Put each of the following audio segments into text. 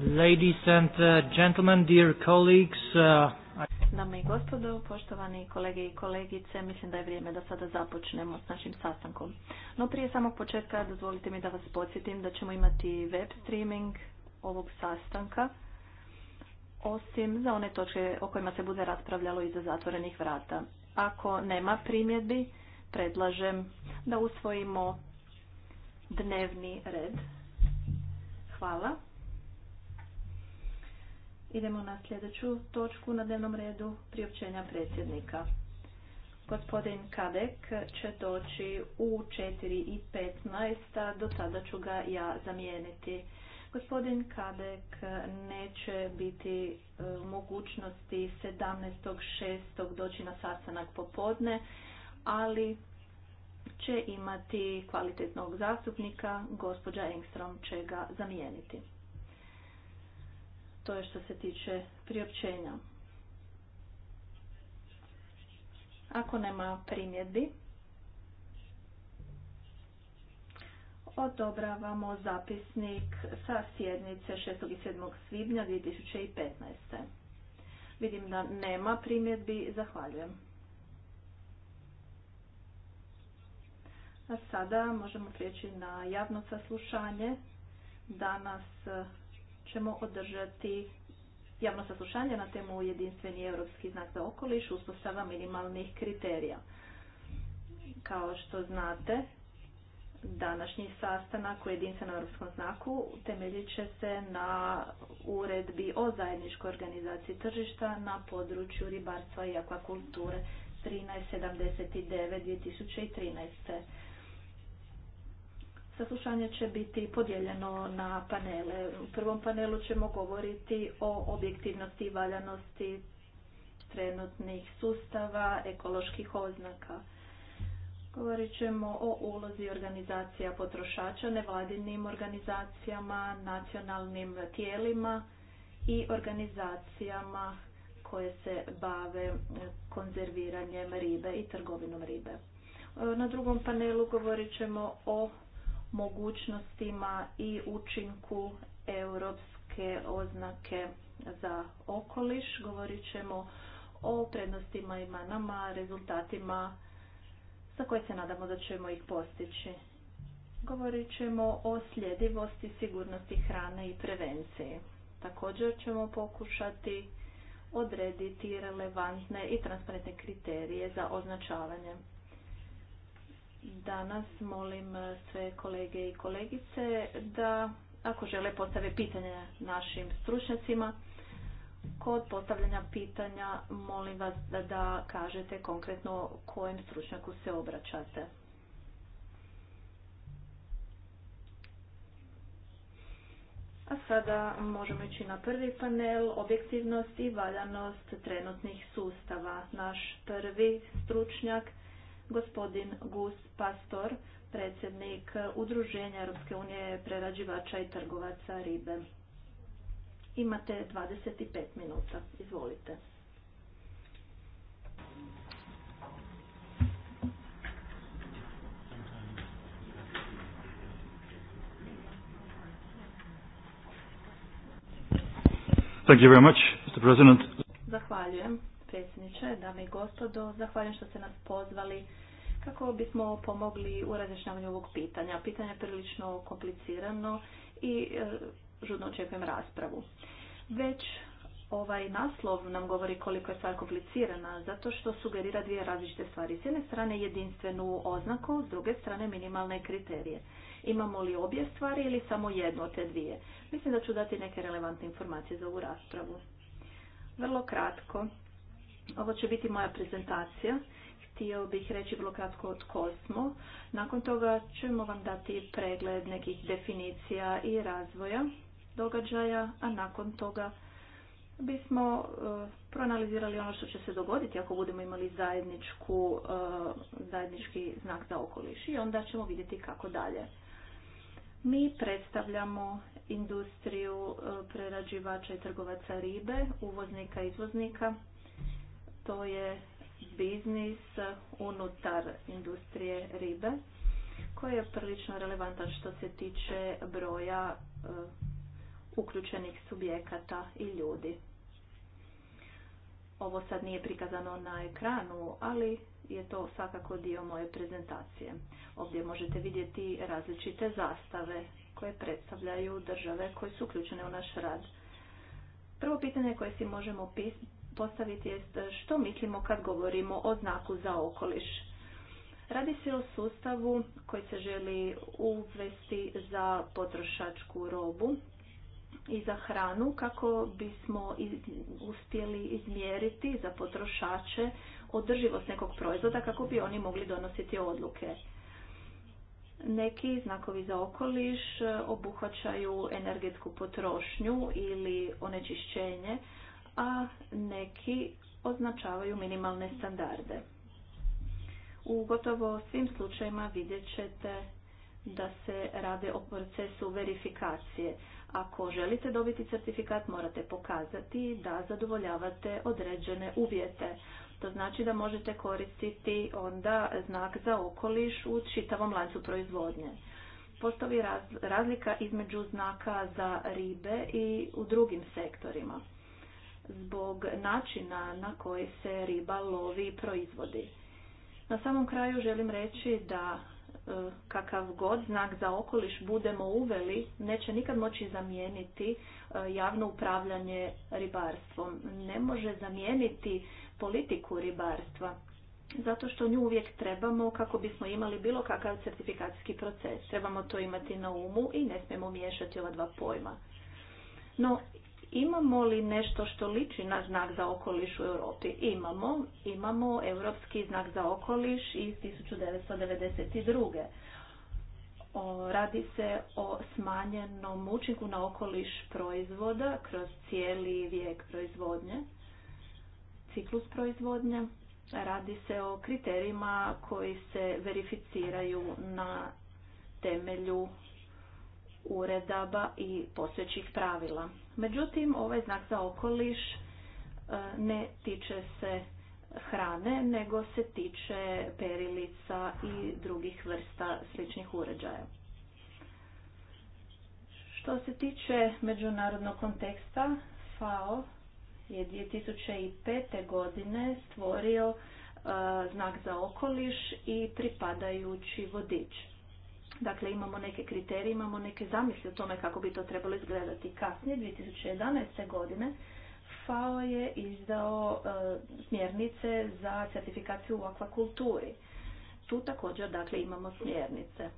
Ladies and uh, gentlemen, dear colleagues. Uh, Dame i gospodo, poštovani kolege i kolegice, mislim da je vrijeme da sada započnemo s našim sastankom. No prije samog početka dozvolite mi da vas podsjetim da ćemo imati web streaming ovog sastanka, osim za one točke o kojima se bude raspravljalo iza zatvorenih vrata. Ako nema primjedbi, predlažem da usvojimo dnevni red. Hvala. Idemo na sljedeću točku na dnevnom redu priopćenja predsjednika. Gospodin Kadek će doći u 4.15, do tada ću ga ja zamijeniti. Gospodin Kadek neće biti e, mogućnosti 17.6. doći na sastanak popodne, ali će imati kvalitetnog zastupnika, gospođa Engstrom će ga zamijeniti. To je što se tiče priopćenja. Ako nema primjedbi, odobravamo zapisnik sa sjednice 6. i 7. svibnja 2015. Vidim da nema primjedbi, zahvaljujem. A sada možemo prijeći na javno saslušanje. Danas e, ćemo održati javno saslušanje na temu jedinstveni europski znak za okoliš, uspostava minimalnih kriterija. Kao što znate, današnji sastanak u jedinstvenom europskom znaku temeljit će se na uredbi o zajedničkoj organizaciji tržišta na području ribarstva i akvakulture 1379 2013 Saslušanje će biti podijeljeno na panele. U prvom panelu ćemo govoriti o objektivnosti i valjanosti trenutnih sustava, ekoloških oznaka. Govorit ćemo o ulozi organizacija potrošača, nevladinim organizacijama, nacionalnim tijelima i organizacijama koje se bave konzerviranjem ribe i trgovinom ribe. Na drugom panelu govorit ćemo o mogućnostima i učinku europske oznake za okoliš. Govorit ćemo o prednostima i manama, rezultatima za koje se nadamo da ćemo ih postići. Govorit ćemo o sljedivosti, sigurnosti hrane i prevenciji. Također ćemo pokušati odrediti relevantne i transparentne kriterije za označavanje danas molim e, sve kolege i kolegice da ako žele postave pitanje našim stručnjacima, kod postavljanja pitanja molim vas da, da kažete konkretno kojem stručnjaku se obraćate. A sada možemo ići na prvi panel, objektivnost i valjanost trenutnih sustava. Naš prvi stručnjak Gospodin Gus Pastor, predsjednik Udruženja Europske unije prerađivača i trgovaca ribe. Imate 25 minuta. Izvolite. Thank you very much, Mr. President. Zahvaljujem predsjedniče, dame i gospodo. Zahvaljujem što ste nas pozvali kako bismo pomogli u razjašnjavanju ovog pitanja. Pitanje je prilično komplicirano i e, žudno očekujem raspravu. Već ovaj naslov nam govori koliko je stvar komplicirana, zato što sugerira dvije različite stvari. S jedne strane jedinstvenu oznaku, s druge strane minimalne kriterije. Imamo li obje stvari ili samo jednu od te dvije? Mislim da ću dati neke relevantne informacije za ovu raspravu. Vrlo kratko, ovo će biti moja prezentacija. Htio bih reći vrlo kratko od kosmo. Nakon toga ćemo vam dati pregled nekih definicija i razvoja događaja, a nakon toga bismo e, proanalizirali ono što će se dogoditi ako budemo imali zajedničku, e, zajednički znak za okoliš i onda ćemo vidjeti kako dalje. Mi predstavljamo industriju e, prerađivača i trgovaca ribe, uvoznika i izvoznika to je biznis unutar industrije ribe koji je prilično relevantan što se tiče broja e, uključenih subjekata i ljudi. Ovo sad nije prikazano na ekranu, ali je to svakako dio moje prezentacije. Ovdje možete vidjeti različite zastave koje predstavljaju države koje su uključene u naš rad. Prvo pitanje koje si možemo postaviti jest što mislimo kad govorimo o znaku za okoliš. Radi se o sustavu koji se želi uvesti za potrošačku robu i za hranu kako bismo uspjeli izmjeriti za potrošače održivost nekog proizvoda kako bi oni mogli donositi odluke. Neki znakovi za okoliš e, obuhvaćaju energetsku potrošnju ili onečišćenje, a neki označavaju minimalne standarde. U gotovo svim slučajima vidjet ćete da se rade o procesu verifikacije. Ako želite dobiti certifikat, morate pokazati da zadovoljavate određene uvjete. To znači da možete koristiti onda znak za okoliš u čitavom lancu proizvodnje. Postoji razlika između znaka za ribe i u drugim sektorima zbog načina na koji se riba lovi i proizvodi. Na samom kraju želim reći da e, kakav god znak za okoliš budemo uveli, neće nikad moći zamijeniti e, javno upravljanje ribarstvom. Ne može zamijeniti politiku ribarstva, zato što nju uvijek trebamo kako bismo imali bilo kakav certifikacijski proces. Trebamo to imati na umu i ne smijemo miješati ova dva pojma. No, Imamo li nešto što liči na znak za okoliš u Europi? Imamo. Imamo europski znak za okoliš iz 1992. O, radi se o smanjenom učinku na okoliš proizvoda kroz cijeli vijek proizvodnje, ciklus proizvodnje. Radi se o kriterijima koji se verificiraju na temelju uredaba i postojećih pravila. Međutim, ovaj znak za okoliš e, ne tiče se hrane, nego se tiče perilica i drugih vrsta sličnih uređaja. Što se tiče međunarodnog konteksta, FAO je 2005. godine stvorio e, znak za okoliš i pripadajući vodič. Dakle, imamo neke kriterije, imamo neke zamisli o tome kako bi to trebalo izgledati. Kasnije, 2011. godine, FAO je izdao e, smjernice za certifikaciju u akvakulturi. Tu također, dakle, imamo smjernice.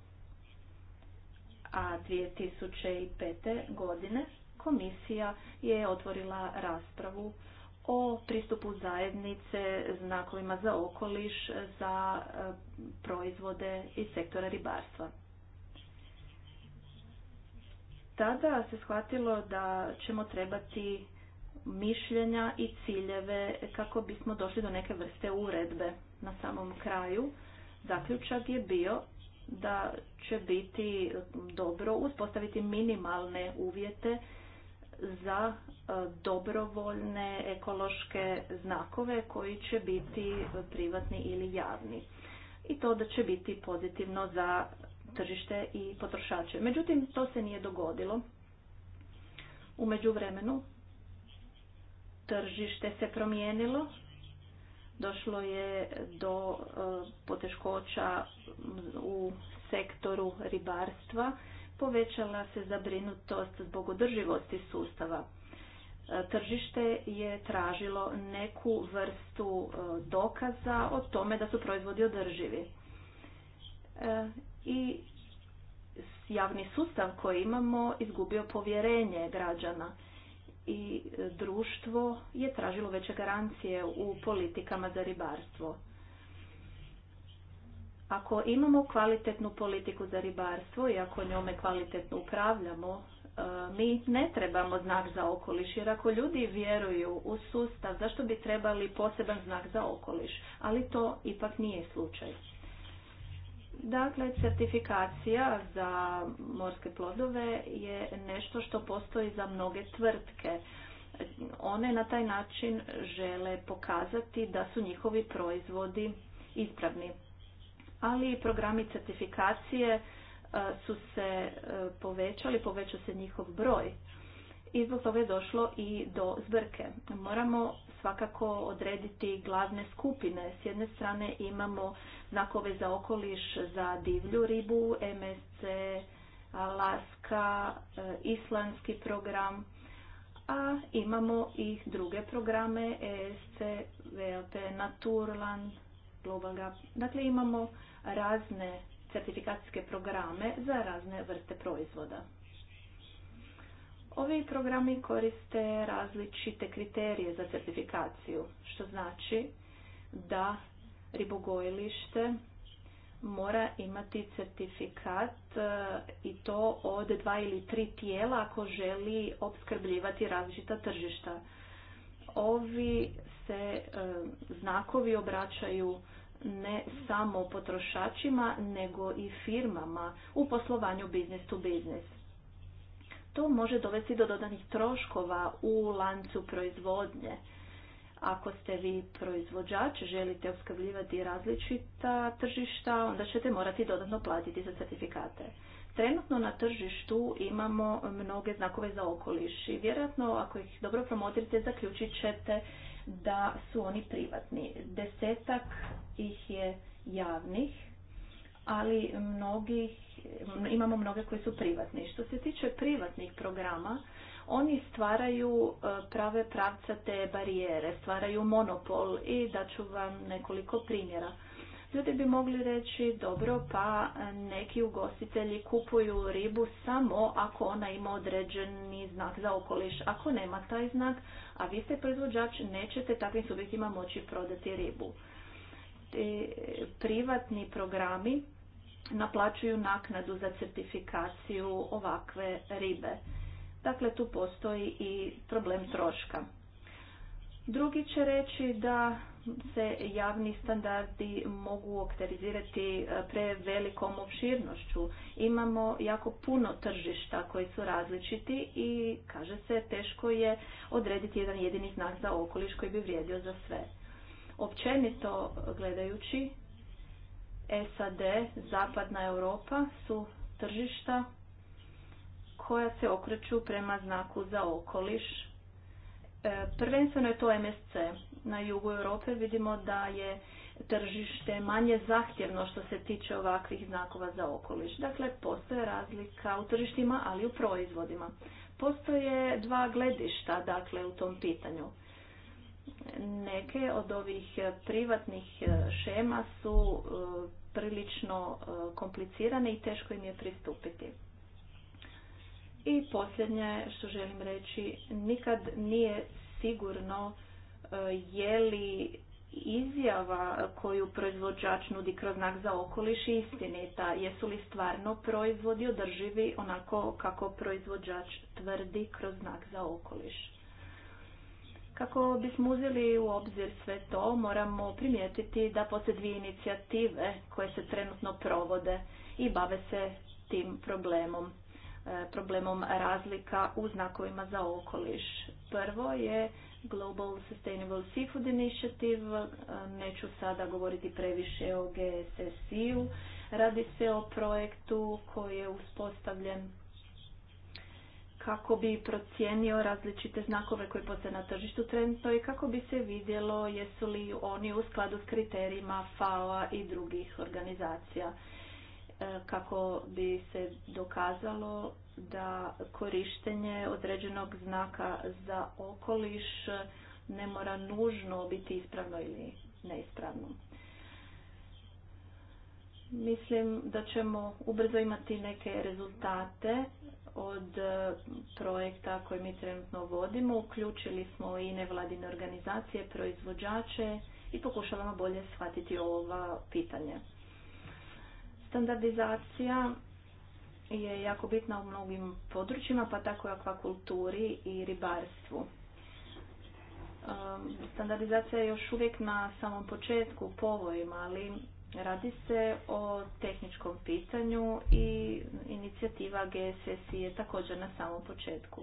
A 2005. godine komisija je otvorila raspravu o pristupu zajednice znakovima za okoliš za e, proizvode iz sektora ribarstva tada se shvatilo da ćemo trebati mišljenja i ciljeve kako bismo došli do neke vrste uredbe na samom kraju. Zaključak je bio da će biti dobro uspostaviti minimalne uvjete za e, dobrovoljne ekološke znakove koji će biti privatni ili javni. I to da će biti pozitivno za tržište i potrošače. Međutim, to se nije dogodilo. U međuvremenu tržište se promijenilo, došlo je do e, poteškoća u sektoru ribarstva, povećala se zabrinutost zbog održivosti sustava. E, tržište je tražilo neku vrstu e, dokaza o tome da su proizvodi održivi i javni sustav koji imamo izgubio povjerenje građana i e, društvo je tražilo veće garancije u politikama za ribarstvo. Ako imamo kvalitetnu politiku za ribarstvo i ako njome kvalitetno upravljamo, e, mi ne trebamo znak za okoliš, jer ako ljudi vjeruju u sustav, zašto bi trebali poseban znak za okoliš? Ali to ipak nije slučaj. Dakle, certifikacija za morske plodove je nešto što postoji za mnoge tvrtke. One na taj način žele pokazati da su njihovi proizvodi ispravni. Ali programi certifikacije e, su se e, povećali, povećao se njihov broj i zbog toga je došlo i do zbrke. Moramo svakako odrediti glavne skupine. S jedne strane imamo znakove za okoliš za divlju ribu, MSC, Alaska, e, islandski program, a imamo i druge programe ESC, VLP, Naturland, Global Gap. Dakle, imamo razne certifikacijske programe za razne vrste proizvoda. Ovi programi koriste različite kriterije za certifikaciju, što znači da ribogojilište mora imati certifikat e, i to od dva ili tri tijela ako želi opskrbljivati različita tržišta. Ovi se e, znakovi obraćaju ne samo potrošačima, nego i firmama u poslovanju business to business. To može dovesti do dodanih troškova u lancu proizvodnje ako ste vi proizvođač, želite uskavljivati različita tržišta, onda ćete morati dodatno platiti za certifikate. Trenutno na tržištu imamo mnoge znakove za okoliš i vjerojatno ako ih dobro promotrite zaključit ćete da su oni privatni. Desetak ih je javnih, ali mnogih, imamo mnoge koji su privatni. Što se tiče privatnih programa, oni stvaraju e, prave te barijere, stvaraju monopol i daću vam nekoliko primjera. Ljudi bi mogli reći, dobro, pa e, neki ugostitelji kupuju ribu samo ako ona ima određeni znak za okoliš. Ako nema taj znak, a vi ste proizvođač, nećete takvim subjektima moći prodati ribu. Privatni programi naplaćuju naknadu za certifikaciju ovakve ribe Dakle, tu postoji i problem troška. Drugi će reći da se javni standardi mogu pre prevelikom opširnošću. Imamo jako puno tržišta koji su različiti i kaže se teško je odrediti jedan jedini znak za okoliš koji bi vrijedio za sve. Općenito gledajući SAD, zapadna Europa su tržišta koja se okreću prema znaku za okoliš. E, prvenstveno je to MSC. Na jugu Europe vidimo da je tržište manje zahtjevno što se tiče ovakvih znakova za okoliš. Dakle, postoje razlika u tržištima, ali i u proizvodima. Postoje dva gledišta, dakle, u tom pitanju. Neke od ovih privatnih šema su e, prilično e, komplicirane i teško im je pristupiti. I posljednje što želim reći, nikad nije sigurno e, je li izjava koju proizvođač nudi kroz znak za okoliš istinita, jesu li stvarno proizvodi održivi onako kako proizvođač tvrdi kroz znak za okoliš. Kako bismo uzeli u obzir sve to, moramo primijetiti da postoje dvije inicijative koje se trenutno provode i bave se tim problemom. E, problemom razlika u znakovima za okoliš. Prvo je Global Sustainable Seafood Initiative, e, neću sada govoriti previše o GSSI-u, radi se o projektu koji je uspostavljen kako bi procijenio različite znakove koje postoje na tržištu trenutno i kako bi se vidjelo jesu li oni u skladu s kriterijima FAO-a i drugih organizacija. E, kako bi se dokazalo da korištenje određenog znaka za okoliš ne mora nužno biti ispravno ili neispravno. Mislim da ćemo ubrzo imati neke rezultate od projekta koje mi trenutno vodimo. Uključili smo i nevladine organizacije, proizvođače i pokušavamo bolje shvatiti ova pitanja. Standardizacija je jako bitna u mnogim područjima, pa tako i akvakulturi i ribarstvu. Standardizacija je još uvijek na samom početku u povojima, ali radi se o tehničkom pitanju i inicijativa GSS je također na samom početku.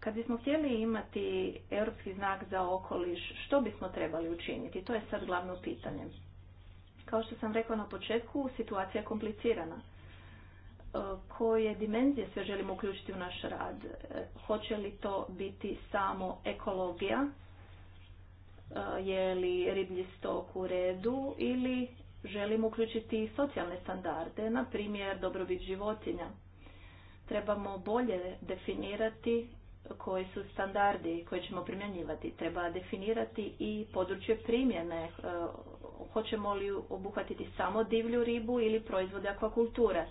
Kad bismo htjeli imati europski znak za okoliš, što bismo trebali učiniti? To je sad glavno pitanje. Kao što sam rekao na početku, situacija je komplicirana. E, koje dimenzije sve želimo uključiti u naš rad? E, hoće li to biti samo ekologija? E, je li riblji u redu ili želimo uključiti i socijalne standarde, na primjer dobrobit životinja? Trebamo bolje definirati koji su standardi koje ćemo primjenjivati. Treba definirati i područje primjene. E, hoćemo li obuhvatiti samo divlju ribu ili proizvode akvakulture.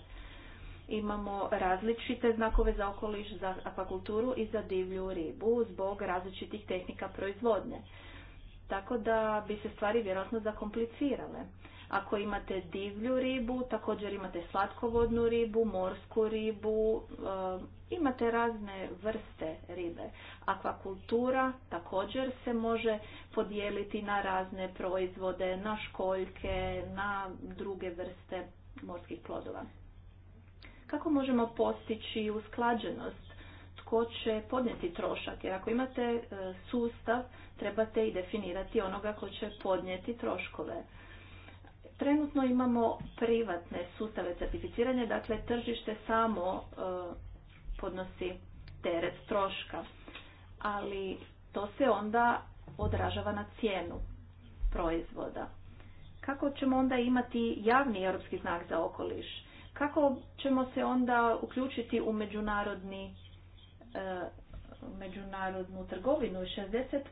Imamo različite znakove za okoliš za akvakulturu i za divlju ribu zbog različitih tehnika proizvodnje. Tako da bi se stvari vjerojatno zakomplicirale. Ako imate divlju ribu, također imate slatkovodnu ribu, morsku ribu, um, imate razne vrste ribe. Akvakultura također se može podijeliti na razne proizvode, na školjke, na druge vrste morskih plodova. Kako možemo postići usklađenost? Tko će podnijeti trošak? Jer ako imate uh, sustav, trebate i definirati onoga ko će podnijeti troškove Trenutno imamo privatne sustave certificiranja, dakle tržište samo e, podnosi teret troška, ali to se onda odražava na cijenu proizvoda. Kako ćemo onda imati javni europski znak za okoliš? Kako ćemo se onda uključiti u međunarodni e, međunarodnu trgovinu. 60%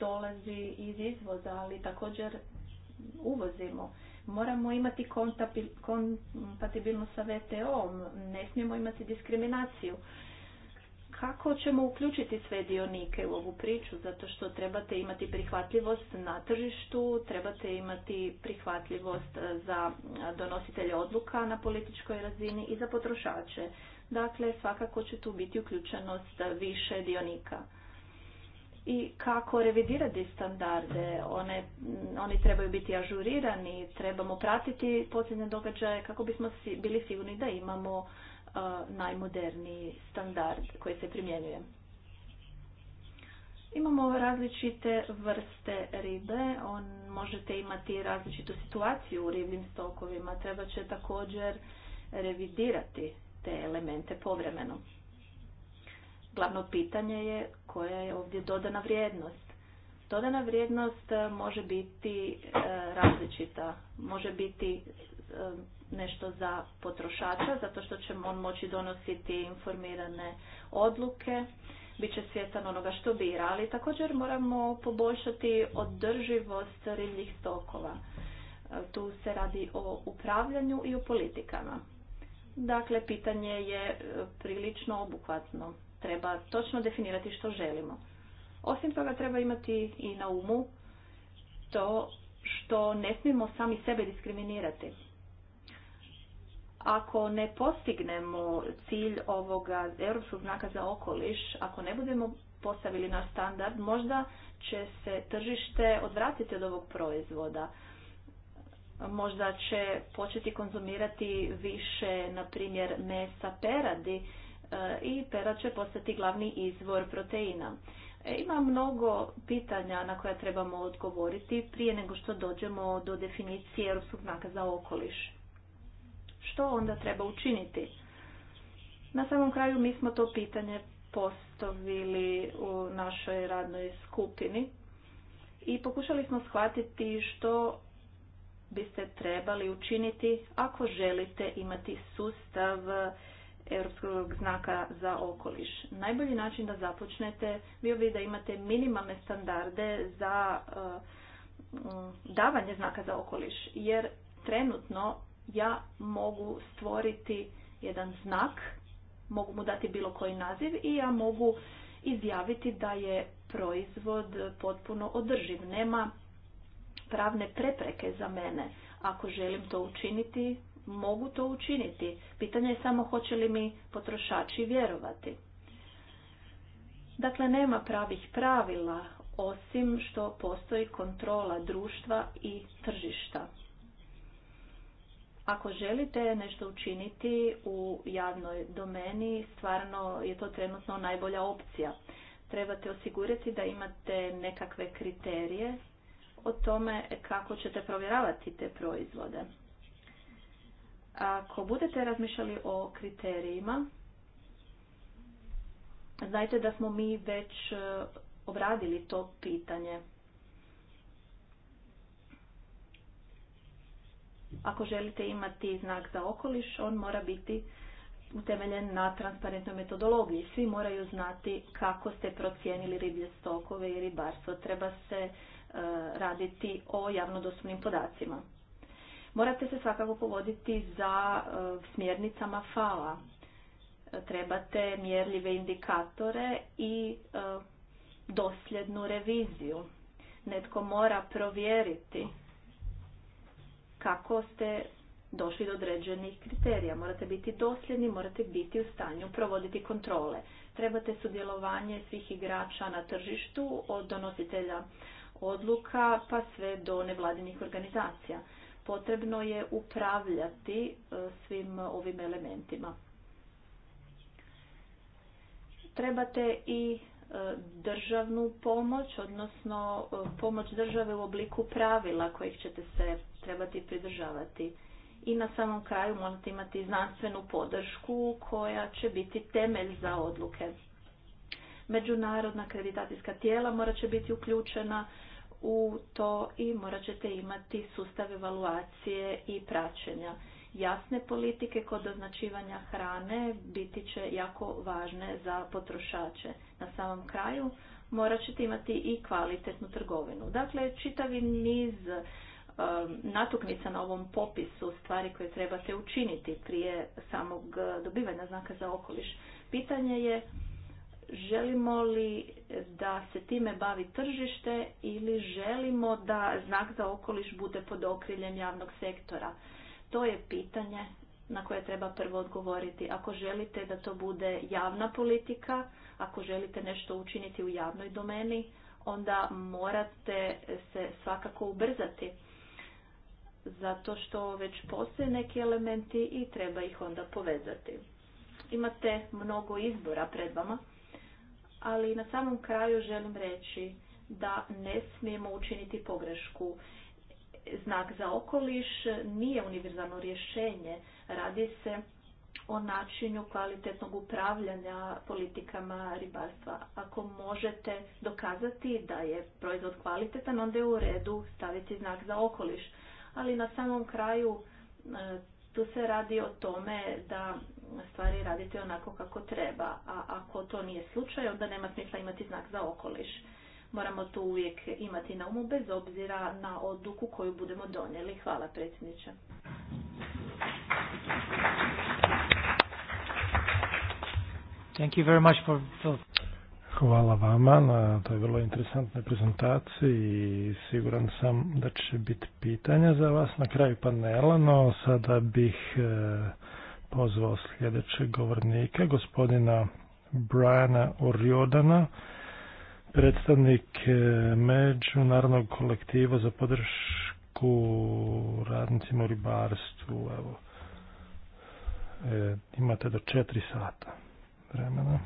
dolazi iz izvoza, ali također uvozimo. Moramo imati kompatibilno sa VTO-om, ne smijemo imati diskriminaciju. Kako ćemo uključiti sve dionike u ovu priču? Zato što trebate imati prihvatljivost na tržištu, trebate imati prihvatljivost za donositelje odluka na političkoj razini i za potrošače. Dakle, svakako će tu biti uključenost više dionika i kako revidirati standarde. One, mm, oni trebaju biti ažurirani, trebamo pratiti posljednje događaje kako bismo bili sigurni da imamo e, najmoderniji standard koji se primjenjuje. Imamo različite vrste ribe, on možete imati različitu situaciju u ribljim stokovima, treba će također revidirati te elemente povremeno. Glavno pitanje je koja je ovdje dodana vrijednost. Dodana vrijednost e, može biti e, različita. Može biti e, nešto za potrošača, zato što će on moći donositi informirane odluke, bit će svjestan onoga što bira, ali također moramo poboljšati održivost ribljih stokova. Tu se radi o upravljanju i o politikama. Dakle, pitanje je prilično obuhvatno. Treba točno definirati što želimo. Osim toga treba imati i na umu to što ne smijemo sami sebe diskriminirati. Ako ne postignemo cilj ovoga europskog znaka za okoliš, ako ne budemo postavili naš standard, možda će se tržište odvratiti od ovog proizvoda. Možda će početi konzumirati više, na primjer, mesa peradi E, i pera će postati glavni izvor proteina. E, ima mnogo pitanja na koja trebamo odgovoriti prije nego što dođemo do definicije Europskog znaka za okoliš. Što onda treba učiniti? Na samom kraju mi smo to pitanje postavili u našoj radnoj skupini i pokušali smo shvatiti što biste trebali učiniti ako želite imati sustav europskog znaka za okoliš. Najbolji način da započnete bio bi da imate minimalne standarde za eh, davanje znaka za okoliš, jer trenutno ja mogu stvoriti jedan znak, mogu mu dati bilo koji naziv i ja mogu izjaviti da je proizvod potpuno održiv. Nema pravne prepreke za mene. Ako želim to učiniti, mogu to učiniti. Pitanje je samo hoće li mi potrošači vjerovati. Dakle, nema pravih pravila osim što postoji kontrola društva i tržišta. Ako želite nešto učiniti u javnoj domeni, stvarno je to trenutno najbolja opcija. Trebate osigurati da imate nekakve kriterije o tome kako ćete provjeravati te proizvode. Ako budete razmišljali o kriterijima, znajte da smo mi već e, obradili to pitanje. Ako želite imati znak za okoliš, on mora biti utemeljen na transparentnoj metodologiji. Svi moraju znati kako ste procijenili riblje stokove i ribarstvo. Treba se e, raditi o javno podacima. Morate se svakako povoditi za e, smjernicama fala. E, trebate mjerljive indikatore i e, dosljednu reviziju. Netko mora provjeriti kako ste došli do određenih kriterija. Morate biti dosljedni, morate biti u stanju provoditi kontrole. Trebate sudjelovanje svih igrača na tržištu, od donositelja odluka pa sve do nevladinih organizacija potrebno je upravljati e, svim ovim elementima. Trebate i e, državnu pomoć, odnosno e, pomoć države u obliku pravila kojih ćete se trebati pridržavati. I na samom kraju morate imati znanstvenu podršku koja će biti temelj za odluke. Međunarodna kreditacijska tijela morat će biti uključena, u to i morat ćete imati sustav evaluacije i praćenja. Jasne politike kod označivanja hrane biti će jako važne za potrošače. Na samom kraju morat ćete imati i kvalitetnu trgovinu. Dakle, čitavi niz um, natuknica na ovom popisu stvari koje trebate učiniti prije samog dobivanja znaka za okoliš. Pitanje je Želimo li da se time bavi tržište ili želimo da znak za okoliš bude pod okriljem javnog sektora? To je pitanje na koje treba prvo odgovoriti. Ako želite da to bude javna politika, ako želite nešto učiniti u javnoj domeni, onda morate se svakako ubrzati. Zato što već postoje neki elementi i treba ih onda povezati. Imate mnogo izbora pred vama ali na samom kraju želim reći da ne smijemo učiniti pogrešku. Znak za okoliš nije univerzalno rješenje, radi se o načinu kvalitetnog upravljanja politikama ribarstva. Ako možete dokazati da je proizvod kvalitetan, onda je u redu staviti znak za okoliš. Ali na samom kraju e, tu se radi o tome da stvari raditi onako kako treba. A ako to nije slučaj, onda nema smisla imati znak za okoliš. Moramo to uvijek imati na umu bez obzira na odluku koju budemo donijeli. Hvala predsjedniče. Thank you very much for Hvala vama na toj vrlo interesantnoj prezentaciji i siguran sam da će biti pitanja za vas na kraju panela, no sada bih eh, pozvao sljedećeg govornika, gospodina Briana Oriodana, predstavnik e, Međunarodnog kolektiva za podršku radnicima u ribarstvu. Evo, e, imate do četiri sata vremena.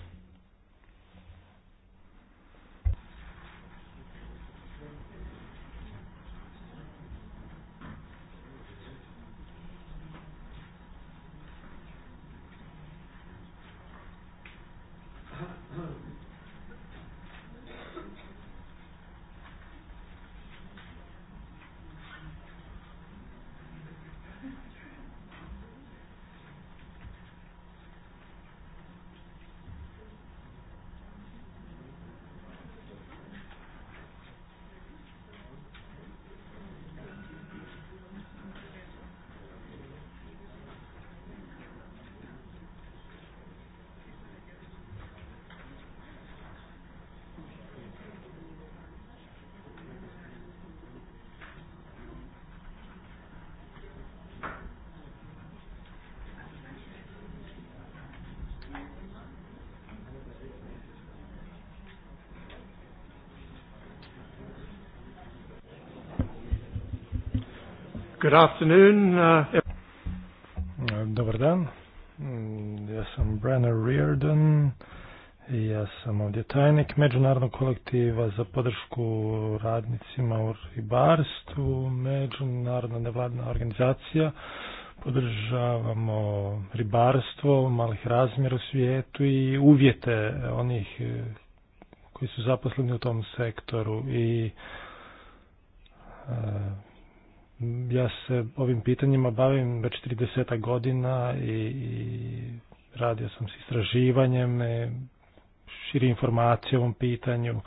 Good afternoon. Uh, eh, dobar dan. Mm, ja sam Brenner Reardon ja sam ovdje tajnik Međunarodnog kolektiva za podršku radnicima u ribarstvu, Međunarodna nevladna organizacija. Podržavamo ribarstvo malih razmjera u svijetu i uvjete onih eh, koji su zaposleni u tom sektoru i eh, ja se ovim pitanjima bavim već 30 godina i, radio sam s istraživanjem, e, širi informacije o ovom pitanju.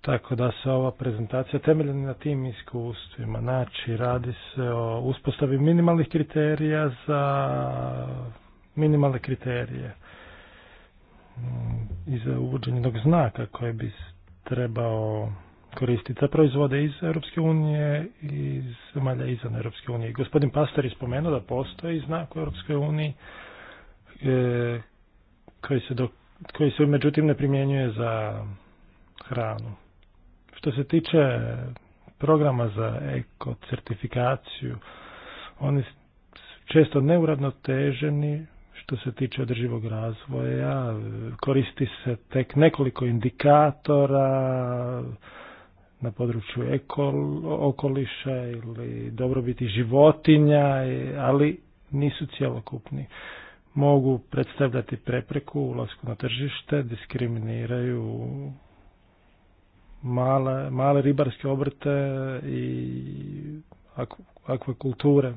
Tako da se ova prezentacija temeljena na tim iskustvima. Znači, radi se o uspostavi minimalnih kriterija za minimalne kriterije mm, i za uvođenje jednog znaka koji bi trebao koristiti za proizvode iz Europske unije i zemalja izvan Europske unije. Gospodin Pastor je spomenuo da postoji znak u Europskoj uniji e, koji, se koji se međutim ne primjenjuje za hranu. Što se tiče programa za ekocertifikaciju, oni su često teženi što se tiče održivog razvoja, koristi se tek nekoliko indikatora, na području ekol, okoliša ili dobrobiti životinja, ali nisu cjelokupni. Mogu predstavljati prepreku ulasku na tržište, diskriminiraju male, male ribarske obrte i akvakulture.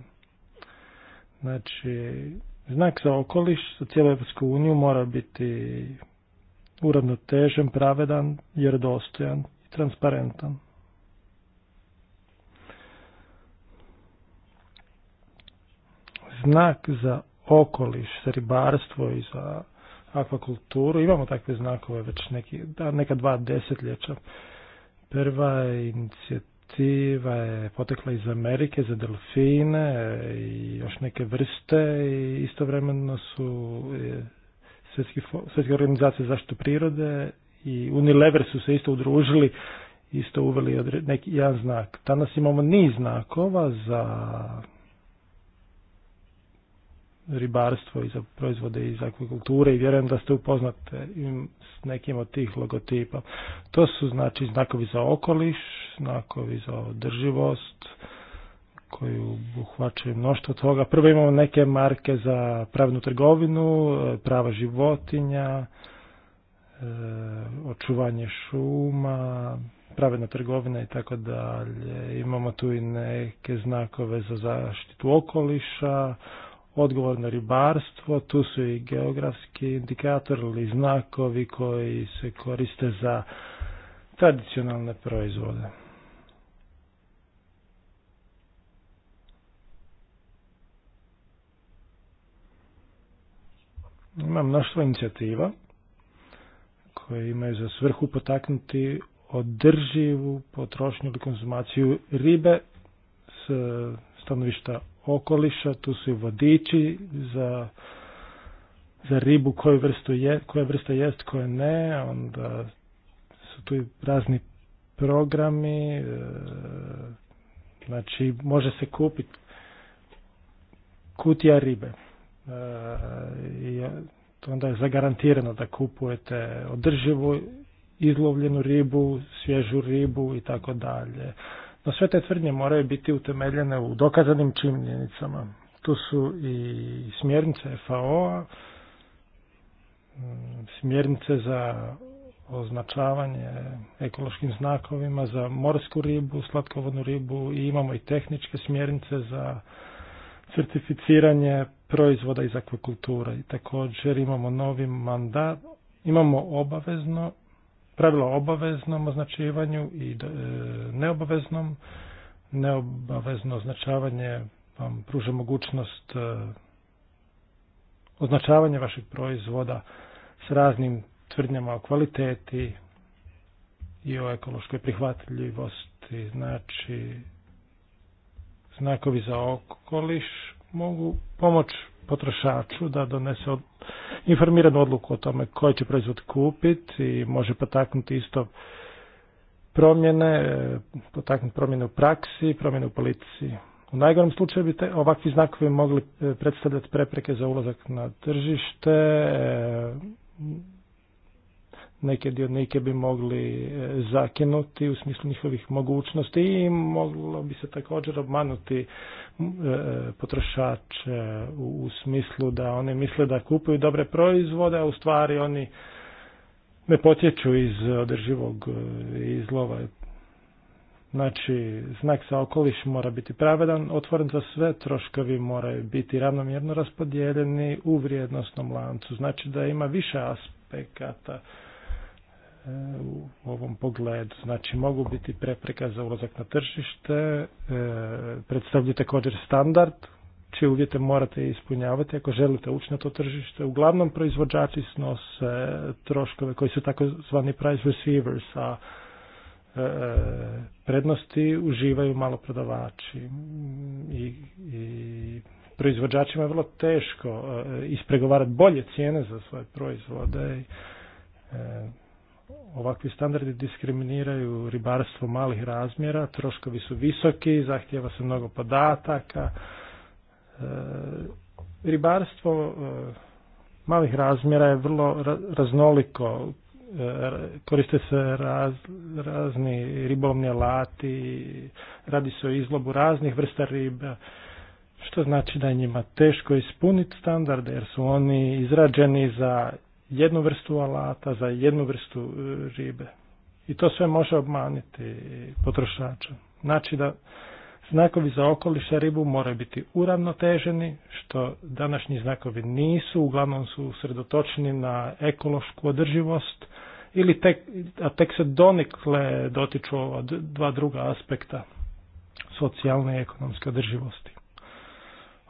Znači, znak za okoliš za cijelu Europsku uniju mora biti uravnotežen, pravedan, jer dostojan, transparentan. Znak za okoliš, za ribarstvo i za akvakulturu, imamo takve znakove već neki, da, neka dva desetljeća. Prva inicijativa je potekla iz Amerike za delfine i još neke vrste i istovremeno su e, svjetske organizacije zaštitu prirode i Unilever su se isto udružili, isto uveli neki jedan znak. Danas imamo niz znakova za ribarstvo i za proizvode iz akvakulture i vjerujem da ste upoznate s nekim od tih logotipa. To su znači znakovi za okoliš, znakovi za održivost koji uhvaćaju mnoštvo toga. Prvo imamo neke marke za pravnu trgovinu, e, prava životinja, E, očuvanje šuma, pravedna trgovina i tako dalje. Imamo tu i neke znakove za zaštitu okoliša, odgovorno ribarstvo, tu su i geografski indikator ili znakovi koji se koriste za tradicionalne proizvode. Imam mnoštvo inicijativa koje imaju za svrhu potaknuti održivu potrošnju ili konzumaciju ribe s stanovišta okoliša, tu su i vodiči za, za ribu koje vrstu je, koja vrsta jest, koje ne, onda su tu i razni programi, e, znači može se kupiti kutija ribe. E, I onda je zagarantirano da kupujete održivu izlovljenu ribu, svježu ribu i tako dalje. No sve te tvrdnje moraju biti utemeljene u dokazanim činjenicama. Tu su i smjernice FAO-a, mm, smjernice za označavanje ekološkim znakovima za morsku ribu, slatkovodnu ribu i imamo i tehničke smjernice za certificiranje proizvoda iz akvakulture. I također imamo novi mandat, imamo obavezno, pravilo o obaveznom označivanju i e, neobaveznom. Neobavezno označavanje vam pruža mogućnost e, označavanja vašeg proizvoda s raznim tvrdnjama o kvaliteti i o ekološkoj prihvatljivosti, znači znakovi za okoliš mogu pomoć potrošaču da donese informiranu odluku o tome koji će proizvod kupiti i može potaknuti isto promjene, potaknuti promjene u praksi, promjene u policiji. U najgorom slučaju bi te, ovakvi znakovi mogli e, predstavljati prepreke za ulazak na tržište, e, neke dionike bi mogli e, zakinuti u smislu njihovih mogućnosti i moglo bi se također obmanuti e, potrošače u smislu da oni misle da kupuju dobre proizvode, a u stvari oni ne potječu iz održivog e, izlova. Znači, znak sa okoliš mora biti pravedan, otvoren za sve, troškovi moraju biti ravnomjerno raspodijeljeni u vrijednostnom lancu. Znači da ima više aspekata E, u ovom pogledu. Znači mogu biti prepreka za ulazak na tržište, e, predstavlju također standard čije uvjete morate ispunjavati ako želite ući na to tržište. Uglavnom proizvođači snose troškove koji su takozvani price receivers, a e, prednosti uživaju malo prodavači i, i proizvođačima je vrlo teško ispregovarati bolje cijene za svoje proizvode i ovakvi standardi diskriminiraju ribarstvo malih razmjera, troškovi su visoki, zahtjeva se mnogo podataka. E, ribarstvo e, malih razmjera je vrlo raznoliko, e, koriste se razni ribolovni alati, radi se o izlobu raznih vrsta riba, što znači da je njima teško ispuniti standarde jer su oni izrađeni za jednu vrstu alata, za jednu vrstu e, ribe. I to sve može obmaniti potrošača. Znači da znakovi za okoliš ribu moraju biti uravnoteženi, što današnji znakovi nisu, uglavnom su usredotočeni na ekološku održivost, ili tek, a tek se donikle dotiču ova dva druga aspekta socijalne i ekonomske održivosti.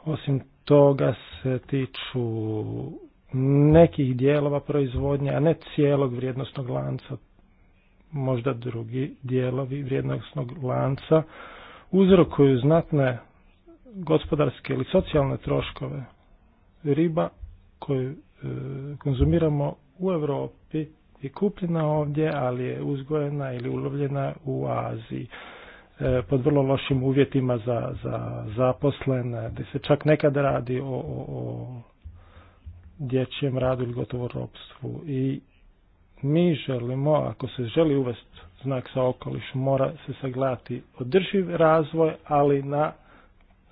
Osim toga se tiču nekih dijelova proizvodnje, a ne cijelog vrijednostnog lanca. Možda drugi dijelovi vrijednostnog lanca uzrokuju znatne gospodarske ili socijalne troškove. Riba koju e, konzumiramo u Europi je kupljena ovdje, ali je uzgojena ili ulovljena u Aziji e, pod vrlo lošim uvjetima za, za zaposlene, gdje se čak nekad radi o dječjem radu ili gotovo ropstvu. I mi želimo, ako se želi uvesti znak sa okoliš, mora se sagledati održiv razvoj, ali na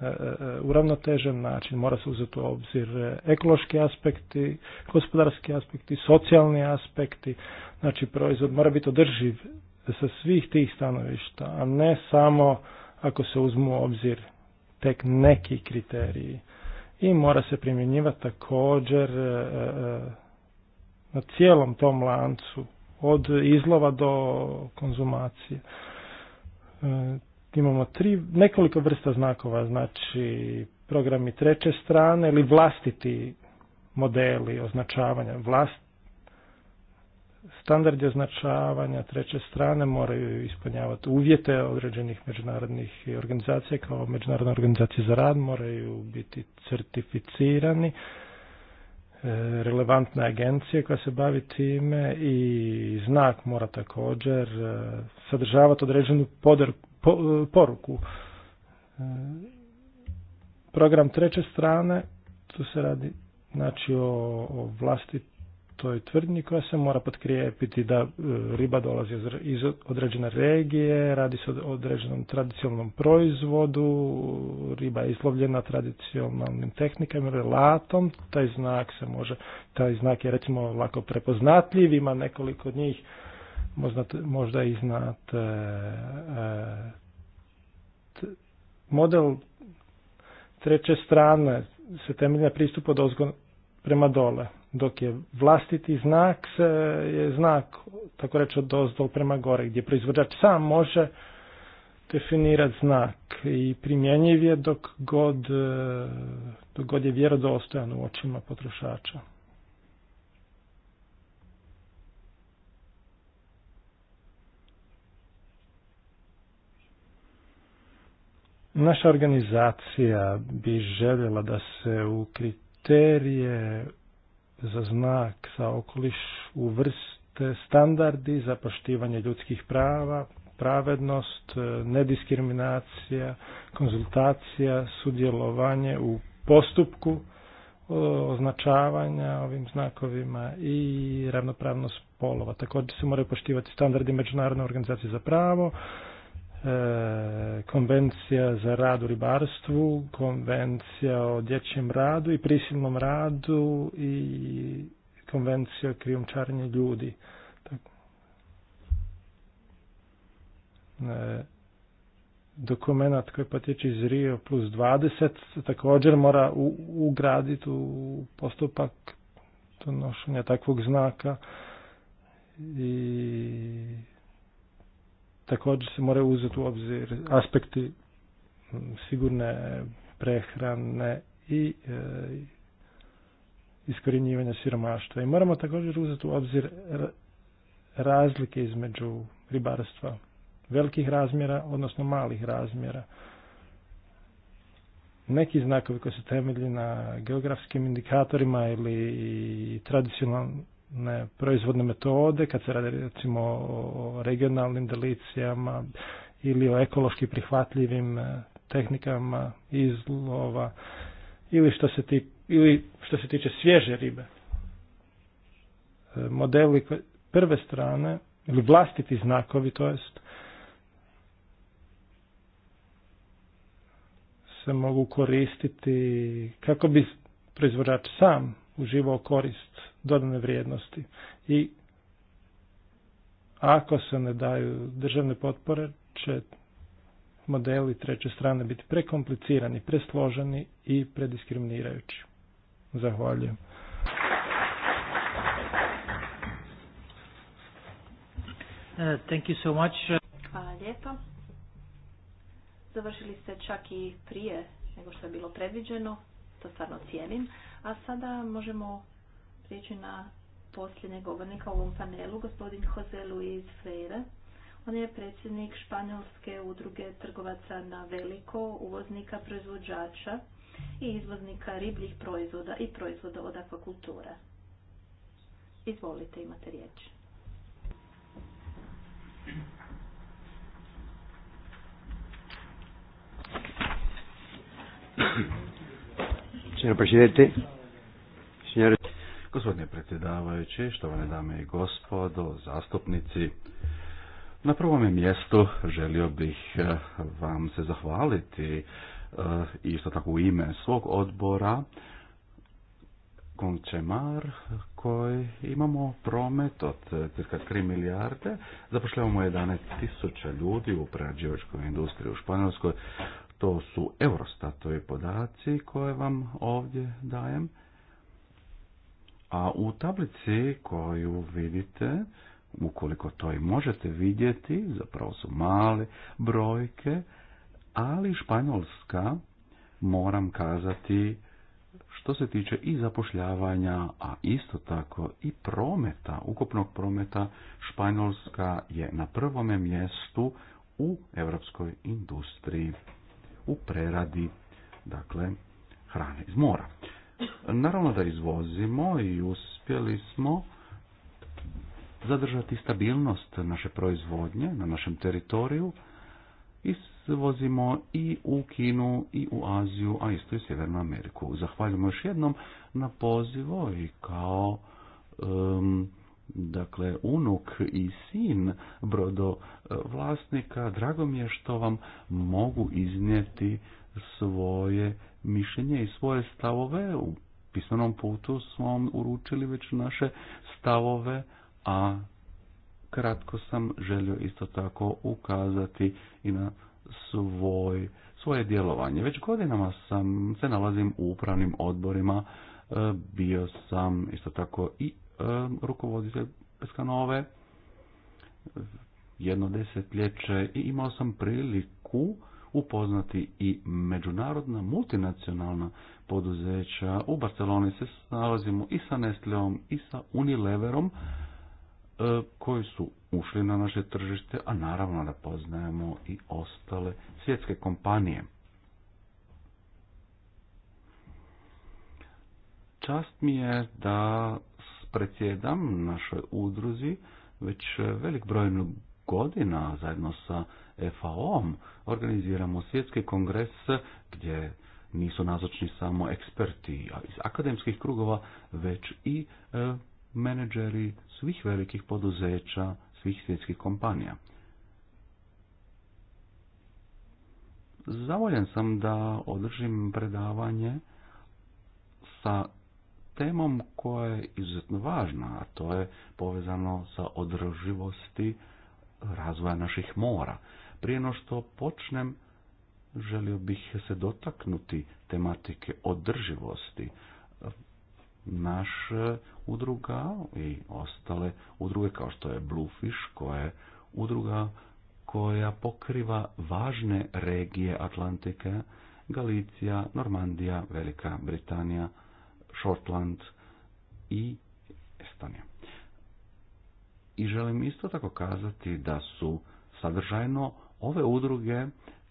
e, e, e, uravnotežen način. Mora se uzeti u obzir ekološki aspekti, gospodarski aspekti, socijalni aspekti. Znači, proizvod mora biti održiv sa svih tih stanovišta, a ne samo ako se uzmu u obzir tek neki kriteriji i mora se primjenjivati također e, e, e, na cijelom tom lancu od izlova do konzumacije. Imamo tri, nekoliko vrsta znakova, znači programi treće strane ili vlastiti modeli označavanja, vlast, standardi označavanja treće strane moraju ispunjavati uvjete određenih međunarodnih organizacija kao međunarodna organizacije za rad moraju biti certificirani e, relevantne agencije koja se bavi time i znak mora također e, sadržavati određenu e, poruku. Program treće strane, tu se radi znači o, o toj tvrdnji koja se mora potkrijepiti da e, riba dolazi iz određene regije, radi se o određenom tradicionalnom proizvodu, riba je izlovljena tradicionalnim tehnikama, relatom, taj znak se može, taj znak je recimo lako prepoznatljiv, ima nekoliko od njih, možda, možda i znate, e, model treće strane se temelji na pristupu od prema dole, dok je vlastiti znak je znak, tako reći, od dozdol prema gore, gdje proizvođač sam može definirati znak i primjenjiv je dok god, e, dok god je vjerodostojan u očima potrošača. Naša organizacija bi željela da se u kriterije za znak, za okoliš vrste, standardi za poštivanje ljudskih prava, pravednost, e, nediskriminacija, konzultacija, sudjelovanje u postupku e, označavanja ovim znakovima i ravnopravnost polova. Također se moraju poštivati standardi Međunarodne organizacije za pravo, E, konvencija za rad u ribarstvu, konvencija o dječjem radu i prisilnom radu i konvencija o krijumčarenju ljudi. E, dokumenat koji potječe iz Rio plus 20 također mora ugraditi u postupak donošenja takvog znaka i Također se moraju uzeti u obzir aspekti sigurne prehrane i e, iskorjenjivanja siromaštva. I moramo također uzeti u obzir razlike između ribarstva velikih razmjera, odnosno malih razmjera. Neki znakovi koji se temelji na geografskim indikatorima ili tradicionalnim proizvodne metode, kad se radi recimo o regionalnim delicijama ili o ekološki prihvatljivim e, tehnikama izlova ili što se, ti, ili što se tiče svježe ribe. E, modeli prve strane ili vlastiti znakovi, to jest, se mogu koristiti kako bi proizvođač sam uživao korist dodane vrijednosti. I ako se ne daju državne potpore, će modeli treće strane biti prekomplicirani, presloženi i prediskriminirajući. Zahvaljujem. Uh, thank you so much. Hvala lijepo. Završili ste čak i prije nego što je bilo predviđeno, to stvarno cijenim. A sada možemo prijeći na posljednje govornika u ovom panelu, gospodin Jose Luis Freire. On je predsjednik Španjolske udruge trgovaca na veliko, uvoznika proizvođača i izvoznika ribljih proizvoda i proizvoda od akvakultura. Izvolite, imate riječ. Señor presidente, señores Gospodine predsjedavajući, štovane dame i gospodo, zastupnici, na prvom mjestu želio bih eh, vam se zahvaliti eh, isto tako u ime svog odbora Končemar koji imamo promet od eh, cirka 3 milijarde, zapošljavamo 11 tisuća ljudi u prerađivačkoj industriji u Španjolskoj. To su Eurostatovi podaci koje vam ovdje dajem. A u tablici koju vidite, ukoliko to i možete vidjeti, zapravo su male brojke, ali Španjolska, moram kazati, što se tiče i zapošljavanja, a isto tako i prometa, ukupnog prometa, Španjolska je na prvome mjestu u europskoj industriji, u preradi, dakle, hrane iz mora. Naravno da izvozimo i uspjeli smo zadržati stabilnost naše proizvodnje na našem teritoriju. Izvozimo i u Kinu i u Aziju, a isto i Sjevernu Ameriku. Zahvaljujemo još jednom na pozivu i kao dakle unuk i sin brodo vlasnika, drago mi je što vam mogu iznijeti svoje mišljenje i svoje stavove. U pisanom putu smo vam uručili već naše stavove, a kratko sam želio isto tako ukazati i na svoj, svoje djelovanje. Već godinama sam se nalazim u upravnim odborima, e, bio sam isto tako i rukovoditelj Peskanove jedno desetljeće i imao sam priliku upoznati i međunarodna multinacionalna poduzeća. U Barceloni se nalazimo i sa Nestleom i sa Unileverom koji su ušli na naše tržište, a naravno da poznajemo i ostale svjetske kompanije. Čast mi je da predsjedam našoj udruzi već e, velik broj godina zajedno sa FAO-om organiziramo svjetski kongres gdje nisu nazočni samo eksperti iz akademskih krugova, već i e, menedžeri svih velikih poduzeća, svih svjetskih kompanija. Zavoljen sam da održim predavanje sa temom koja je izuzetno važna, a to je povezano sa održivosti razvoja naših mora. Prije no što počnem, želio bih se dotaknuti tematike održivosti. Naš udruga i ostale udruge kao što je Bluefish, koja je udruga koja pokriva važne regije Atlantike, Galicija, Normandija, Velika Britanija, Šortland i Estonija. I želim isto tako kazati da su sadržajno ove udruge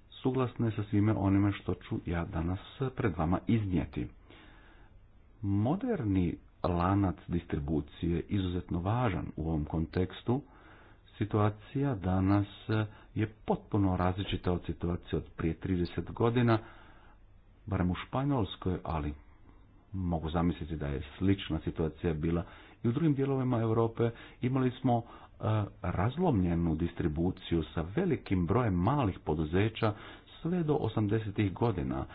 suglasne sa svime onime što ću ja danas pred vama iznijeti. Moderni lanac distribucije izuzetno važan u ovom kontekstu. Situacija danas je potpuno različita od situacije od prije 30 godina, barem u Španjolskoj, ali mogu zamisliti da je slična situacija bila i u drugim dijelovima Europe. Imali smo e, razlomljenu distribuciju sa velikim brojem malih poduzeća sve do 80. godina.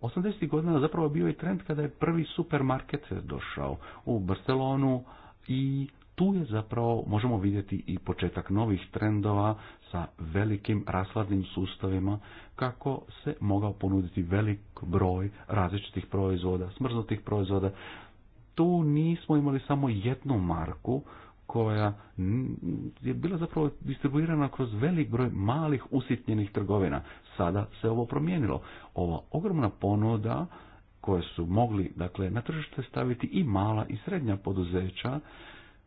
80. godina zapravo bio i trend kada je prvi supermarket došao u Barcelonu i tu je zapravo, možemo vidjeti i početak novih trendova sa velikim rasladnim sustavima kako se mogao ponuditi velik broj različitih proizvoda, smrznutih proizvoda. Tu nismo imali samo jednu marku koja je bila zapravo distribuirana kroz velik broj malih usitnjenih trgovina. Sada se ovo promijenilo. Ova ogromna ponuda koje su mogli dakle, na tržište staviti i mala i srednja poduzeća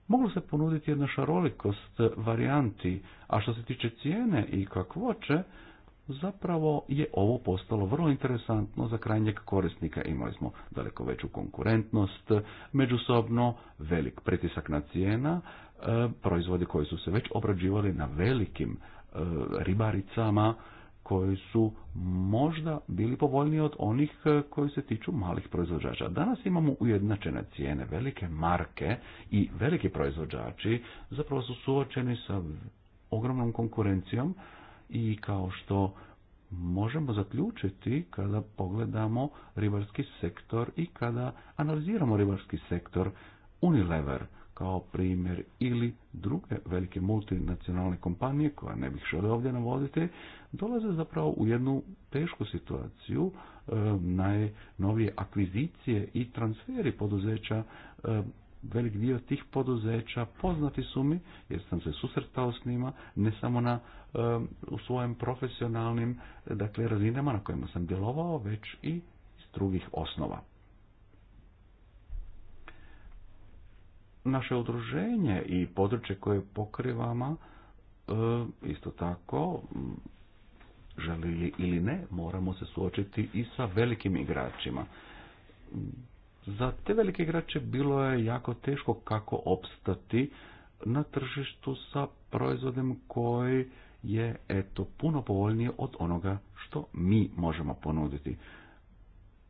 moglo se ponuditi jedna šarolikost varijanti, a što se tiče cijene i kakvoće, zapravo je ovo postalo vrlo interesantno za krajnjeg korisnika. Imali smo daleko veću konkurentnost, međusobno velik pritisak na cijena, e, proizvodi koji su se već obrađivali na velikim e, ribaricama, koji su možda bili povoljniji od onih e, koji se tiču malih proizvođača. Danas imamo ujednačene cijene, velike marke i veliki proizvođači zapravo su suočeni sa ogromnom konkurencijom i kao što možemo zaključiti kada pogledamo ribarski sektor i kada analiziramo ribarski sektor Unilever kao primjer ili druge velike multinacionalne kompanije koja ne bih želio ovdje navoditi dolaze zapravo u jednu tešku situaciju e, najnovije akvizicije i transferi poduzeća e, velik dio tih poduzeća poznati su mi jer sam se susretao s njima ne samo na e, u svojim profesionalnim dakle razinama na kojima sam djelovao već i iz drugih osnova naše udruženje i područje koje pokrivamo e, isto tako želi ili ne moramo se suočiti i sa velikim igračima. Za te velike igrače bilo je jako teško kako opstati na tržištu sa proizvodem koji je eto puno povoljnije od onoga što mi možemo ponuditi.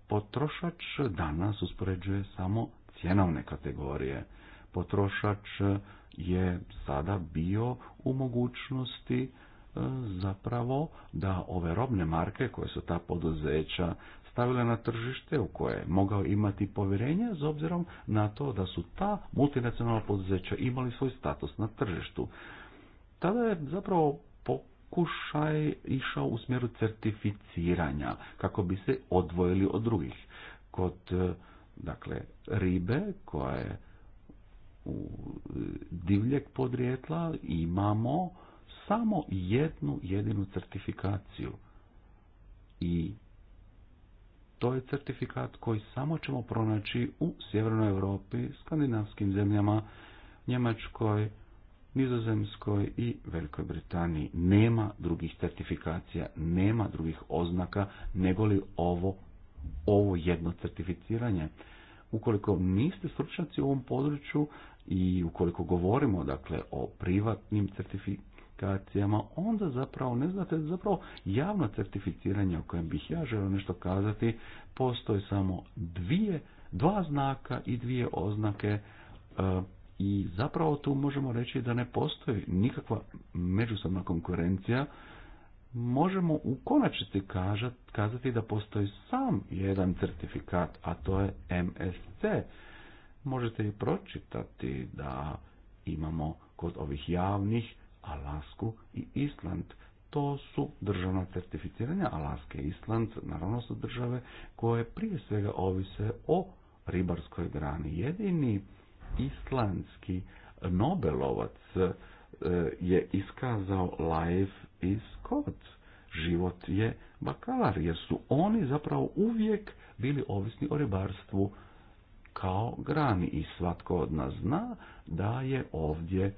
Potrošač danas uspoređuje samo cjenovne kategorije potrošač je sada bio u mogućnosti e, zapravo da ove robne marke koje su ta poduzeća stavile na tržište u koje je mogao imati povjerenje s obzirom na to da su ta multinacionalna poduzeća imali svoj status na tržištu. Tada je zapravo pokušaj išao u smjeru certificiranja kako bi se odvojili od drugih. Kod e, dakle ribe koja je E, divljeg podrijetla imamo samo jednu jedinu certifikaciju. I to je certifikat koji samo ćemo pronaći u Sjevernoj Europi, skandinavskim zemljama, Njemačkoj, Nizozemskoj i Velikoj Britaniji. Nema drugih certifikacija, nema drugih oznaka, nego li ovo, ovo jedno certificiranje. Ukoliko niste stručnjaci u ovom području, i ukoliko govorimo dakle o privatnim certifikacijama, onda zapravo ne znate, zapravo javno certificiranje o kojem bih ja želio nešto kazati, postoji samo dvije, dva znaka i dvije oznake e, i zapravo tu možemo reći da ne postoji nikakva međusobna konkurencija, možemo u konačnici kazati da postoji sam jedan certifikat, a to je MSC možete i pročitati da imamo kod ovih javnih Alasku i Island. To su državna certificiranja Alaske i Island, naravno su države koje prije svega ovise o ribarskoj grani. Jedini islandski Nobelovac e, je iskazao life is god. Život je bakalar, jer su oni zapravo uvijek bili ovisni o ribarstvu kao grani i svatko od nas zna da je ovdje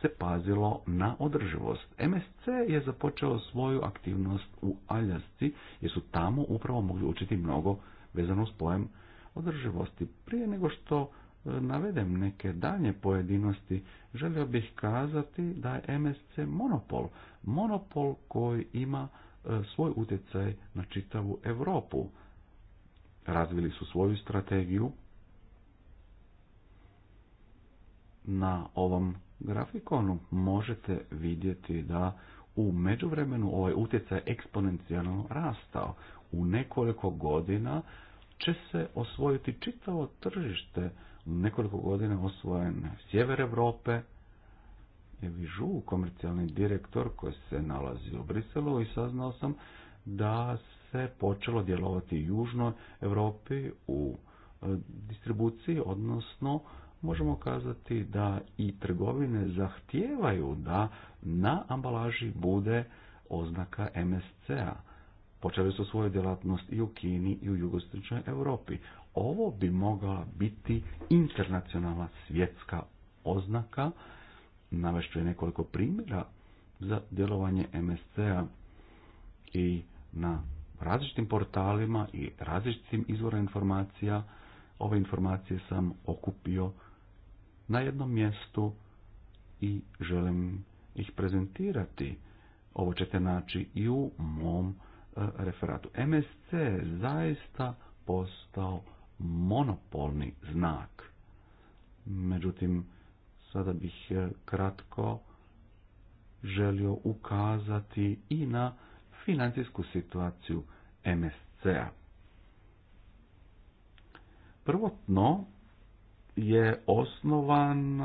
se pazilo na održivost. MSC je započeo svoju aktivnost u Aljasci jer su tamo upravo mogli učiti mnogo vezano s pojem održivosti. Prije nego što e, navedem neke dalje pojedinosti, želio bih kazati da je MSC monopol. Monopol koji ima e, svoj utjecaj na čitavu Europu. Razvili su svoju strategiju na ovom grafikonu možete vidjeti da u međuvremenu ovaj utjecaj eksponencijalno rastao. U nekoliko godina će se osvojiti čitavo tržište, u nekoliko godina osvojene sjever Europe. Vižu Žu, komercijalni direktor koji se nalazi u Briselu i saznao sam da se počelo djelovati južnoj Europi u e, distribuciji, odnosno možemo kazati da i trgovine zahtijevaju da na ambalaži bude oznaka MSC-a. Počeli su svoju djelatnost i u Kini i u jugoistočnoj Europi. Ovo bi mogla biti internacionalna svjetska oznaka. Navešću je nekoliko primjera za djelovanje MSC-a i na različitim portalima i različitim izvora informacija. Ove informacije sam okupio na jednom mjestu i želim ih prezentirati. Ovo ćete naći i u mom e, referatu. MSC je zaista postao monopolni znak. Međutim, sada bih e, kratko želio ukazati i na financijsku situaciju MSC-a. Prvotno, je osnovan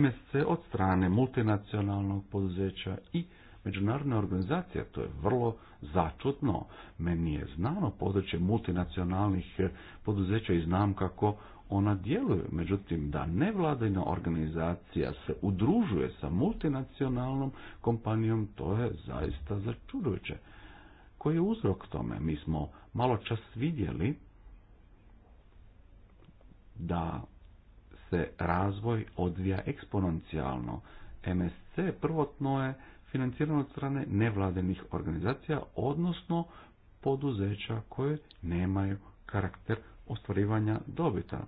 MSC od strane multinacionalnog poduzeća i međunarodne organizacije. To je vrlo začutno. Meni je znano područje multinacionalnih poduzeća i znam kako ona djeluju. Međutim, da nevladina organizacija se udružuje sa multinacionalnom kompanijom, to je zaista začudujuće. Koji je uzrok tome? Mi smo malo čas vidjeli da se razvoj odvija eksponencijalno. MSC prvotno je financirano od strane nevladenih organizacija, odnosno poduzeća koje nemaju karakter ostvarivanja dobita.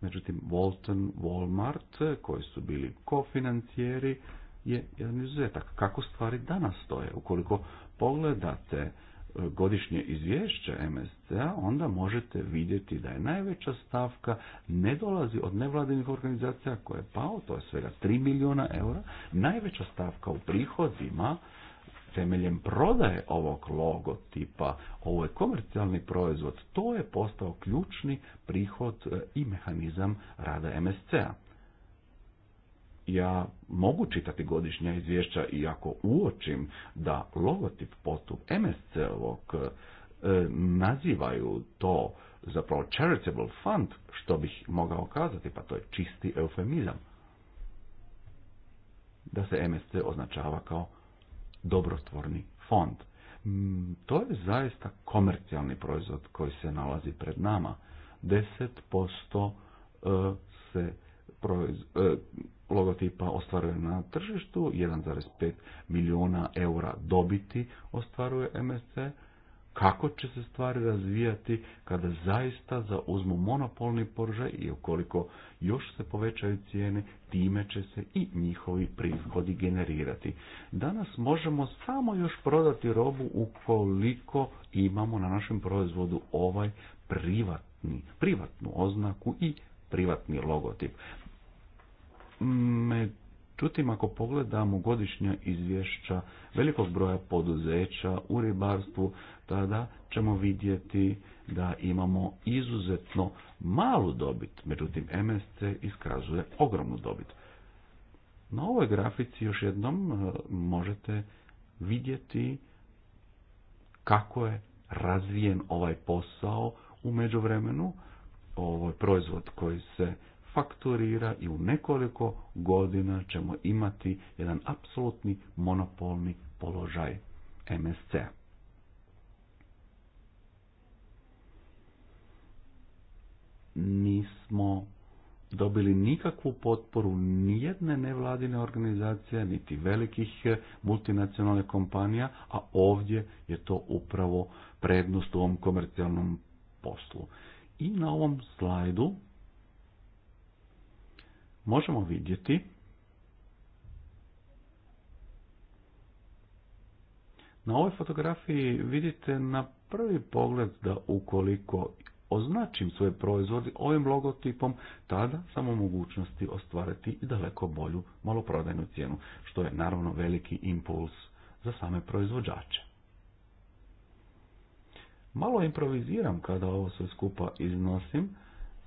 Međutim, Walton, Walmart, koji su bili kofinancijeri, je jedan izuzetak. Kako stvari danas stoje? Ukoliko pogledate godišnje izvješće MSC-a, onda možete vidjeti da je najveća stavka ne dolazi od nevladinih organizacija koje je pao, to je svega 3 milijuna eura, najveća stavka u prihodima temeljem prodaje ovog logotipa, ovo je komercijalni proizvod, to je postao ključni prihod e, i mehanizam rada MSC-a ja mogu čitati godišnja izvješća i ako uočim da logotip postup MSC-ovog e, nazivaju to zapravo charitable fund, što bih mogao kazati, pa to je čisti eufemizam. Da se MSC označava kao dobrotvorni fond. Mm, to je zaista komercijalni proizvod koji se nalazi pred nama. 10% e, se e, logotipa ostvaruje na tržištu, 1,5 milijuna eura dobiti ostvaruje MSC, kako će se stvari razvijati kada zaista zauzmu monopolni položaj i ukoliko još se povećaju cijene, time će se i njihovi prihodi generirati. Danas možemo samo još prodati robu ukoliko imamo na našem proizvodu ovaj privatni, privatnu oznaku i privatni logotip. Međutim, ako pogledamo godišnja izvješća velikog broja poduzeća u ribarstvu, tada ćemo vidjeti da imamo izuzetno malu dobit. Međutim, MSC iskazuje ogromnu dobit. Na ovoj grafici još jednom e, možete vidjeti kako je razvijen ovaj posao u međuvremenu, ovaj proizvod koji se fakturira i u nekoliko godina ćemo imati jedan apsolutni monopolni položaj MSC. Nismo dobili nikakvu potporu nijedne nevladine organizacije, niti velikih eh, multinacionalnih kompanija, a ovdje je to upravo prednost u ovom komercijalnom poslu. I na ovom slajdu možemo vidjeti Na ovoj fotografiji vidite na prvi pogled da ukoliko označim svoje proizvode ovim logotipom, tada sam u mogućnosti ostvariti i daleko bolju maloprodajnu cijenu, što je naravno veliki impuls za same proizvođače. Malo improviziram kada ovo sve skupa iznosim,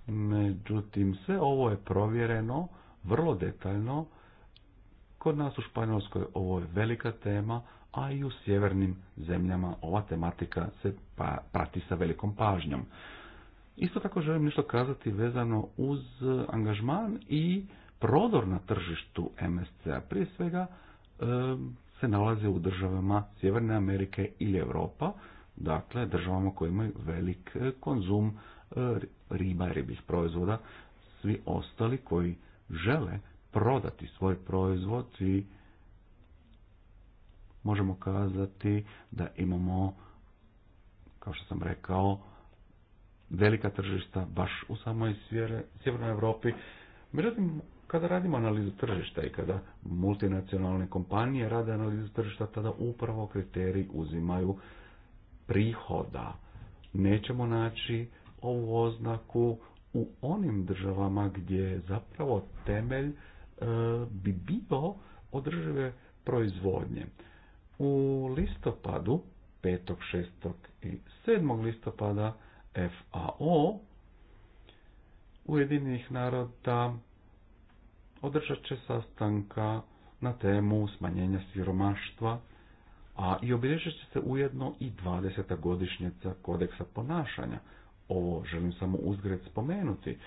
Međutim, sve ovo je provjereno vrlo detaljno. Kod nas u Španjolskoj ovo je velika tema, a i u sjevernim zemljama ova tematika se pa, prati sa velikom pažnjom. Isto tako želim nešto kazati vezano uz angažman i prodor na tržištu MSC-a. Prije svega se nalaze u državama Sjeverne Amerike ili Europa, dakle državama koje imaju velik eh, konzum E, riba i ribih proizvoda, svi ostali koji žele prodati svoj proizvod i možemo kazati da imamo, kao što sam rekao, velika tržišta baš u samoj svjere, sjevernoj Europi. Međutim, kada radimo analizu tržišta i kada multinacionalne kompanije rade analizu tržišta, tada upravo kriteriji uzimaju prihoda. Nećemo naći ovu oznaku u onim državama gdje zapravo temelj e, bi bio održive proizvodnje. U listopadu 5., 6. i 7. listopada FAO Ujedinjenih naroda održat će sastanka na temu smanjenja siromaštva, a i obilježit će se ujedno i 20. godišnjica kodeksa ponašanja, ovo želim samo uzgred spomenuti.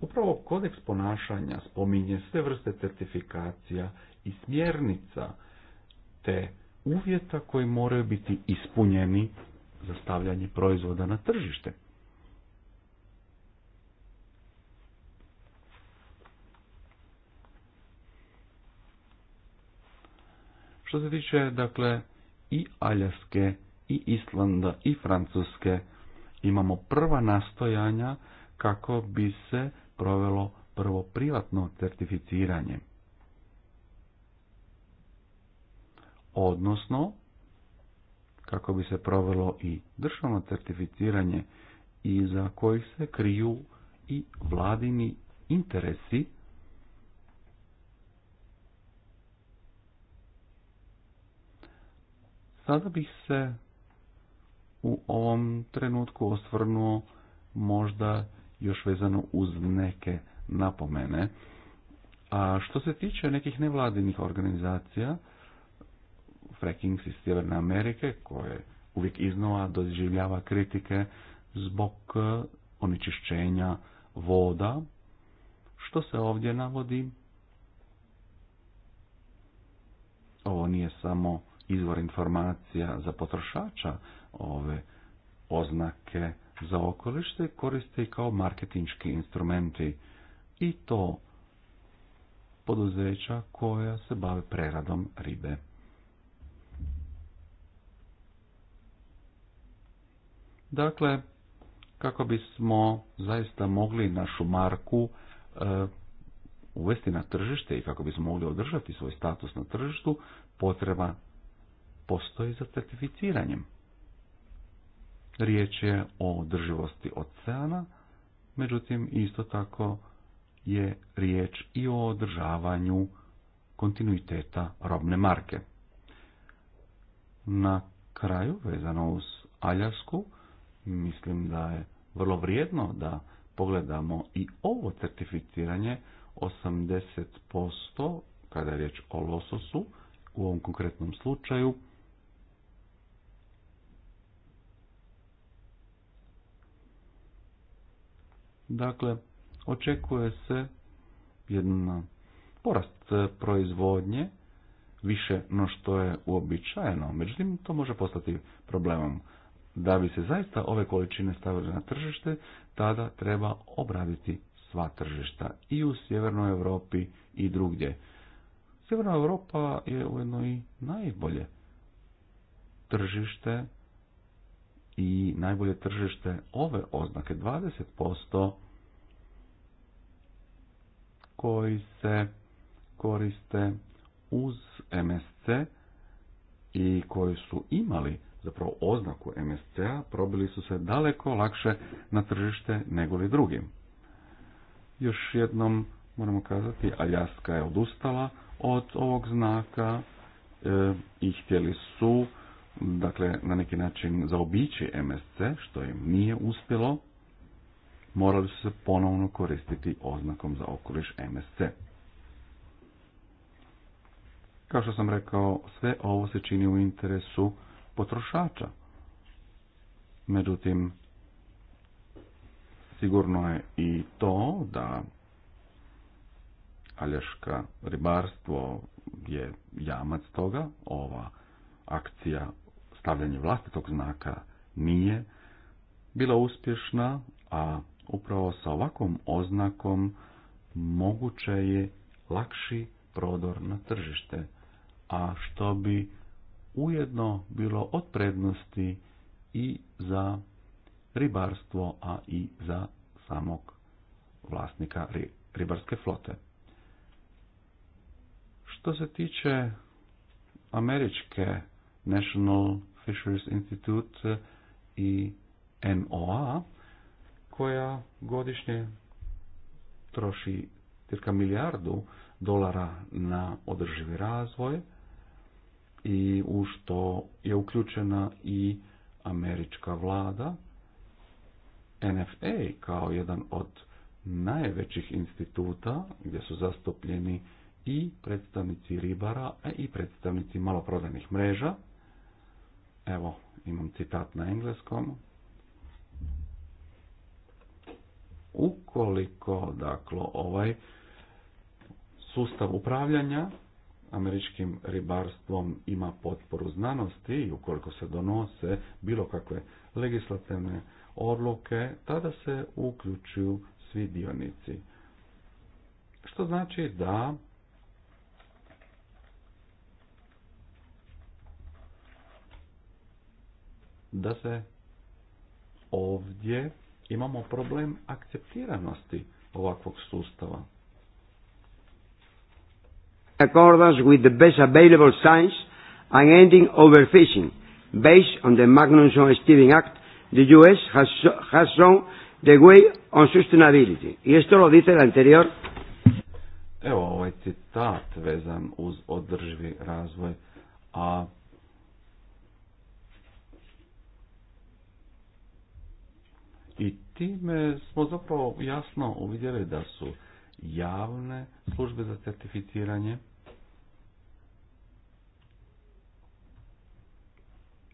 Upravo kodeks ponašanja spominje sve vrste certifikacija i smjernica te uvjeta koji moraju biti ispunjeni za stavljanje proizvoda na tržište. Što se tiče, dakle, i Aljaske, i Islanda, i Francuske, imamo prva nastojanja kako bi se provelo prvo privatno certificiranje. Odnosno, kako bi se provelo i državno certificiranje i za kojih se kriju i vladini interesi Sada bih se u ovom trenutku osvrnuo možda još vezano uz neke napomene. A što se tiče nekih nevladinih organizacija, fracking iz Sjeverne Amerike, koje uvijek iznova doživljava kritike zbog e, onečišćenja voda, što se ovdje navodi? Ovo nije samo izvor informacija za potrošača, ove oznake za okolište koriste i kao marketinški instrumenti i to poduzeća koja se bave preradom ribe. Dakle, kako bismo zaista mogli našu marku eh, uvesti na tržište i kako bismo mogli održati svoj status na tržištu, potreba postoji za certificiranjem riječ je o održivosti oceana, međutim isto tako je riječ i o održavanju kontinuiteta robne marke. Na kraju, vezano uz Aljarsku, mislim da je vrlo vrijedno da pogledamo i ovo certificiranje 80% kada je riječ o lososu, u ovom konkretnom slučaju Dakle, očekuje se jedan porast proizvodnje više no što je uobičajeno. Međutim, to može postati problemom. Da bi se zaista ove količine stavile na tržište, tada treba obraditi sva tržišta i u Sjevernoj Europi i drugdje. Sjeverna Europa je ujedno i najbolje tržište i najbolje tržište ove oznake 20% koji se koriste uz MSC i koji su imali zapravo oznaku MSC-a probili su se daleko lakše na tržište nego li drugim. Još jednom moramo kazati, Aljaska je odustala od ovog znaka e, i htjeli su dakle, na neki način zaobići MSC, što im nije uspjelo, morali su se ponovno koristiti oznakom za okoliš MSC. Kao što sam rekao, sve ovo se čini u interesu potrošača. Međutim, sigurno je i to da Aljaška ribarstvo je jamac toga, ova akcija stavljanje vlastitog znaka nije bila uspješna, a upravo sa ovakvom oznakom moguće je lakši prodor na tržište, a što bi ujedno bilo od prednosti i za ribarstvo, a i za samog vlasnika ribarske flote. Što se tiče američke National Fisheries Institute i NOA koja godišnje troši cirka milijardu dolara na održivi razvoj i u što je uključena i američka vlada. NFA kao jedan od najvećih instituta gdje su zastupljeni i predstavnici ribara i predstavnici maloprodajnih mreža Evo, imam citat na engleskom. Ukoliko, dakle, ovaj sustav upravljanja američkim ribarstvom ima potporu znanosti i ukoliko se donose bilo kakve legislativne odluke, tada se uključuju svi dionici. Što znači da da se ovdje imamo problem akceptiranosti ovakvog sustava. Accordance with the best available science and ending overfishing, based on the Magnuson-Stevens Act, the U.S. has, shown the way on sustainability. I esto lo dice el anterior. Evo ovaj citat vezan uz održivi razvoj, a I time smo zapravo jasno uvidjeli da su javne službe za certificiranje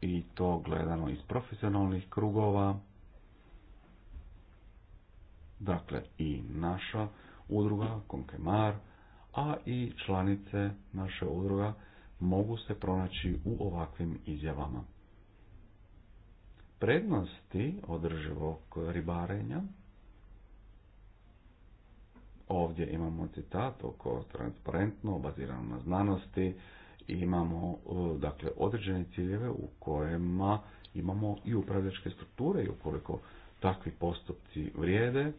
i to gledano iz profesionalnih krugova. Dakle, i naša udruga, Konkemar, a i članice naše udruga mogu se pronaći u ovakvim izjavama prednosti održivog ribarenja. Ovdje imamo citat oko transparentno, bazirano na znanosti, imamo e, dakle određene ciljeve u kojima imamo i upravljačke strukture i ukoliko takvi postupci vrijede,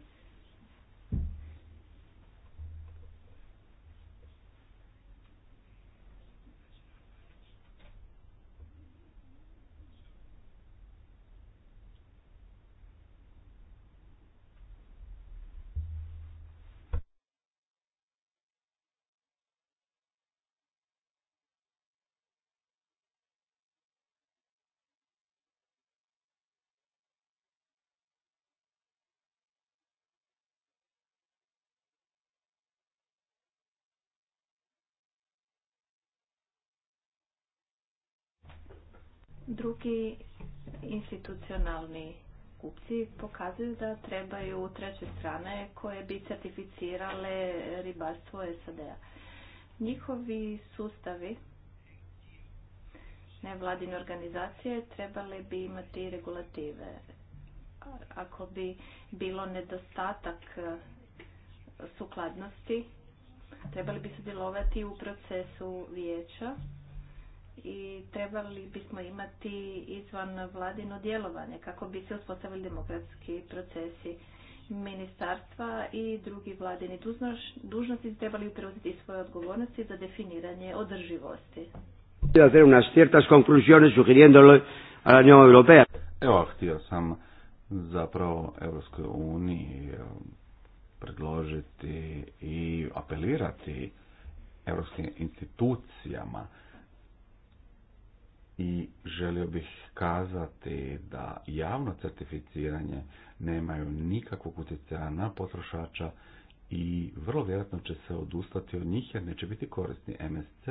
Drugi institucionalni kupci pokazuju da trebaju treće strane koje bi certificirale ribarstvo SAD-a. Njihovi sustavi nevladine organizacije trebali bi imati regulative. Ako bi bilo nedostatak sukladnosti, trebali bi sudjelovati u procesu vijeća i trebali bismo imati izvan vladino djelovanje kako bi se uspostavili demokratski procesi ministarstva i drugi vladini dužnosti trebali preuzeti svoje odgovornosti za definiranje održivosti. Evo, htio sam zapravo Europskoj uniji eh, predložiti i apelirati europskim institucijama i želio bih kazati da javno certificiranje nemaju nikakvog utjecaja na potrošača i vrlo vjerojatno će se odustati od njih jer neće biti korisni. MSC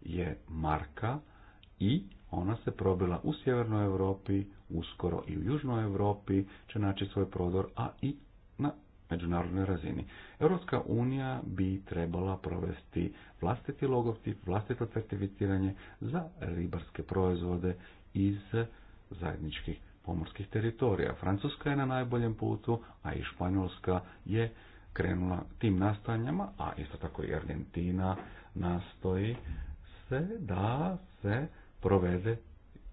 je marka i ona se probila u sjevernoj Europi, uskoro i u južnoj Europi će naći svoj prodor, a i međunarodnoj razini. Europska unija bi trebala provesti vlastiti logotip, vlastito certificiranje za ribarske proizvode iz zajedničkih pomorskih teritorija. Francuska je na najboljem putu, a i Španjolska je krenula tim nastojanjama, a isto tako i Argentina nastoji se da se provede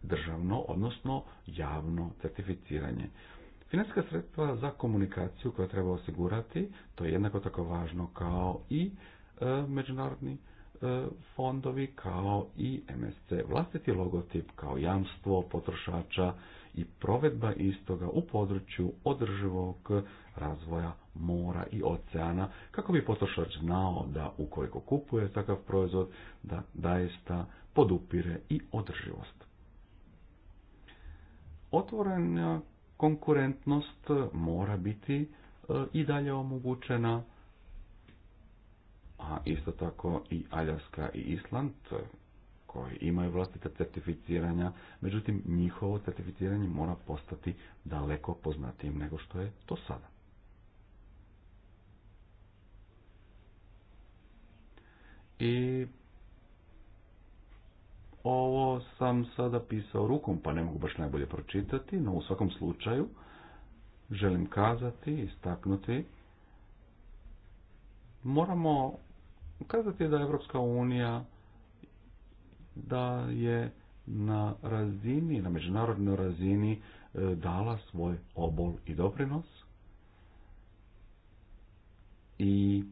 državno, odnosno javno certificiranje. Financijska sredstva za komunikaciju koja treba osigurati, to je jednako tako važno kao i e, međunarodni e, fondovi kao i MSC vlastiti logotip kao jamstvo potrošača i provedba istoga u području održivog razvoja mora i oceana kako bi potrošač znao da ukoliko kupuje takav proizvod da daista podupire i održivost. Otvorena konkurentnost mora biti e, i dalje omogućena, a isto tako i Aljaska i Island koji imaju vlastite certificiranja, međutim njihovo certificiranje mora postati daleko poznatijim nego što je to sada. I ovo sam sada pisao rukom, pa ne mogu baš najbolje pročitati, no u svakom slučaju želim kazati, istaknuti, moramo kazati da Evropska unija da je na razini, na međunarodnoj razini e, dala svoj obol i doprinos i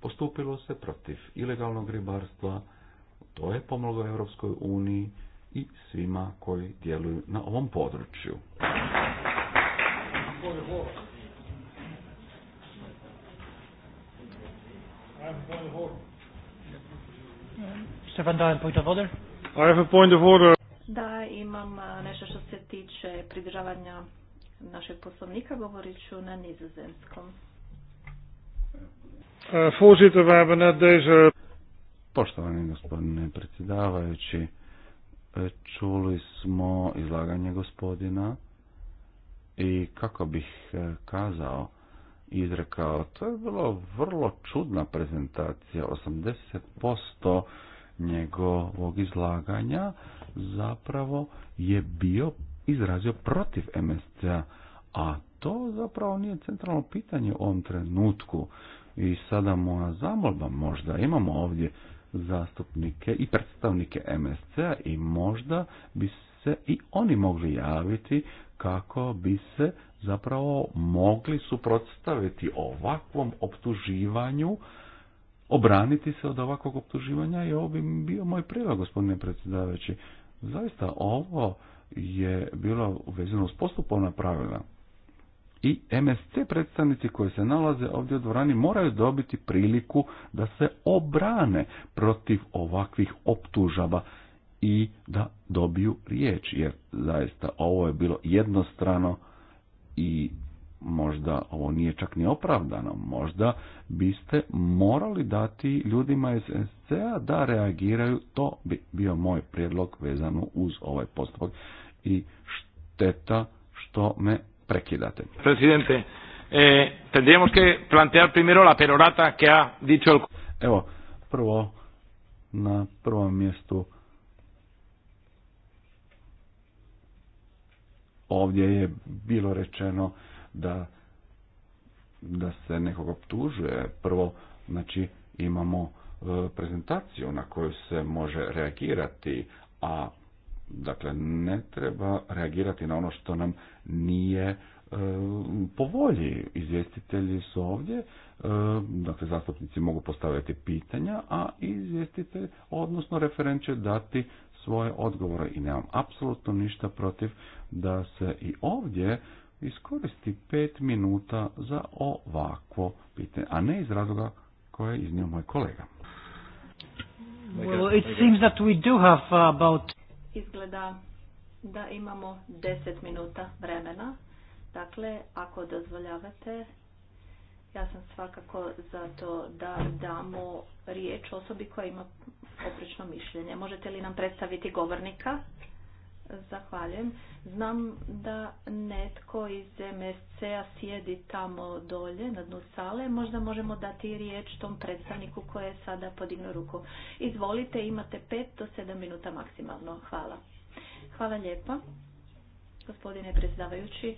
postupilo se protiv ilegalnog ribarstva to je pomoglo Europskoj uniji i svima koji djeluju na ovom području. I point of order. Da, imam nešto što se tiče pridržavanja našeg poslovnika, govorit ću na nizozemskom. Uh, voorzitter, we hebben net deze Poštovani gospodine predsjedavajući, čuli smo izlaganje gospodina i kako bih e, kazao, izrekao, to je bilo vrlo čudna prezentacija, 80% njegovog izlaganja zapravo je bio izrazio protiv MSC-a, a to zapravo nije centralno pitanje u ovom trenutku. I sada moja zamolba možda, imamo ovdje zastupnike i predstavnike MSC-a i možda bi se i oni mogli javiti kako bi se zapravo mogli suprotstaviti ovakvom optuživanju, obraniti se od ovakvog optuživanja i ovo bi bio moj prijedlog gospodine predsjedavajući. Zaista ovo je bilo vezano s postupovna pravila i MSC predstavnici koji se nalaze ovdje u dvorani moraju dobiti priliku da se obrane protiv ovakvih optužaba i da dobiju riječ, jer zaista ovo je bilo jednostrano i možda ovo nije čak ni opravdano, možda biste morali dati ljudima iz a da reagiraju, to bi bio moj prijedlog vezano uz ovaj postupak i šteta što me prekidate. Presidente, eh, tendríamos que plantear primero la perorata que ha dicho el... Evo, prvo, na prvom mjestu ovdje je bilo rečeno da da se nekog optužuje. Prvo, znači, imamo eh, prezentaciju na koju se može reagirati, a Dakle, ne treba reagirati na ono što nam nije e, po volji izvjestitelji su ovdje, e, dakle zastupnici mogu postaviti pitanja, a izvjestitelj, odnosno referent će dati svoje odgovore i nemam apsolutno ništa protiv da se i ovdje iskoristi pet minuta za ovakvo pitanje, a ne iz razloga koje je iznio moj kolega. Well, it seems that we do have about Izgleda da imamo 10 minuta vremena. Dakle, ako dozvoljavate, ja sam svakako za to da damo riječ osobi koja ima oprečno mišljenje. Možete li nam predstaviti govornika? Zahvaljujem. Znam da netko iz MSC-a sjedi tamo dolje na dnu sale. Možda možemo dati riječ tom predstavniku koji je sada podignuo ruku. Izvolite, imate pet do sedam minuta maksimalno. Hvala. Hvala lijepa, gospodine predsjedavajući.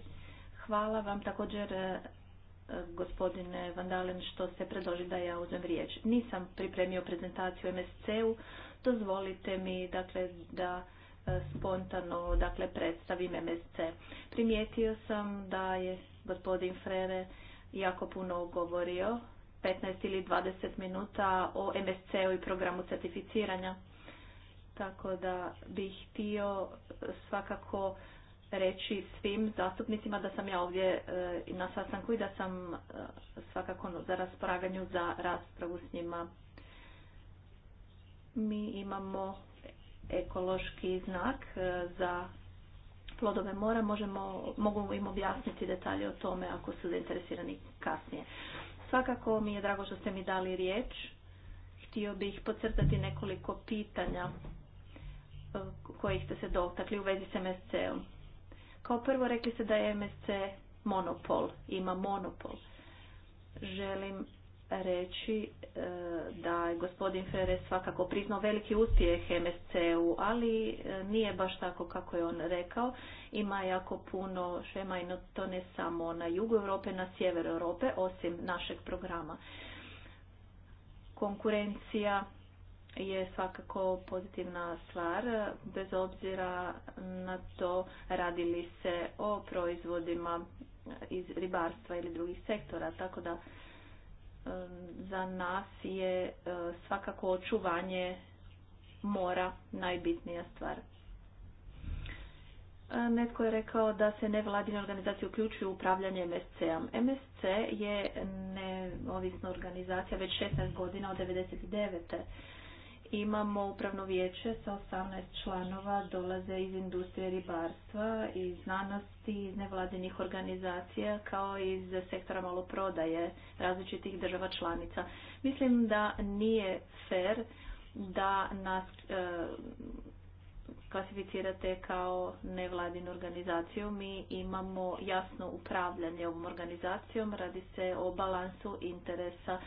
Hvala vam također e, gospodine Vandalen što ste predložili da ja uzmem riječ. Nisam pripremio prezentaciju MSC-u, dozvolite mi dakle da spontano dakle, predstavim MSC. Primijetio sam da je gospodin Frere jako puno govorio, 15 ili 20 minuta o MSC-u i programu certificiranja. Tako da bih htio svakako reći svim zastupnicima da sam ja ovdje e, na sastanku i da sam e, svakako za raspolaganju za raspravu s njima. Mi imamo ekološki znak e, za plodove mora, možemo, mogu im objasniti detalje o tome ako su zainteresirani kasnije. Svakako mi je drago što ste mi dali riječ. Htio bih podcrtati nekoliko pitanja e, kojih ste se dotakli u vezi s MSC-om. Kao prvo rekli ste da je MSC monopol, ima monopol. Želim reći e, da je gospodin Ferre svakako priznao veliki uspjeh MSC-u, ali e, nije baš tako kako je on rekao. Ima jako puno šema i to ne samo na jugu Europe, na sjever Europe, osim našeg programa. Konkurencija je svakako pozitivna stvar, bez obzira na to radili se o proizvodima iz ribarstva ili drugih sektora, tako da za nas je e, svakako očuvanje mora najbitnija stvar. E, netko je rekao da se nevladine organizacije uključuju u upravljanje MSC-om. MSC je neovisna organizacija već 16 godina od 99. Imamo upravno vijeće sa 18 članova, dolaze iz industrije ribarstva, iz znanosti, iz nevladinih organizacija kao i iz sektora maloprodaje različitih država članica. Mislim da nije fer da nas e, klasificirate kao nevladinu organizaciju. Mi imamo jasno upravljanje ovom organizacijom, radi se o balansu interesa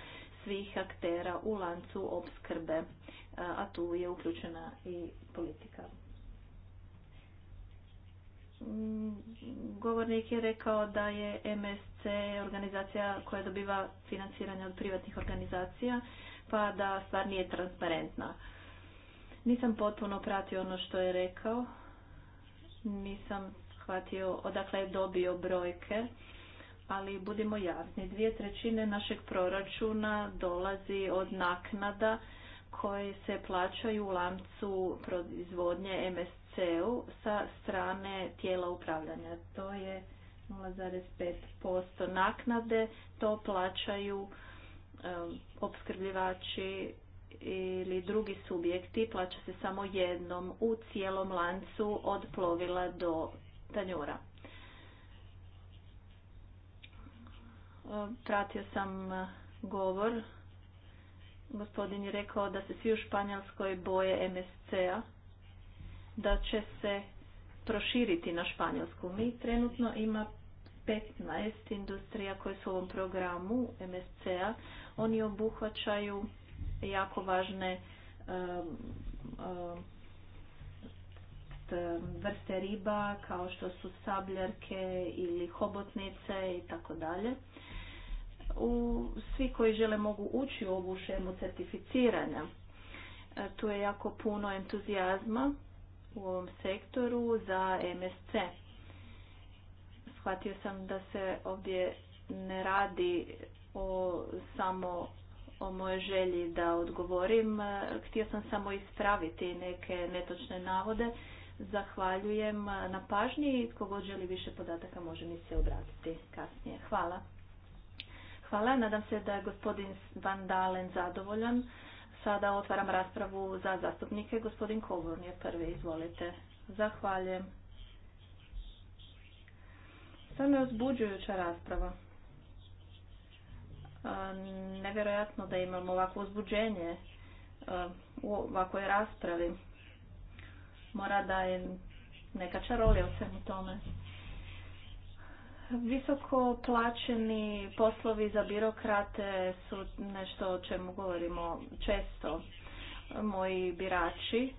svih aktera u lancu opskrbe a tu je uključena i politika. Mm, govornik je rekao da je MSC organizacija koja dobiva financiranje od privatnih organizacija, pa da stvar nije transparentna. Nisam potpuno pratio ono što je rekao, nisam shvatio odakle je dobio brojke, ali budimo jasni, dvije trećine našeg proračuna dolazi od naknada koji se plaćaju u lamcu proizvodnje MSC-u sa strane tijela upravljanja. To je 0,5% naknade, to plaćaju opskrbljivači ili drugi subjekti, plaća se samo jednom u cijelom lancu od plovila do tanjura. Pratio sam govor Gospodin je rekao da se svi u Španjolskoj boje MSC-a, da će se proširiti na Španjolsku. Mi trenutno ima 15 industrija koje su u ovom programu MSC-a. Oni obuhvaćaju jako važne um, um, vrste riba kao što su sabljarke ili hobotnice i tako dalje u, svi koji žele mogu ući u ovu šemu certificiranja. E, tu je jako puno entuzijazma u ovom sektoru za MSC. Shvatio sam da se ovdje ne radi o samo o moje želji da odgovorim. E, htio sam samo ispraviti neke netočne navode. Zahvaljujem na pažnji i tko god želi više podataka može mi se obratiti kasnije. Hvala. Hvala. Nadam se da je gospodin Van Dalen zadovoljan. Sada otvaram raspravu za zastupnike. Gospodin Kovorn je prvi. Izvolite. Zahvaljujem. To je uzbuđujuća rasprava. Nevjerojatno da imamo ovako uzbuđenje u ovakoj raspravi. Mora da je neka čarolija u svemu tome. Visoko plaćeni poslovi za birokrate su nešto o čemu govorimo često. Moji birači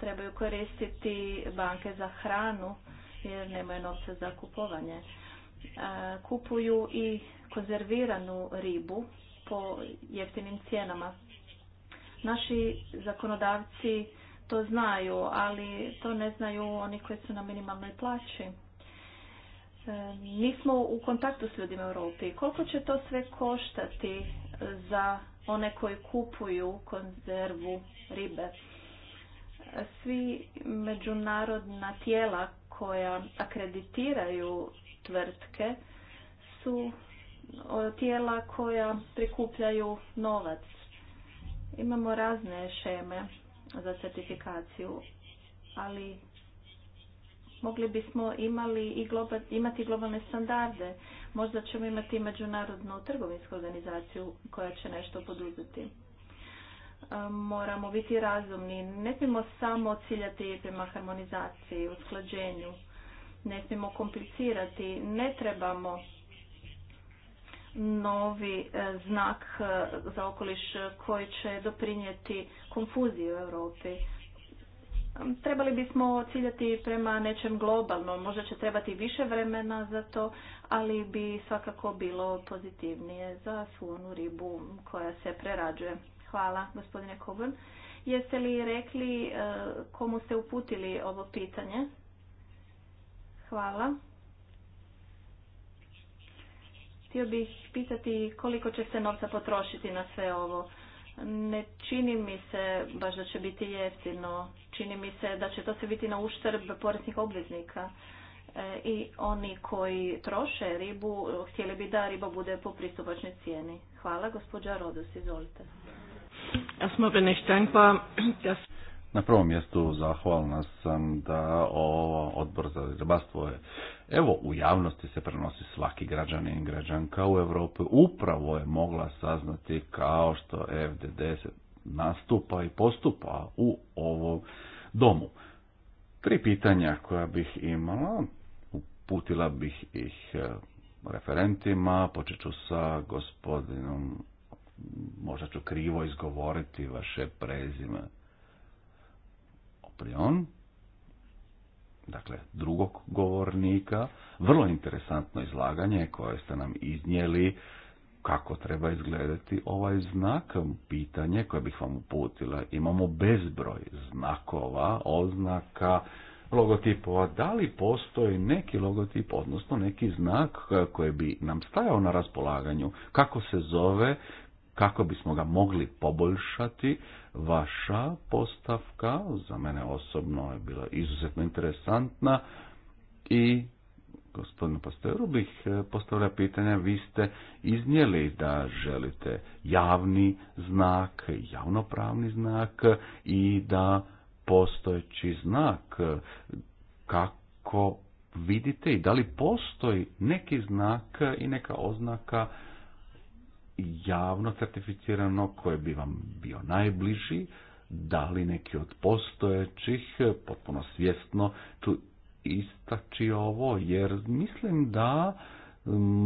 trebaju koristiti banke za hranu jer nemaju novca za kupovanje. E, kupuju i konzerviranu ribu po jeftinim cijenama. Naši zakonodavci to znaju, ali to ne znaju oni koji su na minimalnoj plaći. Mi smo u kontaktu s ljudima u Europi. Koliko će to sve koštati za one koji kupuju konzervu ribe? Svi međunarodna tijela koja akreditiraju tvrtke su tijela koja prikupljaju novac. Imamo razne šeme za certifikaciju, ali mogli bismo imali i global, imati globalne standarde. Možda ćemo imati međunarodnu trgovinsku organizaciju koja će nešto poduzeti. E, moramo biti razumni. Ne smijemo samo ciljati prema harmonizaciji, usklađenju. Ne smijemo komplicirati. Ne trebamo novi e, znak e, za okoliš koji će doprinijeti konfuziji u Europi trebali bismo ciljati prema nečem globalnom. Možda će trebati više vremena za to, ali bi svakako bilo pozitivnije za svu onu ribu koja se prerađuje. Hvala, gospodine Coburn. Jeste li rekli e, komu ste uputili ovo pitanje? Hvala. Htio bih pitati koliko će se novca potrošiti na sve ovo ne čini mi se baš da će biti jeftino. Čini mi se da će to se biti na uštrb poreznih obveznika. E, I oni koji troše ribu, htjeli bi da riba bude po pristupačnoj cijeni. Hvala, gospođa Rodos, izvolite. Ja Na prvom mjestu zahvalna sam da ovo odbor za ribarstvo je Evo, u javnosti se prenosi svaki građanin i građanka u Europi upravo je mogla saznati kao što FDD nastupa i postupa u ovom domu. Tri pitanja koja bih imala, uputila bih ih e, referentima, počet ću sa gospodinom, možda ću krivo izgovoriti vaše prezime, dakle drugog govornika. Vrlo interesantno izlaganje koje ste nam iznijeli kako treba izgledati ovaj znak. Pitanje koje bih vam uputila, imamo bezbroj znakova, oznaka, logotipova. Da li postoji neki logotip, odnosno neki znak koji bi nam stajao na raspolaganju, kako se zove, kako bismo ga mogli poboljšati. Vaša postavka za mene osobno je bila izuzetno interesantna i gospodinu Pastoru bih e, postavlja pitanja. Vi ste iznijeli da želite javni znak, javnopravni znak i da postojeći znak kako vidite i da li postoji neki znak i neka oznaka javno certificirano koje bi vam bio najbliži, da li neki od postojećih, potpuno svjesno tu istači ovo, jer mislim da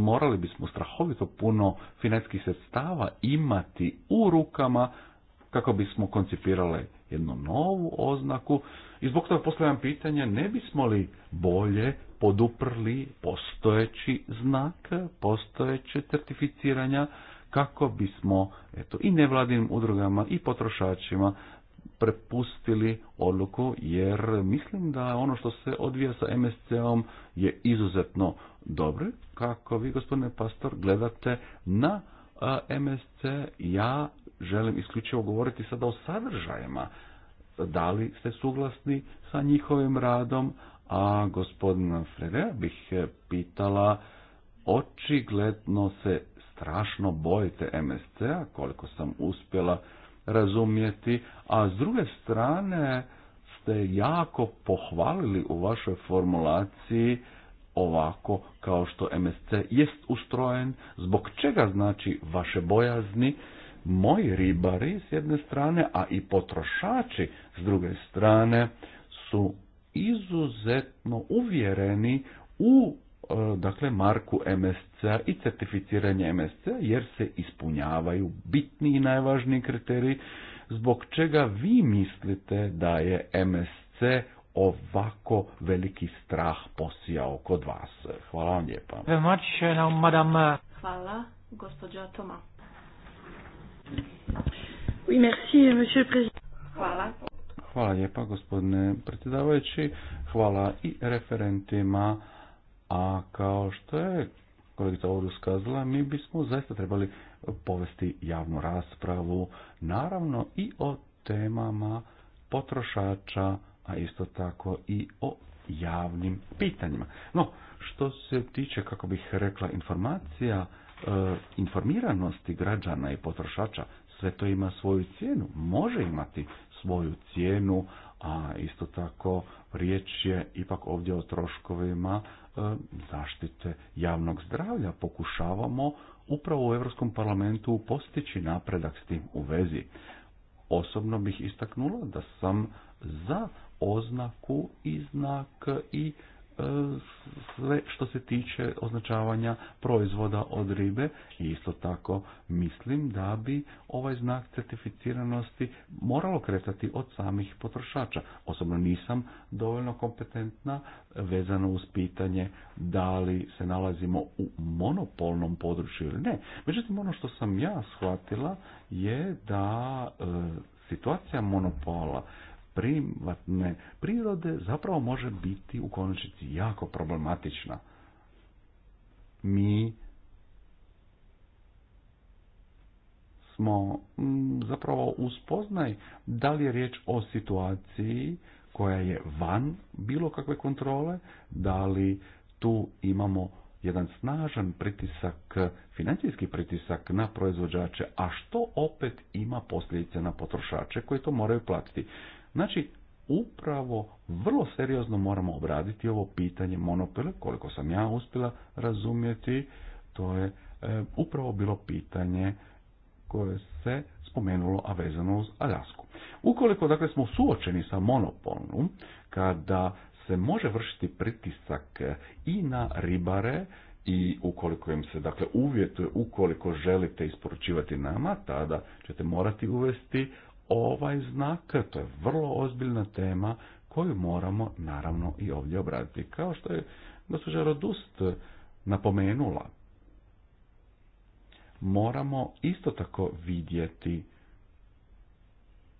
morali bismo strahovito puno financijskih sredstava imati u rukama kako bismo koncipirali jednu novu oznaku. I zbog toga postavljam pitanje, ne bismo li bolje poduprli postojeći znak, postojeće certificiranja, kako bismo eto, i nevladinim udrugama i potrošačima prepustili odluku jer mislim da ono što se odvija sa MSC-om je izuzetno dobro. Kako vi gospodine pastor gledate na MSC, ja želim isključivo govoriti sada o sadržajima. Da li ste suglasni sa njihovim radom, a gospodina Frere bih e, pitala očigledno se strašno bojite MSC-a, koliko sam uspjela razumjeti, a s druge strane ste jako pohvalili u vašoj formulaciji ovako kao što MSC jest ustrojen, zbog čega znači vaše bojazni, moji ribari s jedne strane, a i potrošači s druge strane su izuzetno uvjereni u E, dakle marku MSC i certificiranje MSC jer se ispunjavaju bitni i najvažniji kriteriji zbog čega vi mislite da je MSC ovako veliki strah posijao kod vas. Hvala vam lijepa. Uh, uh, Hvala, gospođa Toma. Hvala. Hvala lijepa, gospodine predsjedavajući. Hvala i referentima a kao što je kolegica ovdje skazala, mi bismo zaista trebali povesti javnu raspravu, naravno i o temama potrošača, a isto tako i o javnim pitanjima. No, što se tiče, kako bih rekla, informacija, e, informiranosti građana i potrošača, sve to ima svoju cijenu, može imati svoju cijenu, a isto tako riječ je ipak ovdje o troškovima e, zaštite javnog zdravlja. Pokušavamo upravo u Europskom parlamentu postići napredak s tim u vezi. Osobno bih istaknula da sam za oznaku i znak i E, sve što se tiče označavanja proizvoda od ribe i isto tako mislim da bi ovaj znak certificiranosti moralo kretati od samih potrošača. Osobno nisam dovoljno kompetentna vezano uz pitanje da li se nalazimo u monopolnom području ili ne. Međutim, ono što sam ja shvatila je da e, situacija monopola privatne prirode zapravo može biti u konačnici jako problematična. Mi smo mm, zapravo uspoznaj da li je riječ o situaciji koja je van bilo kakve kontrole, da li tu imamo jedan snažan pritisak, financijski pritisak na proizvođače, a što opet ima posljedice na potrošače koji to moraju platiti. Znači, upravo vrlo seriozno moramo obraditi ovo pitanje monopola, koliko sam ja uspjela razumjeti, to je e, upravo bilo pitanje koje se spomenulo, a vezano uz Aljasku. Ukoliko dakle smo suočeni sa monopolom, kada se može vršiti pritisak i na ribare, i ukoliko im se dakle uvjetuje, ukoliko želite isporučivati nama, tada ćete morati uvesti ovaj znak, to je vrlo ozbiljna tema koju moramo naravno i ovdje obraditi. Kao što je gospođa Rodust napomenula, moramo isto tako vidjeti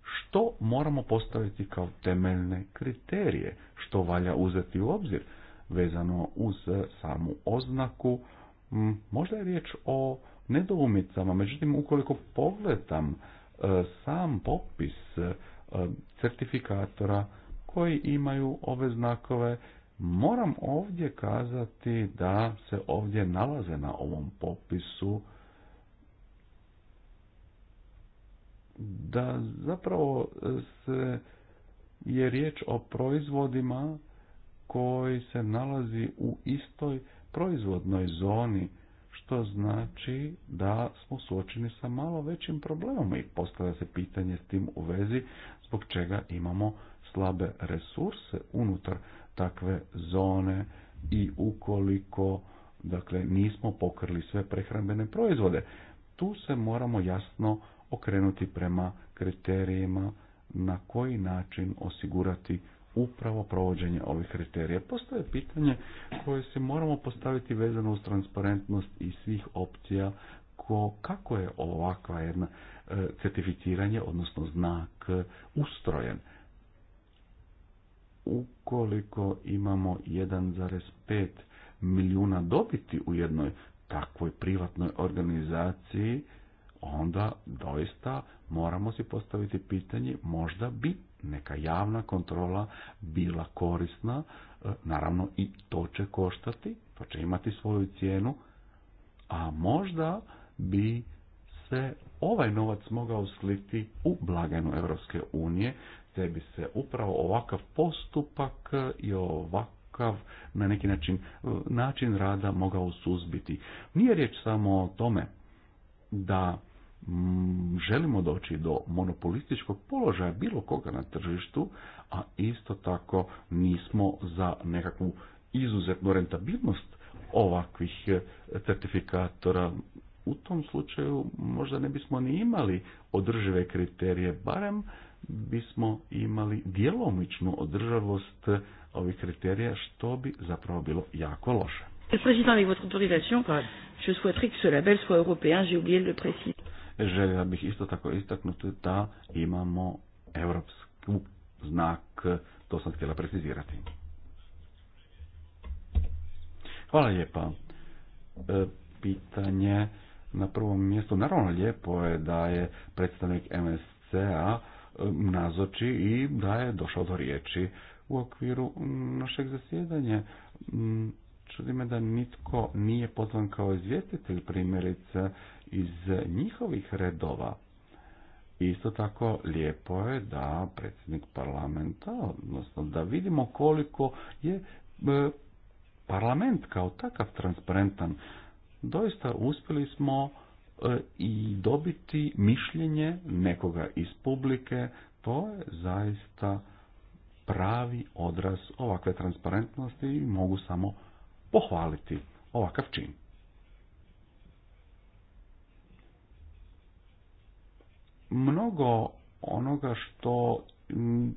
što moramo postaviti kao temeljne kriterije, što valja uzeti u obzir vezano uz samu oznaku. Mm, možda je riječ o nedoumicama, međutim ukoliko pogledam E, sam popis e, certifikatora koji imaju ove znakove moram ovdje kazati da se ovdje nalaze na ovom popisu da zapravo e, se je riječ o proizvodima koji se nalazi u istoj proizvodnoj zoni što znači da smo suočeni sa malo većim problemom i postavlja se pitanje s tim u vezi zbog čega imamo slabe resurse unutar takve zone i ukoliko dakle nismo pokrili sve prehrambene proizvode. Tu se moramo jasno okrenuti prema kriterijima na koji način osigurati upravo provođenje ovih kriterija. Postoje pitanje koje se moramo postaviti vezano uz transparentnost i svih opcija ko, kako je ovakva jedna e, certificiranje, odnosno znak e, ustrojen. Ukoliko imamo 1,5 milijuna dobiti u jednoj takvoj privatnoj organizaciji, onda doista moramo si postaviti pitanje možda bi neka javna kontrola bila korisna, e, naravno i to će koštati, to će imati svoju cijenu, a možda bi se ovaj novac mogao sliti u blagajnu Europske unije, te bi se upravo ovakav postupak i ovakav na neki način e, način rada mogao suzbiti. Nije riječ samo o tome da Mm, želimo doći do monopolističkog položaja bilo koga na tržištu, a isto tako nismo za nekakvu izuzetnu rentabilnost ovakvih e, certifikatora. U tom slučaju možda ne bismo ni imali održive kriterije, barem bismo imali djelomičnu održavost ovih kriterija, što bi zapravo bilo jako loše. je souhaiterais que ce label Želio bih isto tako istaknuti da imamo europsku znak, to sam htjela precizirati. Hvala lijepa. E, pitanje na prvom mjestu. Naravno lijepo je da je predstavnik MSC-a e, nazoči i da je došao do riječi u okviru našeg zasjedanja mm, čudi me da nitko nije pozvan kao izvjestitelj primjerice iz njihovih redova. Isto tako lijepo je da predsjednik parlamenta, odnosno da vidimo koliko je e, parlament kao takav transparentan. Doista uspjeli smo e, i dobiti mišljenje nekoga iz publike, to je zaista pravi odraz ovakve transparentnosti i mogu samo pohvaliti ovakav čin. Mnogo onoga što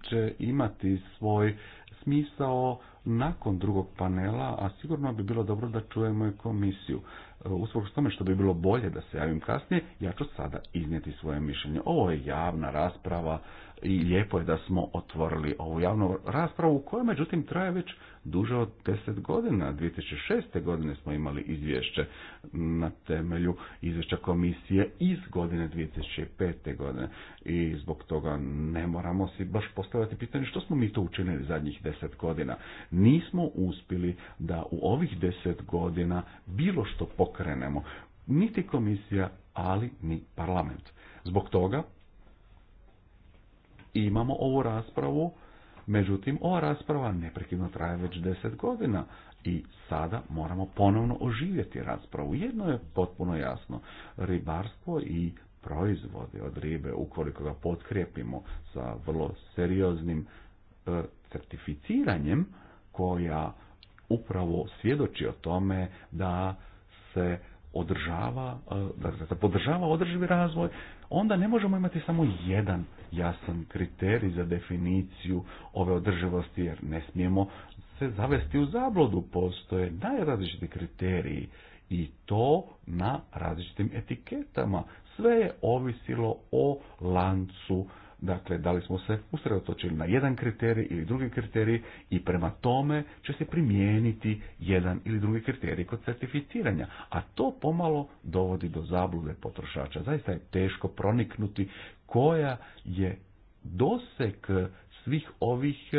će imati svoj smisao nakon drugog panela, a sigurno bi bilo dobro da čujemo i komisiju. Uh, usprkos tome što bi bilo bolje da se javim kasnije, ja ću sada iznijeti svoje mišljenje. Ovo je javna rasprava i lijepo je da smo otvorili ovu javnu raspravu koja međutim traje već duže od deset godina. 2006. godine smo imali izvješće na temelju izvješća komisije iz godine 2005. godine i zbog toga ne moramo si baš postavljati pitanje što smo mi to učinili zadnjih deset godina. Nismo uspjeli da u ovih deset godina bilo što pokazujemo krenemo Niti komisija, ali ni parlament. Zbog toga imamo ovu raspravu, međutim ova rasprava neprekidno traje već deset godina i sada moramo ponovno oživjeti raspravu. Jedno je potpuno jasno, ribarstvo i proizvode od ribe, ukoliko ga potkrijepimo sa vrlo serioznim e, certificiranjem koja upravo svjedoči o tome da se održava, e, da podržava održivi razvoj, onda ne možemo imati samo jedan jasan kriterij za definiciju ove održivosti, jer ne smijemo se zavesti u zablodu. Postoje najrazličiti kriteriji i to na različitim etiketama. Sve je ovisilo o lancu Dakle, da li smo se usredotočili na jedan kriterij ili drugi kriterij i prema tome će se primijeniti jedan ili drugi kriterij kod certificiranja. A to pomalo dovodi do zablude potrošača. Zaista je teško proniknuti koja je doseg svih ovih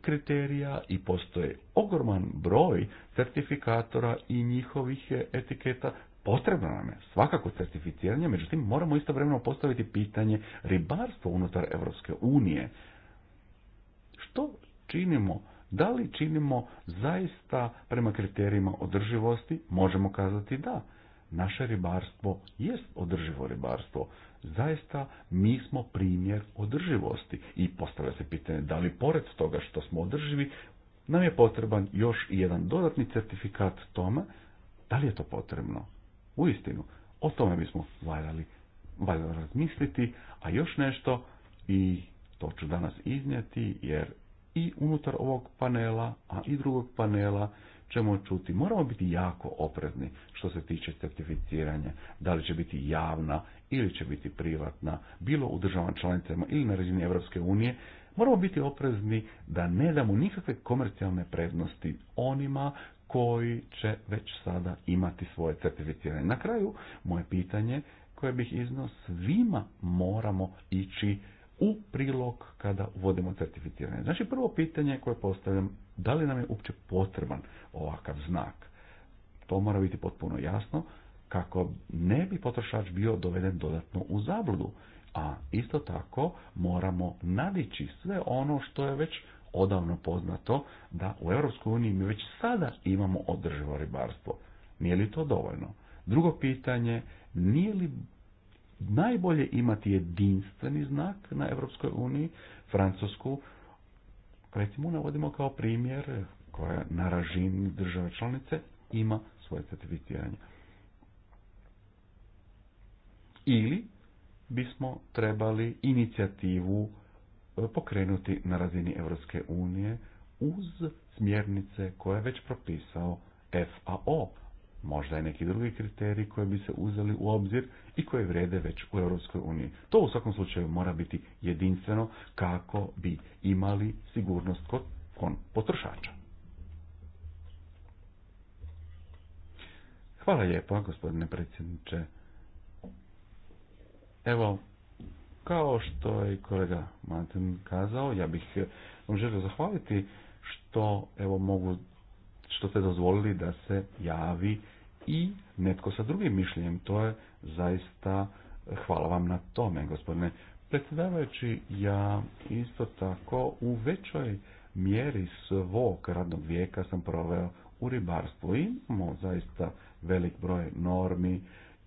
kriterija i postoje ogroman broj certifikatora i njihovih etiketa Potrebno nam je svakako certificiranje, međutim moramo istovremeno postaviti pitanje ribarstvo unutar Europske unije. Što činimo? Da li činimo zaista prema kriterijima održivosti? Možemo kazati da. Naše ribarstvo jest održivo ribarstvo. Zaista mi smo primjer održivosti i postavlja se pitanje da li pored toga što smo održivi nam je potreban još i jedan dodatni certifikat tome, da li je to potrebno? Uistinu, o tome bismo valjali, valjali razmisliti, a još nešto i to ću danas iznijeti jer i unutar ovog panela, a i drugog panela ćemo čuti, moramo biti jako oprezni što se tiče certificiranja, da li će biti javna ili će biti privatna, bilo u državama članicama ili na razini Europske unije, moramo biti oprezni da ne damo nikakve komercijalne prednosti onima koji će već sada imati svoje certificiranje. Na kraju, moje pitanje koje bih iznao, svima moramo ići u prilog kada uvodimo certificiranje. Znači, prvo pitanje koje postavljam, da li nam je uopće potreban ovakav znak? To mora biti potpuno jasno kako ne bi potrošač bio doveden dodatno u zabludu. A isto tako moramo nadići sve ono što je već odavno poznato da u EU mi već sada imamo održivo ribarstvo. Nije li to dovoljno? Drugo pitanje, nije li najbolje imati jedinstveni znak na Europskoj uniji, Francusku, recimo navodimo kao primjer koja na ražini države članice ima svoje certificiranje. Ili bismo trebali inicijativu E, pokrenuti na razini Europske unije uz smjernice koje je već propisao FAO. Možda i neki drugi kriteriji koji bi se uzeli u obzir i koji vrede već u Europskoj uniji. To u svakom slučaju mora biti jedinstveno kako bi imali sigurnost kod potrošača. Hvala lijepa, gospodine predsjedniče. Evo, kao što je kolega Martin kazao, ja bih eh, vam želio zahvaliti što evo mogu što ste dozvolili da se javi i netko sa drugim mišljenjem. To je zaista eh, hvala vam na tome, gospodine predsjedavajući. Ja isto tako u većoj mjeri svog radnog vijeka sam proveo u ribarstvu. Imamo zaista velik broj normi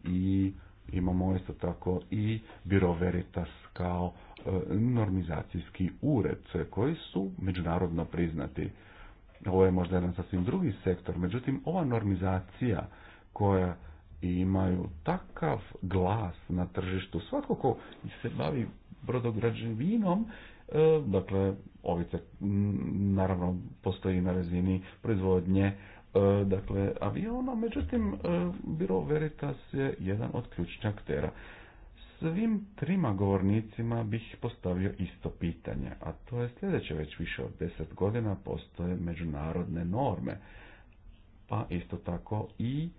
i imamo isto tako i Biro Veritas kao e, normizacijski ured koji su međunarodno priznati. Ovo je možda jedan sasvim drugi sektor, međutim ova normizacija koja imaju takav glas na tržištu, svatko ko se bavi brodograđevinom, e, dakle, ovice naravno postoji na razini proizvodnje E, dakle, aviona, međutim, e, Biro Veritas je jedan od ključnih aktera. Svim trima govornicima bih postavio isto pitanje, a to je sljedeće, već više od deset godina postoje međunarodne norme, pa isto tako i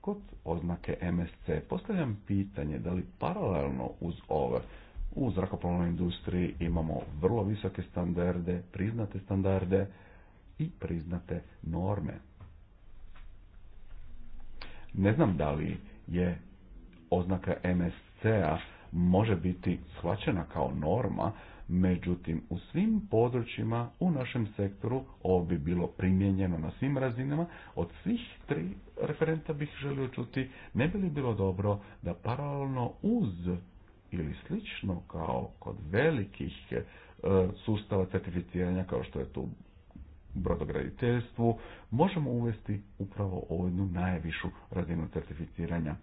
kod oznake MSC. Postavljam pitanje da li paralelno uz ove u zrakoplovnoj industriji imamo vrlo visoke standarde, priznate standarde i priznate norme ne znam da li je oznaka MSC-a može biti shvaćena kao norma, međutim u svim područjima u našem sektoru ovo bi bilo primijenjeno na svim razinama. Od svih tri referenta bih želio čuti ne bi li bilo dobro da paralelno uz ili slično kao kod velikih e, sustava certificiranja kao što je tu brodograditeljstvu možemo uvesti upravo ovu najvišu razinu certificiranja.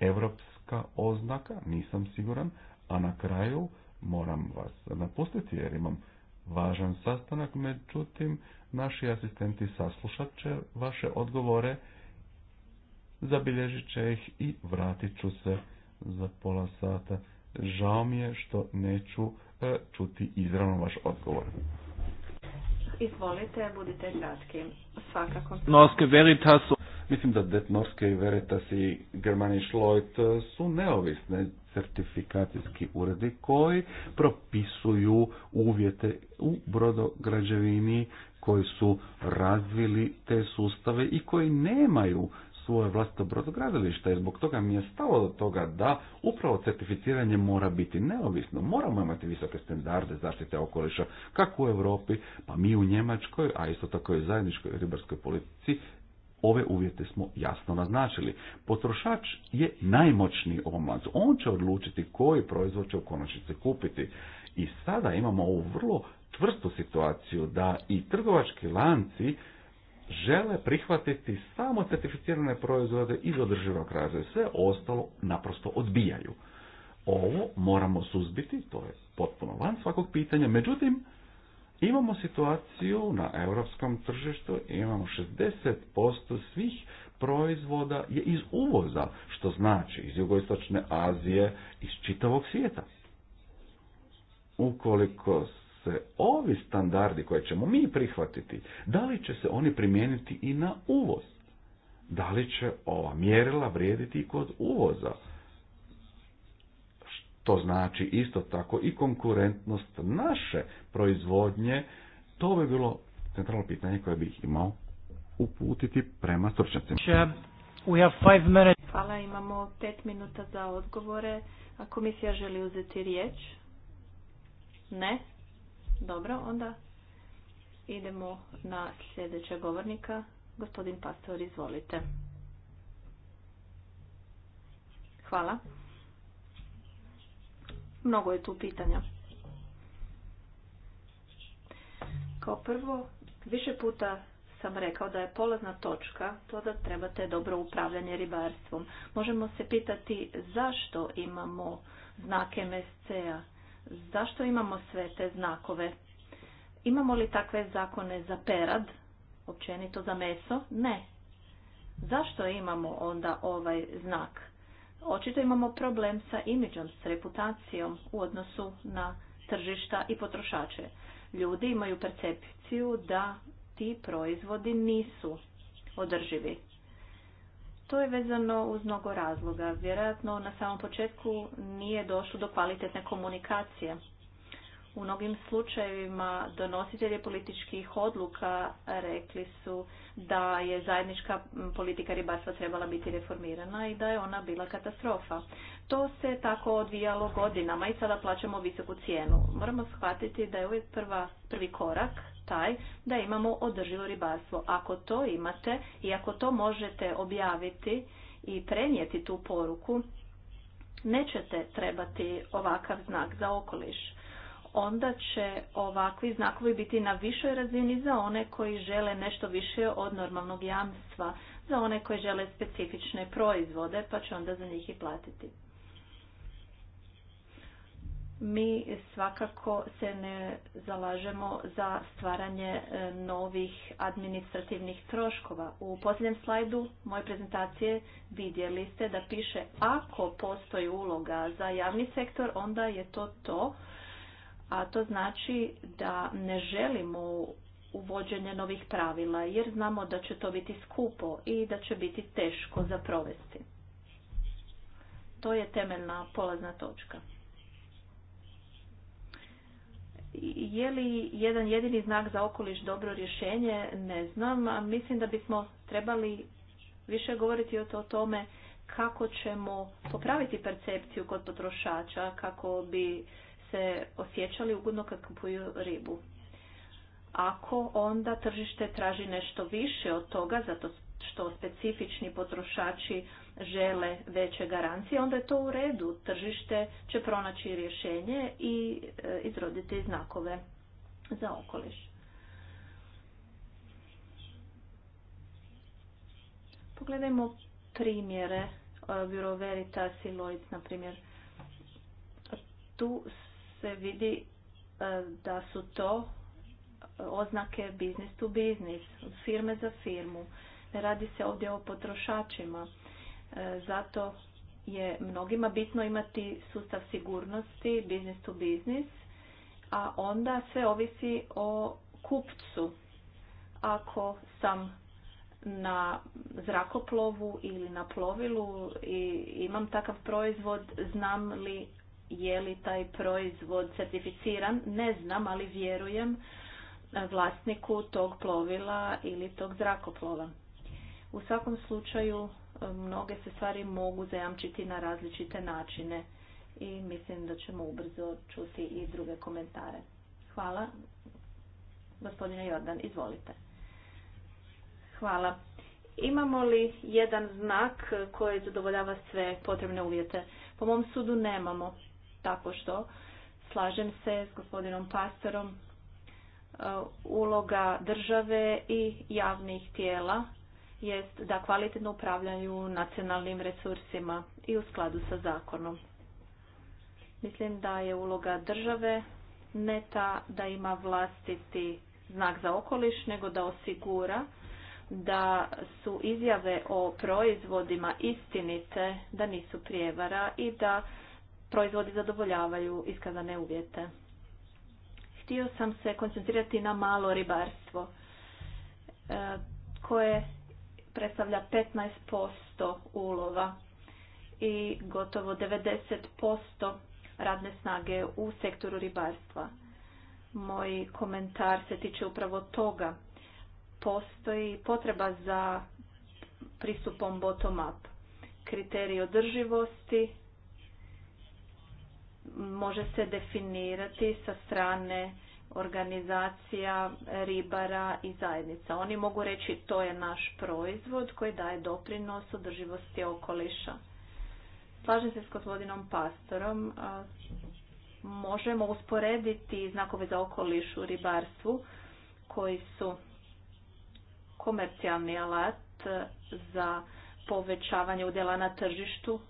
Evropska oznaka, nisam siguran, a na kraju moram vas napustiti jer imam važan sastanak, međutim naši asistenti saslušat će vaše odgovore, zabilježit će ih i vratit ću se za pola sata. Žao mi je što neću e, čuti izravno vaš odgovor. Izvolite, budite kratki. Svakako. Veritas Mislim da Detnorske Veritas i Germanisch Lloyd e, su neovisne certifikacijski uredi koji propisuju uvjete u brodograđevini koji su razvili te sustave i koji nemaju svoje vlastito brodogradilište i zbog toga mi je stalo do toga da upravo certificiranje mora biti neovisno. Moramo imati visoke standarde zaštite okoliša kako u Europi, pa mi u Njemačkoj, a isto tako i u zajedničkoj ribarskoj politici Ove uvjete smo jasno naznačili. Potrošač je najmoćniji u On će odlučiti koji proizvod će u konačnici kupiti. I sada imamo ovu vrlo tvrstu situaciju da i trgovački lanci žele prihvatiti samo certificirane proizvode iz održivog razvoja. Sve ostalo naprosto odbijaju. Ovo moramo suzbiti, to je potpuno van svakog pitanja. Međutim, imamo situaciju na europskom tržištu, imamo 60% svih proizvoda je iz uvoza, što znači iz jugoistočne Azije, iz čitavog svijeta. Ukoliko Dakle, ovi standardi koje ćemo mi prihvatiti, da li će se oni primijeniti i na uvoz? Da li će ova mjerila vrijediti i kod uvoza? Što znači isto tako i konkurentnost naše proizvodnje, to bi bilo centralno pitanje koje bih imao uputiti prema stručnjacima. Hvala, imamo pet minuta za odgovore. A komisija želi uzeti riječ? Ne. Dobro, onda idemo na sljedećeg govornika. Gospodin Pastor, izvolite. Hvala. Mnogo je tu pitanja. Kao prvo, više puta sam rekao da je polazna točka to da trebate dobro upravljanje ribarstvom. Možemo se pitati zašto imamo znake MSC-a Zašto imamo sve te znakove? Imamo li takve zakone za perad, općenito za meso? Ne. Zašto imamo onda ovaj znak? Očito imamo problem sa imidžom, s reputacijom u odnosu na tržišta i potrošače. Ljudi imaju percepciju da ti proizvodi nisu održivi. To je vezano uz mnogo razloga. Vjerojatno na samom početku nije došlo do kvalitetne komunikacije. U mnogim slučajevima donositelji političkih odluka rekli su da je zajednička politika ribarstva trebala biti reformirana i da je ona bila katastrofa. To se tako odvijalo godinama i sada plaćamo visoku cijenu. Moramo shvatiti da je uvijek prva, prvi korak taj da imamo održivo ribarstvo. Ako to imate i ako to možete objaviti i prenijeti tu poruku, nećete trebati ovakav znak za okoliš. Onda će ovakvi znakovi biti na višoj razini za one koji žele nešto više od normalnog jamstva, za one koji žele specifične proizvode, pa će onda za njih i platiti mi svakako se ne zalažemo za stvaranje e, novih administrativnih troškova. U posljednjem slajdu moje prezentacije vidjeli ste da piše ako postoji uloga za javni sektor, onda je to to. A to znači da ne želimo uvođenje novih pravila jer znamo da će to biti skupo i da će biti teško za provesti. To je temeljna polazna točka. Je li jedan jedini znak za okoliš dobro rješenje? Ne znam. mislim da bismo trebali više govoriti o tome kako ćemo popraviti percepciju kod potrošača kako bi se osjećali ugodno kad kupuju ribu. Ako onda tržište traži nešto više od toga, zato što specifični potrošači žele veće garancije, onda je to u redu. Tržište će pronaći rješenje i e, izroditi znakove za okoliš. Pogledajmo primjere e, Bureau Veritas i na primjer. Tu se vidi e, da su to oznake business to business, firme za firmu. Ne radi se ovdje o potrošačima. E, zato je mnogima bitno imati sustav sigurnosti, business to business, a onda sve ovisi o kupcu. Ako sam na zrakoplovu ili na plovilu i imam takav proizvod, znam li je li taj proizvod certificiran, ne znam, ali vjerujem e, vlasniku tog plovila ili tog zrakoplova. U svakom slučaju mnoge se stvari mogu zajamčiti na različite načine i mislim da ćemo ubrzo čuti i druge komentare. Hvala. Gospodine Jordan, izvolite. Hvala. Imamo li jedan znak koji zadovoljava sve potrebne uvjete? Po mom sudu nemamo tako što. Slažem se s gospodinom Pastorom. E, uloga države i javnih tijela jest da kvalitetno upravljaju nacionalnim resursima i u skladu sa zakonom. Mislim da je uloga države ne ta da ima vlastiti znak za okoliš, nego da osigura da su izjave o proizvodima istinite, da nisu prijevara i da proizvodi zadovoljavaju iskazane uvjete. Htio sam se koncentrirati na malo ribarstvo e, koje predstavlja 15% ulova i gotovo 90% radne snage u sektoru ribarstva. Moj komentar se tiče upravo toga. Postoji potreba za pristupom bottom-up. Kriterij održivosti može se definirati sa strane organizacija ribara i zajednica. Oni mogu reći to je naš proizvod koji daje doprinos održivosti okoliša. Slažem se s gospodinom Pastorom. Možemo usporediti znakove za okoliš u ribarstvu koji su komercijalni alat za povećavanje udjela na tržištu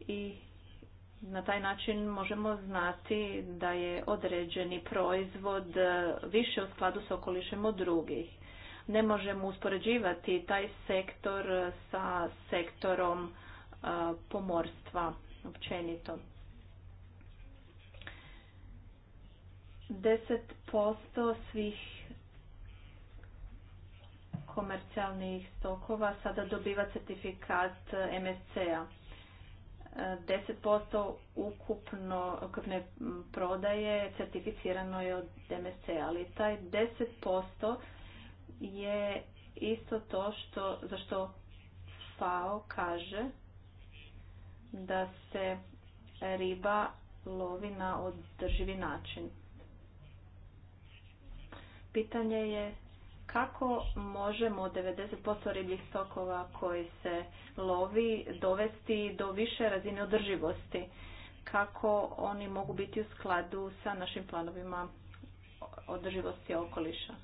i na taj način možemo znati da je određeni proizvod više u skladu s okolišem od drugih. Ne možemo uspoređivati taj sektor sa sektorom e, pomorstva općenito. 10% svih komercijalnih stokova sada dobiva certifikat MSC-a. 10% ukupno, ukupne prodaje certificirano je od DMC, ali taj 10% je isto to što, za što FAO kaže da se riba lovi na održivi način. Pitanje je kako možemo 90% ribljih stokova koji se lovi dovesti do više razine održivosti, kako oni mogu biti u skladu sa našim planovima održivosti okoliša.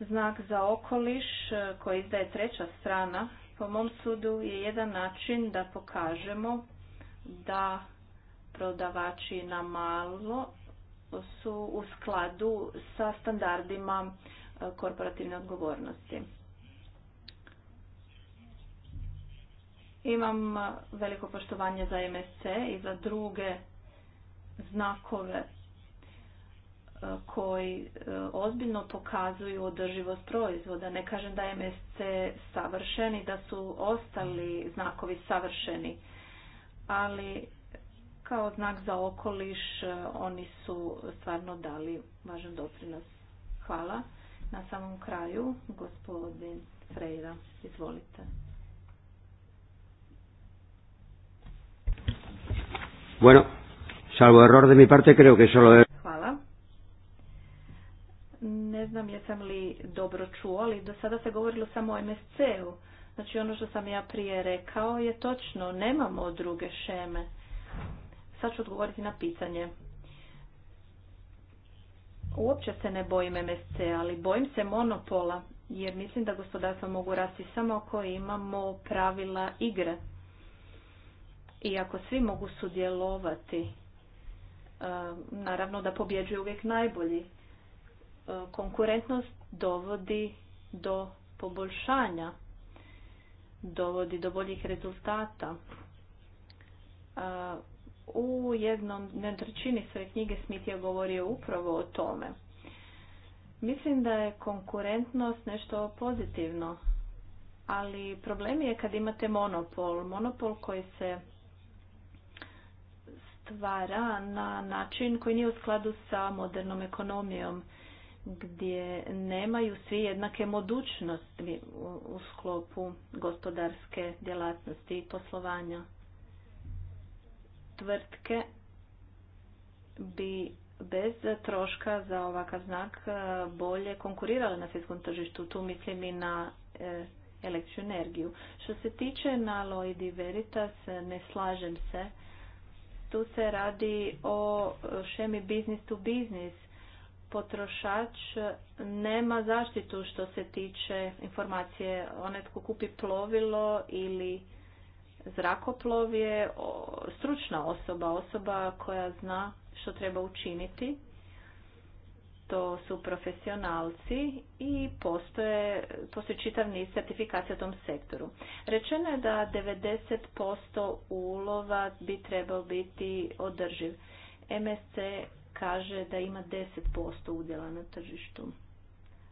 Znak za okoliš koji izdaje treća strana, po mom sudu, je jedan način da pokažemo da prodavači na malo su u skladu sa standardima e, korporativne odgovornosti. Imam veliko poštovanje za MSC i za druge znakove e, koji e, ozbiljno pokazuju održivost proizvoda. Ne kažem da je MSC savršeni, da su ostali znakovi savršeni, ali kao znak za okoliš e, oni su stvarno dali važan doprinos. Hvala. Na samom kraju, gospodin Freira, izvolite. Bueno, salvo error de mi parte, creo que solo Hvala. Ne znam jesam li dobro čuo, ali do sada se govorilo samo o MSC-u. Znači ono što sam ja prije rekao je točno, nemamo druge šeme Sad ću odgovoriti na pitanje. Uopće se ne bojim MSC, ali bojim se monopola, jer mislim da gospodarstva mogu rasti samo ako imamo pravila igre. I ako svi mogu sudjelovati, e, naravno da pobjeđuje uvijek najbolji. E, konkurentnost dovodi do poboljšanja, dovodi do boljih rezultata e, u jednom nedrčini sve knjige Smith je govorio upravo o tome. Mislim da je konkurentnost nešto pozitivno, ali problem je kad imate monopol. Monopol koji se stvara na način koji nije u skladu sa modernom ekonomijom gdje nemaju svi jednake mogućnosti u sklopu gospodarske djelatnosti i poslovanja tvrtke bi bez troška za ovakav znak e, bolje konkurirale na svjetskom tržištu. Tu mislim i na e, električnu energiju. Što se tiče naloidi veritas, e, ne slažem se. Tu se radi o šemi business to business. Potrošač nema zaštitu što se tiče informacije. Onaj tko kupi plovilo ili Zrakoplov je stručna osoba, osoba koja zna što treba učiniti. To su profesionalci i postoje, postoje čitav niz certifikacija u tom sektoru. Rečeno je da 90% ulova bi trebao biti održiv. MSC kaže da ima 10% udjela na tržištu.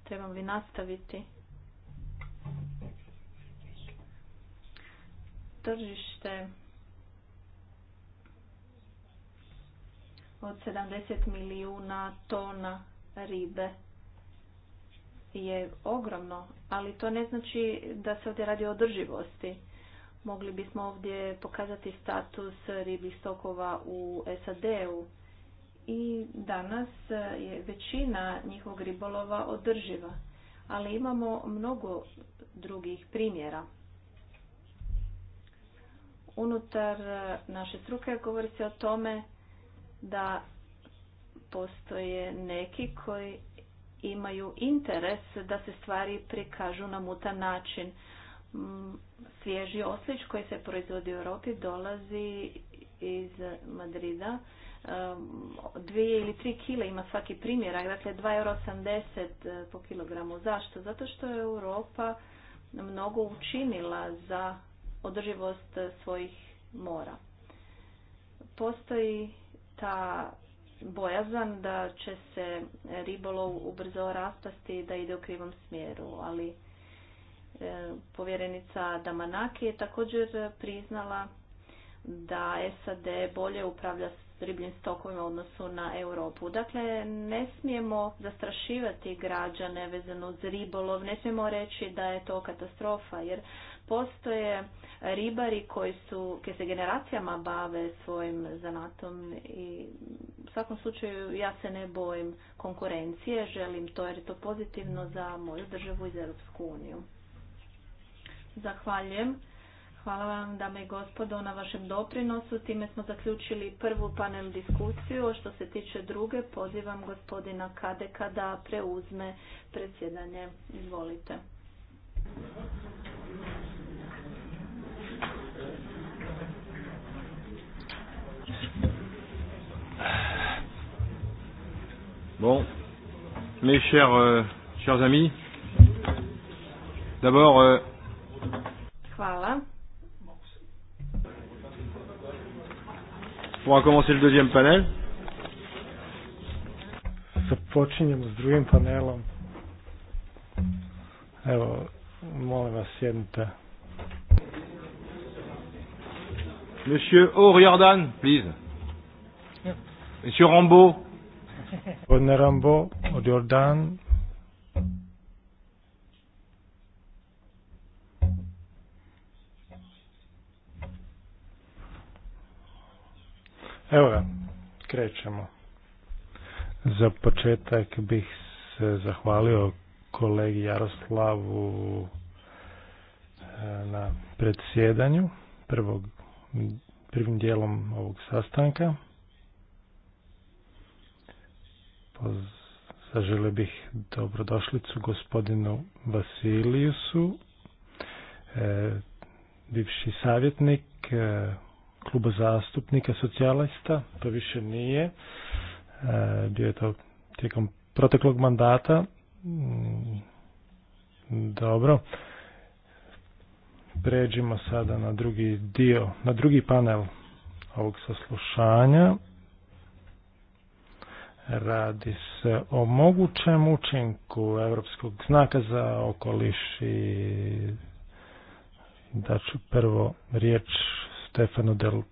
Trebam li nastaviti? tržište od 70 milijuna tona ribe je ogromno, ali to ne znači da se ovdje radi o održivosti. Mogli bismo ovdje pokazati status ribih stokova u SAD-u i danas je većina njihovog ribolova održiva, ali imamo mnogo drugih primjera. Unutar e, naše struke govori se o tome da postoje neki koji imaju interes da se stvari prikažu na mutan način. Mm, svježi oslić koji se proizvodi u Europi dolazi iz Madrida. E, dvije ili tri kile ima svaki primjerak, dakle 2,80 euro e, po kilogramu. Zašto? Zato što je Europa mnogo učinila za održivost svojih mora. Postoji ta bojazan da će se ribolov ubrzo raspasti da ide u krivom smjeru, ali e, povjerenica Damanaki je također priznala da SAD bolje upravlja ribljim stokovima u odnosu na Europu. Dakle, ne smijemo zastrašivati građane vezano uz ribolov, ne smijemo reći da je to katastrofa, jer postoje ribari koji su, koji se generacijama bave svojim zanatom i u svakom slučaju ja se ne bojim konkurencije, želim to jer je to pozitivno za moju državu i za Europsku uniju. Zahvaljujem. Hvala vam, dame i gospodo, na vašem doprinosu. Time smo zaključili prvu panel diskusiju. Što se tiče druge, pozivam gospodina Kadeka da preuzme predsjedanje. Izvolite. Bon, mes chers, euh, chers amis, d'abord... Euh... Hvala. On va commencer le deuxième panel. Započinjemo s drugim panelom. Evo, molim vas sjednite. Monsieur O'Riordan, please. Monsieur Rambo. Gospodine Rambo, O'Riordan, Evo ga, krećemo. Za početak bih se zahvalio kolegi Jaroslavu eh, na predsjedanju prvog, prvim dijelom ovog sastanka. Zaželio bih dobrodošlicu gospodinu Vasilijusu, eh, bivši savjetnik eh, kluba zastupnika socijalista, to više nije. E, bio je to tijekom proteklog mandata. Mm, dobro. Pređimo sada na drugi dio, na drugi panel ovog saslušanja. Radi se o mogućem učinku Europskog znaka za okoliš i ću prvo riječ Stefano Del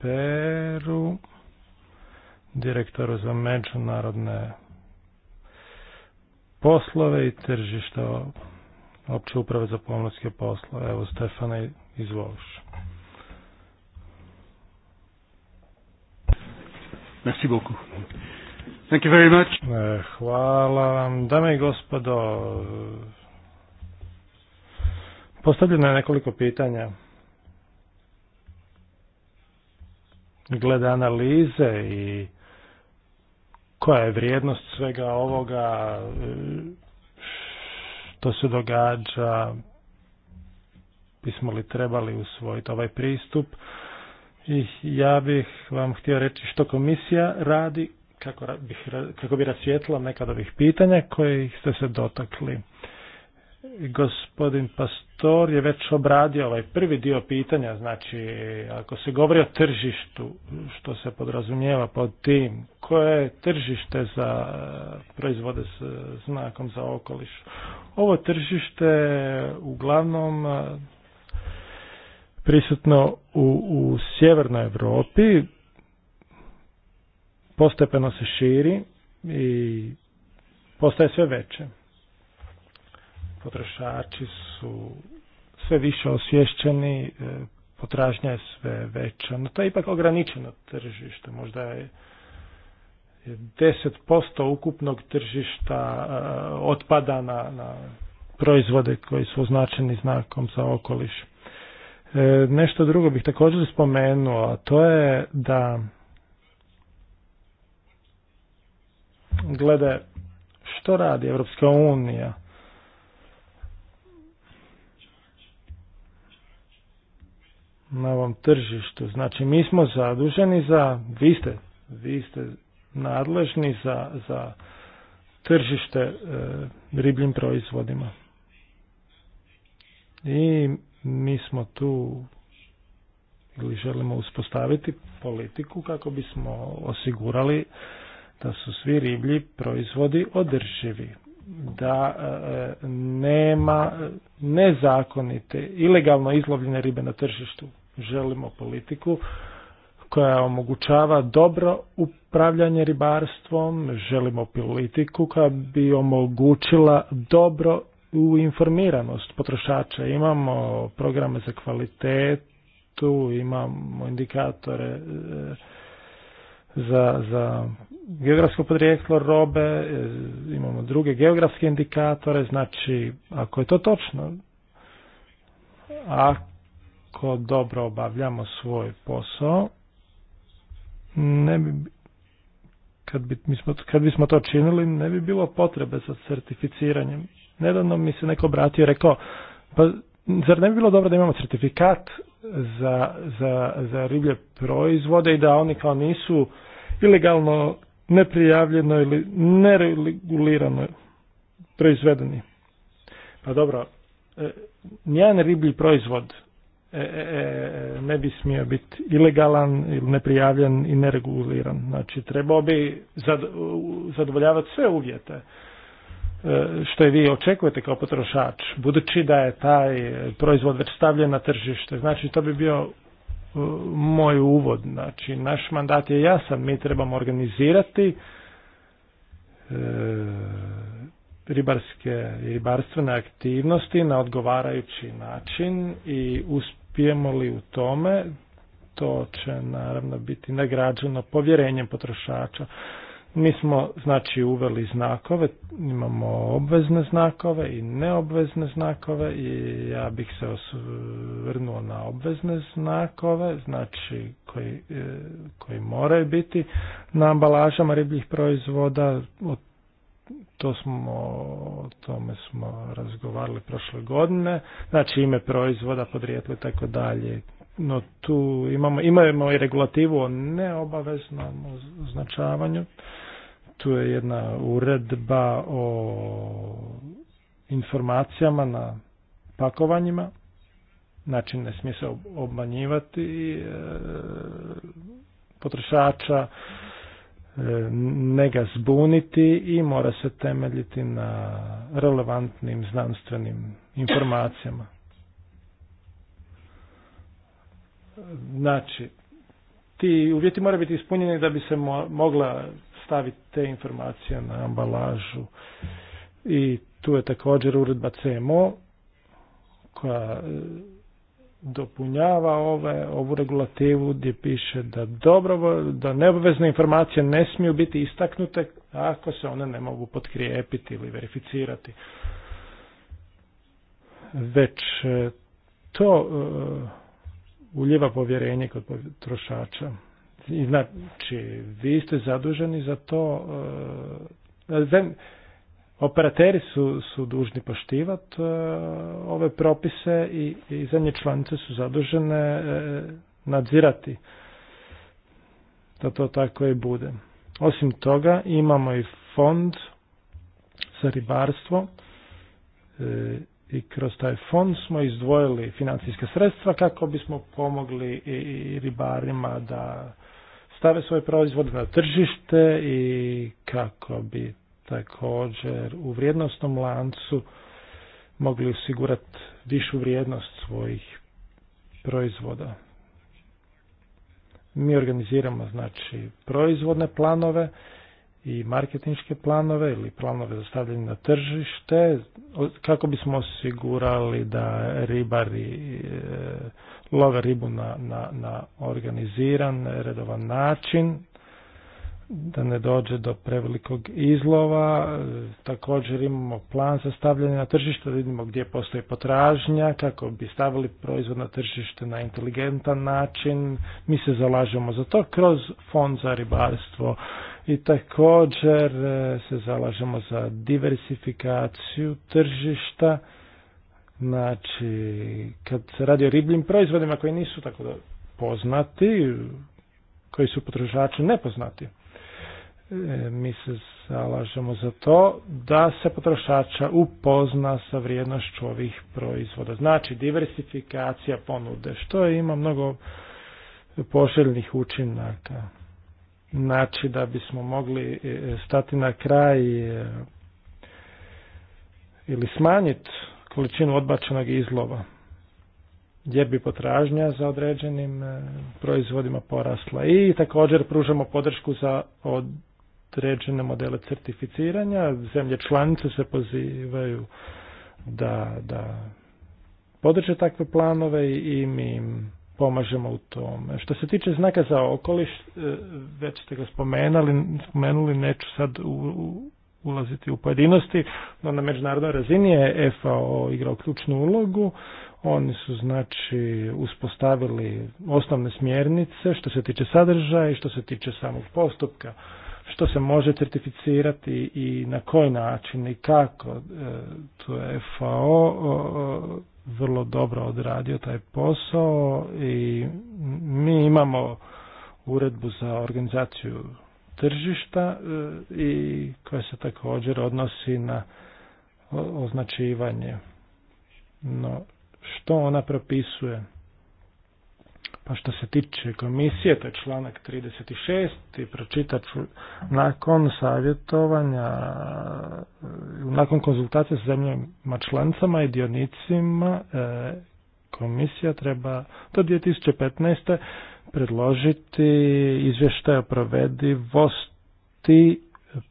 Peru, direktoru za međunarodne poslove i tržišta opće uprave za pomorske poslove. Evo Stefano, izvoliš. Merci beaucoup. Thank you very much. E, hvala vam. Dame i gospodo, postavljeno je nekoliko pitanja glede analize i koja je vrijednost svega ovoga, e, što se događa, bismo li trebali usvojiti ovaj pristup. I ja bih vam htio reći što komisija radi, kako, bih, kako bi rasvijetila nekad ovih pitanja kojih ste se dotakli. Gospodin Pastor je već obradio ovaj prvi dio pitanja, znači ako se govori o tržištu, što se podrazumijeva pod tim, koje je tržište za eh, proizvode s eh, znakom za okoliš? Ovo tržište uglavnom eh, prisutno u, u sjevernoj Europi, postepeno se širi i postaje sve veće. Potrošači su sve više osvješćeni, e, potražnja je sve veća, no to je ipak ograničeno tržište, možda je 10% ukupnog tržišta e, otpada na, na proizvode koji su označeni znakom za okoliš. E, nešto drugo bih također spomenuo, a to je da glede što radi Europska unija na ovom tržištu. Znači mi smo zaduženi za, vi ste, vi ste nadležni za, za tržište e, ribljim proizvodima. I mi smo tu ili želimo uspostaviti politiku kako bismo osigurali da su svi riblji proizvodi održivi, da e, nema nezakonite, ilegalno izlovljene ribe na tržištu. Želimo politiku koja omogućava dobro upravljanje ribarstvom, želimo politiku koja bi omogućila dobro u informiranost potrošača. Imamo programe za kvalitetu, imamo indikatore e, za, za geografsko podrijetlo robe, e, imamo druge geografske indikatore, znači ako je to točno, ako ako dobro obavljamo svoj posao, ne bi, kad, bi, smo, kad bismo to činili, ne bi bilo potrebe za certificiranjem. Nedavno mi se neko obratio i rekao, pa zar ne bi bilo dobro da imamo certifikat za, za, za riblje proizvode i da oni kao nisu ilegalno, neprijavljeno ili neregulirano proizvedeni. Pa dobro, e, nijedan riblji proizvod E, e, e, ne bi smio biti ilegalan ili neprijavljen i nereguliran. Znači trebao bi zadovoljavati sve uvjete što je vi očekujete kao potrošač, budući da je taj proizvod već stavljen na tržište. Znači to bi bio moj uvod. Znači naš mandat je jasan, mi trebamo organizirati ribarske i ribarstvene aktivnosti na odgovarajući način i uz uspijemo li u tome, to će naravno biti nagrađeno povjerenjem potrošača. Mi smo znači uveli znakove, imamo obvezne znakove i neobvezne znakove i ja bih se vrnuo na obvezne znakove, znači koji, eh, koji moraju biti na ambalažama ribljih proizvoda, to smo, o tome smo razgovarali prošle godine, znači ime proizvoda, podrijetlo i tako dalje. No tu imamo, imamo i regulativu o neobaveznom označavanju. Tu je jedna uredba o informacijama na pakovanjima. Znači ne smije se obmanjivati e, potrošača ne ga zbuniti i mora se temeljiti na relevantnim znanstvenim informacijama. Znači, ti uvjeti moraju biti ispunjeni da bi se mo mogla staviti te informacije na ambalažu. I tu je također uredba CMO koja dopunjava ove, ovu regulativu gdje piše da, dobro, da neobavezne informacije ne smiju biti istaknute ako se one ne mogu potkrijepiti ili verificirati. Već e, to uh, e, uljeva povjerenje kod potrošača. Znači, vi ste zaduženi za to uh, Operateri su, su dužni poštivati e, ove propise i, i zemlje članice su zadužene e, nadzirati da to tako i bude. Osim toga imamo i fond za ribarstvo e, i kroz taj fond smo izdvojili financijske sredstva kako bismo pomogli i ribarima da stave svoje proizvode na tržište i kako bi također u vrijednostnom lancu mogli osigurati višu vrijednost svojih proizvoda. Mi organiziramo znači proizvodne planove i marketinške planove ili planove za stavljanje na tržište kako bismo osigurali da ribari e, love ribu na, na organiziran, redovan način da ne dođe do prevelikog izlova. Također imamo plan za stavljanje na tržište, da vidimo gdje postoji potražnja, kako bi stavili proizvod na tržište na inteligentan način. Mi se zalažemo za to kroz fond za ribarstvo i također e, se zalažemo za diversifikaciju tržišta. Znači, kad se radi o ribljim proizvodima koji nisu tako poznati, koji su potrošači nepoznati. E, mi se zalažemo za to da se potrošača upozna sa vrijednošću ovih proizvoda. Znači diversifikacija ponude, što ima mnogo poželjnih učinaka. Znači da bismo mogli e, stati na kraj e, ili smanjiti količinu odbačenog izlova gdje bi potražnja za određenim proizvodima porasla i također pružamo podršku za od određene modele certificiranja. Zemlje članice se pozivaju da, da podrže takve planove i mi im pomažemo u tome. Što se tiče znaka za okoliš, e, već ste ga spomenuli, spomenuli neću sad ulaziti u pojedinosti, no na međunarodnoj razini je FAO igrao ključnu ulogu, oni su znači uspostavili osnovne smjernice što se tiče sadržaja i što se tiče samog postupka što se može certificirati i na koji način i kako. E, tu je FAO vrlo dobro odradio taj posao i mi imamo uredbu za organizaciju tržišta e, i koja se također odnosi na označivanje. No, što ona propisuje? Pa što se tiče komisije, to je članak 36 pročitat ću nakon savjetovanja, nakon konzultacije sa zemljama člancama i dionicima, e, komisija treba do 2015. predložiti izvještaj o provedivosti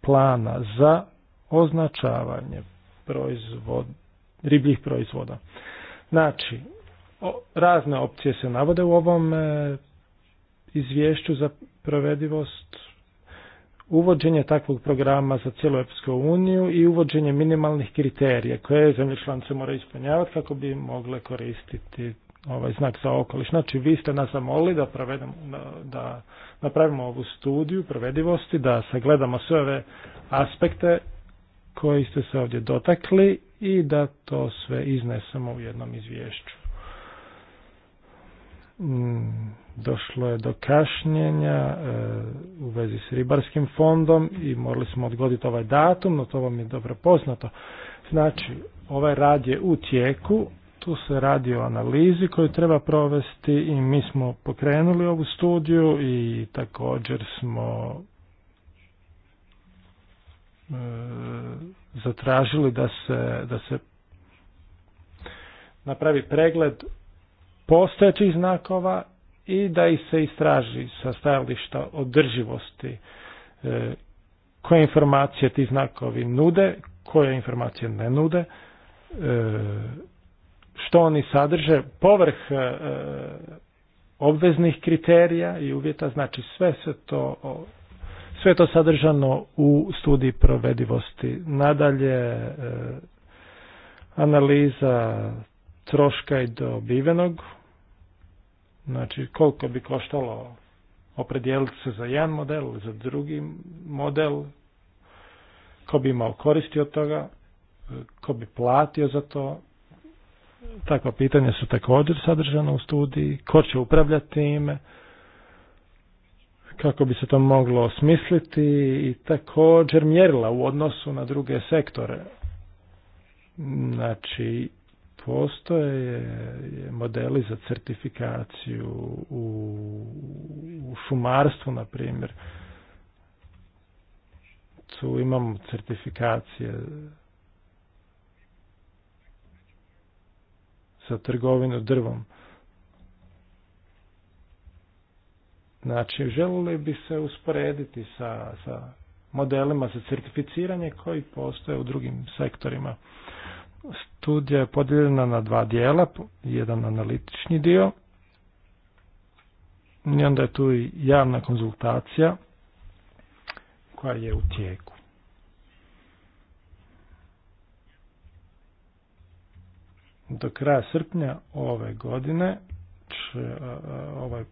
plana za označavanje proizvod, ribljih proizvoda. Znači, razne opcije se navode u ovom e, izvješću za provedivost, uvođenje takvog programa za cijelu Europsku uniju i uvođenje minimalnih kriterija koje zemlje članice moraju ispunjavati kako bi mogle koristiti ovaj znak za okoliš. Znači, vi ste nas zamolili da, provedemo, da napravimo ovu studiju provedivosti, da sagledamo sve ove aspekte koji ste se ovdje dotakli i da to sve iznesemo u jednom izvješću. Mm, došlo je do kašnjenja e, u vezi s ribarskim fondom i morali smo odgoditi ovaj datum, no to vam je dobro poznato. Znači, ovaj rad je u tijeku, tu se radi o analizi koju treba provesti i mi smo pokrenuli ovu studiju i također smo e, zatražili da se, da se napravi pregled postojećih znakova i da ih se istraži sa stajališta održivosti e, koje informacije ti znakovi nude, koje informacije ne nude, e, što oni sadrže povrh e, obveznih kriterija i uvjeta, znači sve se to sve to sadržano u studiji provedivosti. Nadalje analiza troška i dobivenog Znači, koliko bi koštalo opredijeliti se za jedan model, za drugi model, ko bi imao koristi od toga, ko bi platio za to. Takva pitanja su također sadržana u studiji, ko će upravljati time, kako bi se to moglo osmisliti i također mjerila u odnosu na druge sektore. Znači, postoje modeli za certifikaciju u šumarstvu, na primjer. Tu imamo certifikacije za trgovinu drvom. Znači, želili bi se usporediti sa, sa modelima za certificiranje koji postoje u drugim sektorima studija je podijeljena na dva dijela, jedan analitični dio i onda je tu i javna konzultacija koja je u tijeku. Do kraja srpnja ove godine će ovaj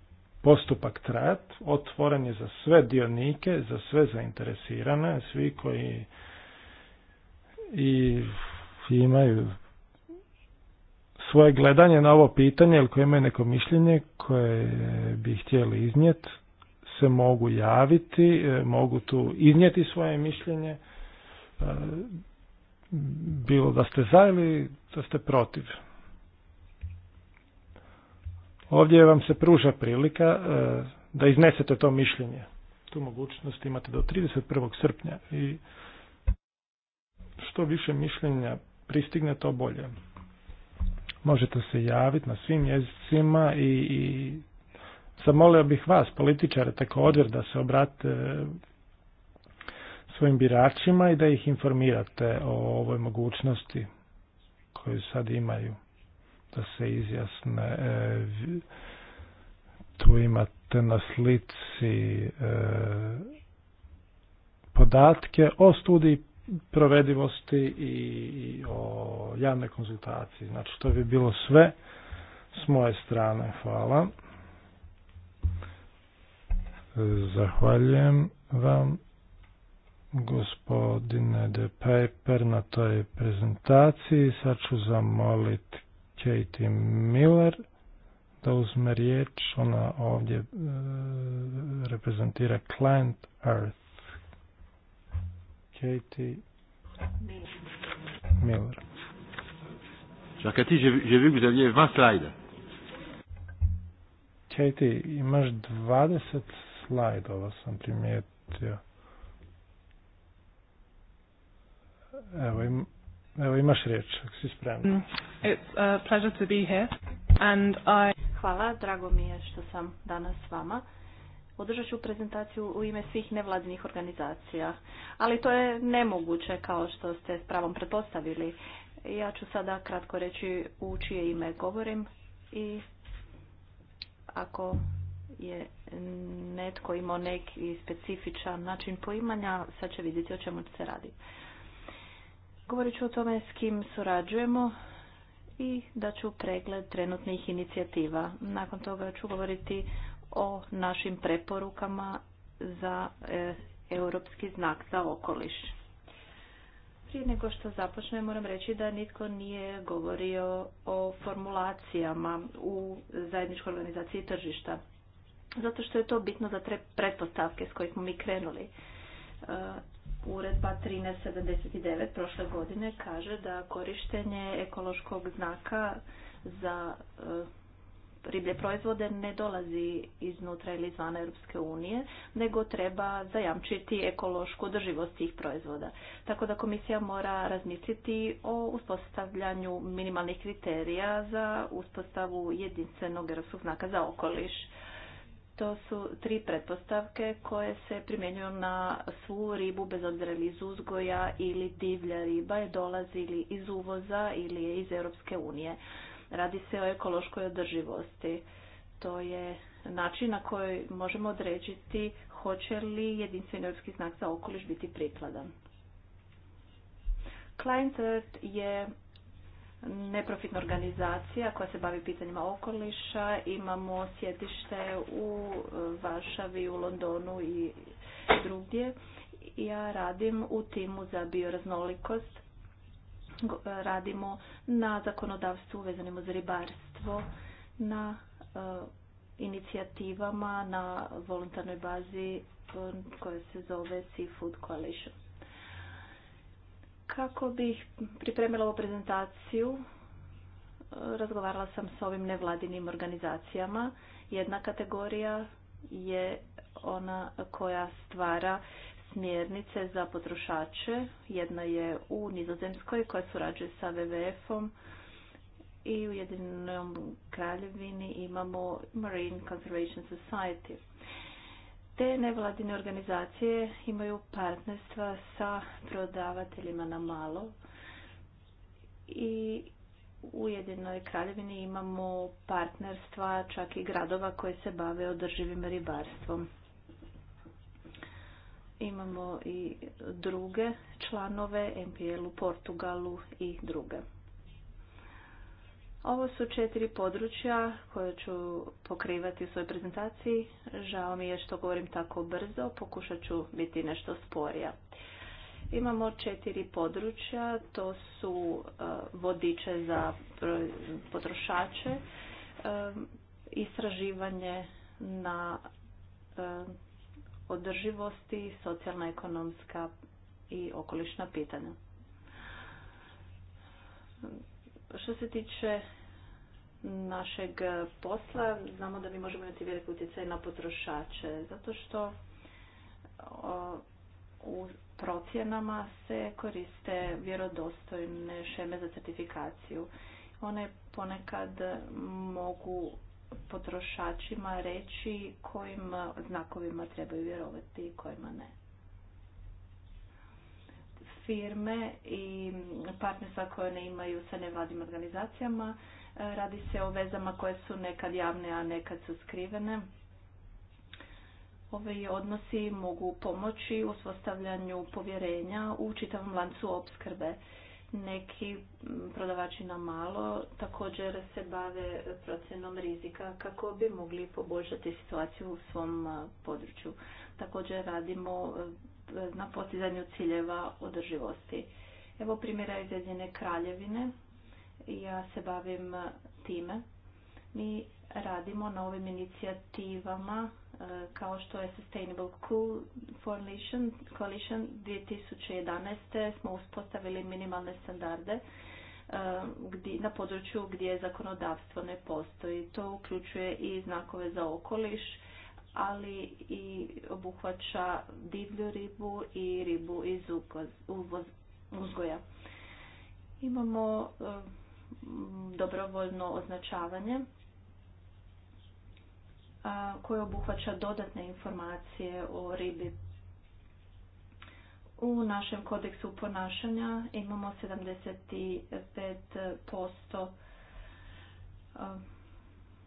postupak trajat, otvoren je za sve dionike, za sve zainteresirane, svi koji i imaju svoje gledanje na ovo pitanje ili koji imaju neko mišljenje koje bi htjeli iznijet se mogu javiti, e, mogu tu iznijeti svoje mišljenje, e, bilo da ste za ili da ste protiv. Ovdje vam se pruža prilika e, da iznesete to mišljenje. Tu mogućnost imate do 31. srpnja i što više mišljenja pristigne, to bolje. Možete se javiti na svim jezicima i, i zamolio bih vas, političare, također da se obrate svojim biračima i da ih informirate o ovoj mogućnosti koju sad imaju da se izjasne. E, tu imate na slici e, podatke o studiji provedivosti i o javne konzultaciji. Znači to bi bilo sve s moje strane. Hvala. Zahvaljujem vam gospodine De Paper na toj prezentaciji. Sad ću zamoliti Katie Miller da uzme riječ. Ona ovdje e, reprezentira Client Earth. Katie Miller. Cher Cathy, j'ai vu que vous aviez 20 slides. Katie, imaš 20 slajdova, sam primijetio. Evo, im, evo imaš riječ, ako si spremna. Mm. It's a pleasure to be here. And I... Hvala, drago mi je što sam danas s vama. Održat ću prezentaciju u ime svih nevladinih organizacija, ali to je nemoguće kao što ste s pravom pretpostavili. Ja ću sada kratko reći u čije ime govorim i ako je netko imao neki specifičan način poimanja, sad će vidjeti o čemu se radi. Govorit ću o tome s kim surađujemo i da ću pregled trenutnih inicijativa. Nakon toga ću govoriti o našim preporukama za e, europski znak za okoliš. Prije nego što započnem moram reći da nitko nije govorio o formulacijama u zajedničkoj organizaciji tržišta. Zato što je to bitno za tre pretpostavke s kojih smo mi krenuli. E, uredba 1379 prošle godine kaže da korištenje ekološkog znaka za e, riblje proizvode ne dolazi iznutra ili izvana Europske unije, nego treba zajamčiti ekološku održivost tih proizvoda. Tako da komisija mora razmisliti o uspostavljanju minimalnih kriterija za uspostavu jedinstvenog europskog znaka za okoliš. To su tri pretpostavke koje se primjenjuju na svu ribu bez obzira ili iz uzgoja ili divlja riba je dolazi ili iz uvoza ili je iz Europske unije. Radi se o ekološkoj održivosti. To je način na koji možemo određiti hoće li jedinstveni europski znak za okoliš biti prikladan. Client Earth je neprofitna organizacija koja se bavi pitanjima okoliša. Imamo sjedište u Varšavi, u Londonu i drugdje. Ja radim u timu za bioraznolikost E, radimo na zakonodavstvu vezanim uz ribarstvo, na e, inicijativama na volontarnoj bazi e, koja se zove Seafood Coalition. Kako bih pripremila ovu prezentaciju, razgovarala sam s ovim nevladinim organizacijama. Jedna kategorija je ona koja stvara smjernice za potrošače. Jedna je u Nizozemskoj koja surađuje sa WWF-om i u Jedinom kraljevini imamo Marine Conservation Society. Te nevladine organizacije imaju partnerstva sa prodavateljima na malo i u Jedinoj kraljevini imamo partnerstva čak i gradova koje se bave održivim ribarstvom imamo i druge članove MPL u Portugalu i druge. Ovo su četiri područja koje ću pokrivati u svojoj prezentaciji. Žao mi je što govorim tako brzo, pokušat ću biti nešto sporija. Imamo četiri područja, to su e, vodiče za potrošače, e, istraživanje na e, održivosti, socijalna, ekonomska i okolišna pitanja. Što se tiče našeg posla, znamo da mi možemo imati velik utjecaj na potrošače, zato što u procjenama se koriste vjerodostojne šeme za certifikaciju. One ponekad mogu potrošačima reći kojim znakovima trebaju vjerovati i kojima ne. Firme i partnerstva koje ne imaju sa nevladim organizacijama e, radi se o vezama koje su nekad javne, a nekad su skrivene. Ovi odnosi mogu pomoći u uspostavljanju povjerenja u čitavom lancu opskrbe neki prodavači na malo također se bave procjenom rizika kako bi mogli poboljšati situaciju u svom području. Također radimo e, na postizanju ciljeva održivosti. Evo primjera iz Jedine kraljevine. Ja se bavim time. Mi radimo na ovim inicijativama E, kao što je Sustainable Cool Coalition, Coalition 2011. smo uspostavili minimalne standarde e, na području gdje zakonodavstvo ne postoji. To uključuje i znakove za okoliš, ali i obuhvaća divlju ribu i ribu iz uzgoja. Imamo e, dobrovoljno označavanje koje obuhvaća dodatne informacije o ribi. U našem kodeksu ponašanja imamo 75%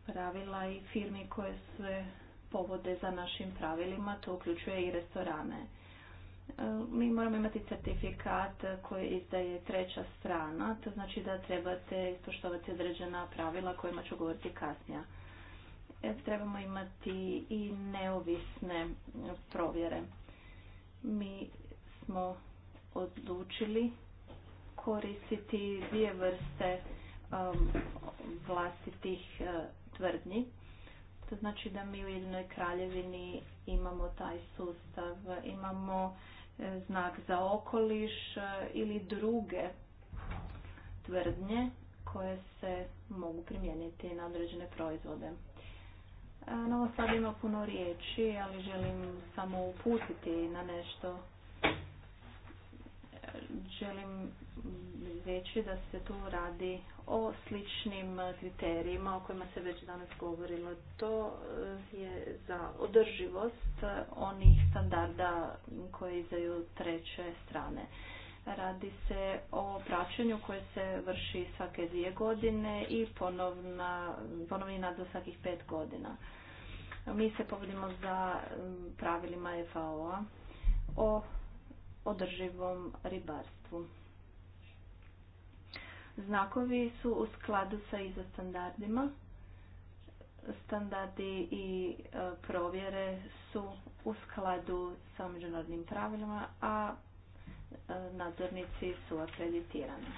pravila i firmi koje se povode za našim pravilima, to uključuje i restorane. Mi moramo imati certifikat koji izdaje treća strana, to znači da trebate ispoštovati određena pravila kojima ću govoriti kasnije trebamo imati i neovisne provjere. Mi smo odlučili koristiti dvije vrste um, vlastitih uh, tvrdnji. To znači da mi u jednoj kraljevini imamo taj sustav, imamo e, znak za okoliš e, ili druge tvrdnje koje se mogu primijeniti na određene proizvode. Novo sad ima puno riječi, ali želim samo uputiti na nešto. Želim reći da se tu radi o sličnim kriterijima o kojima se već danas govorilo. To je za održivost onih standarda koje izdaju treće strane. Radi se o praćenju koje se vrši svake dvije godine i ponovna, ponovni nadzor svakih pet godina. Mi se povodimo za pravilima FAO-a o održivom ribarstvu. Znakovi su u skladu sa ISO standardima. Standardi i e, provjere su u skladu sa međunarodnim pravilima, a E, nadzornici su akreditirani.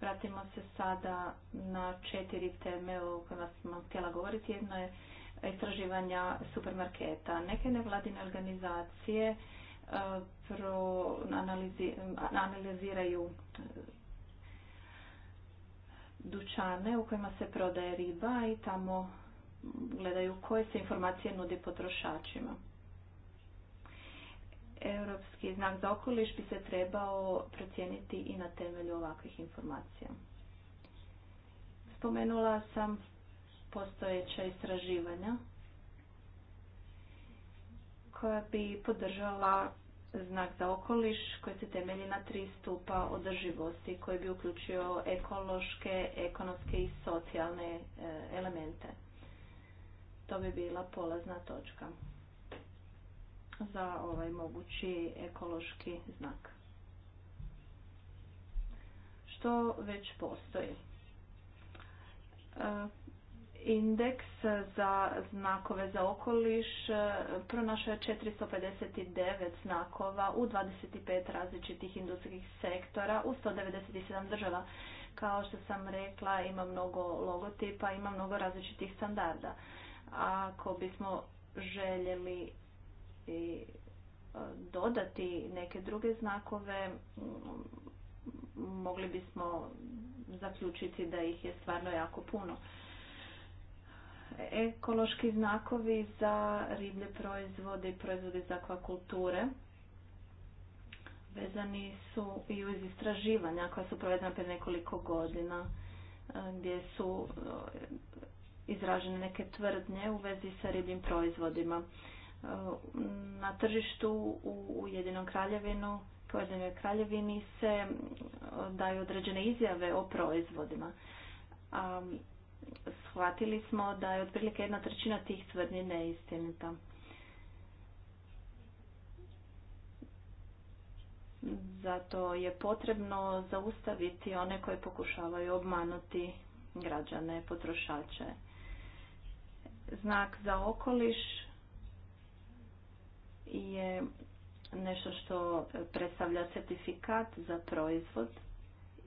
Vratimo se sada na četiri teme o kojima smo htjela govoriti. Jedno je istraživanja supermarketa. Neke nevladine organizacije e, analiziraju e, dućane u kojima se prodaje riba i tamo gledaju koje se informacije nudi potrošačima europski znak za okoliš bi se trebao procijeniti i na temelju ovakvih informacija. Spomenula sam postojeća istraživanja koja bi podržala znak za okoliš koji se temelji na tri stupa održivosti koji bi uključio ekološke, ekonomske i socijalne e, elemente. To bi bila polazna točka za ovaj mogući ekološki znak. Što već postoji? E, indeks za znakove za okoliš pronašao je 459 znakova u 25 različitih industrijskih sektora u 197 država. Kao što sam rekla, ima mnogo logotipa, ima mnogo različitih standarda. Ako bismo željeli i e, dodati neke druge znakove, mogli bismo zaključiti da ih je stvarno jako puno. Ekološki znakovi za riblje proizvode i proizvode za akvakulture vezani su i uz istraživanja koja su provedena prije nekoliko godina e, gdje su e, izražene neke tvrdnje u vezi sa ribljim proizvodima na tržištu u Ujedinom kraljevinu, pojedine kraljevini se daju određene izjave o proizvodima. shvatili smo da je otprilike jedna trećina tih tvrdnji neistinita. Zato je potrebno zaustaviti one koji pokušavaju obmanuti građane, potrošače. Znak za okoliš je nešto što predstavlja certifikat za proizvod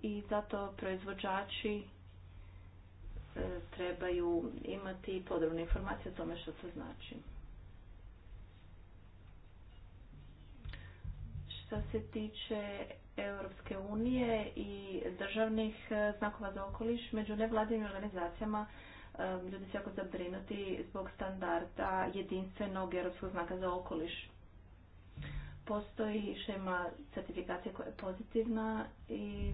i zato proizvođači e, trebaju imati podrobne informacije o tome što to znači. Što se tiče Europske unije i državnih e, znakova za okoliš, među nevladinim organizacijama e, ljudi se jako zabrinuti zbog standarda jedinstvenog europskog znaka za okoliš postoji šema certifikacije koja je pozitivna i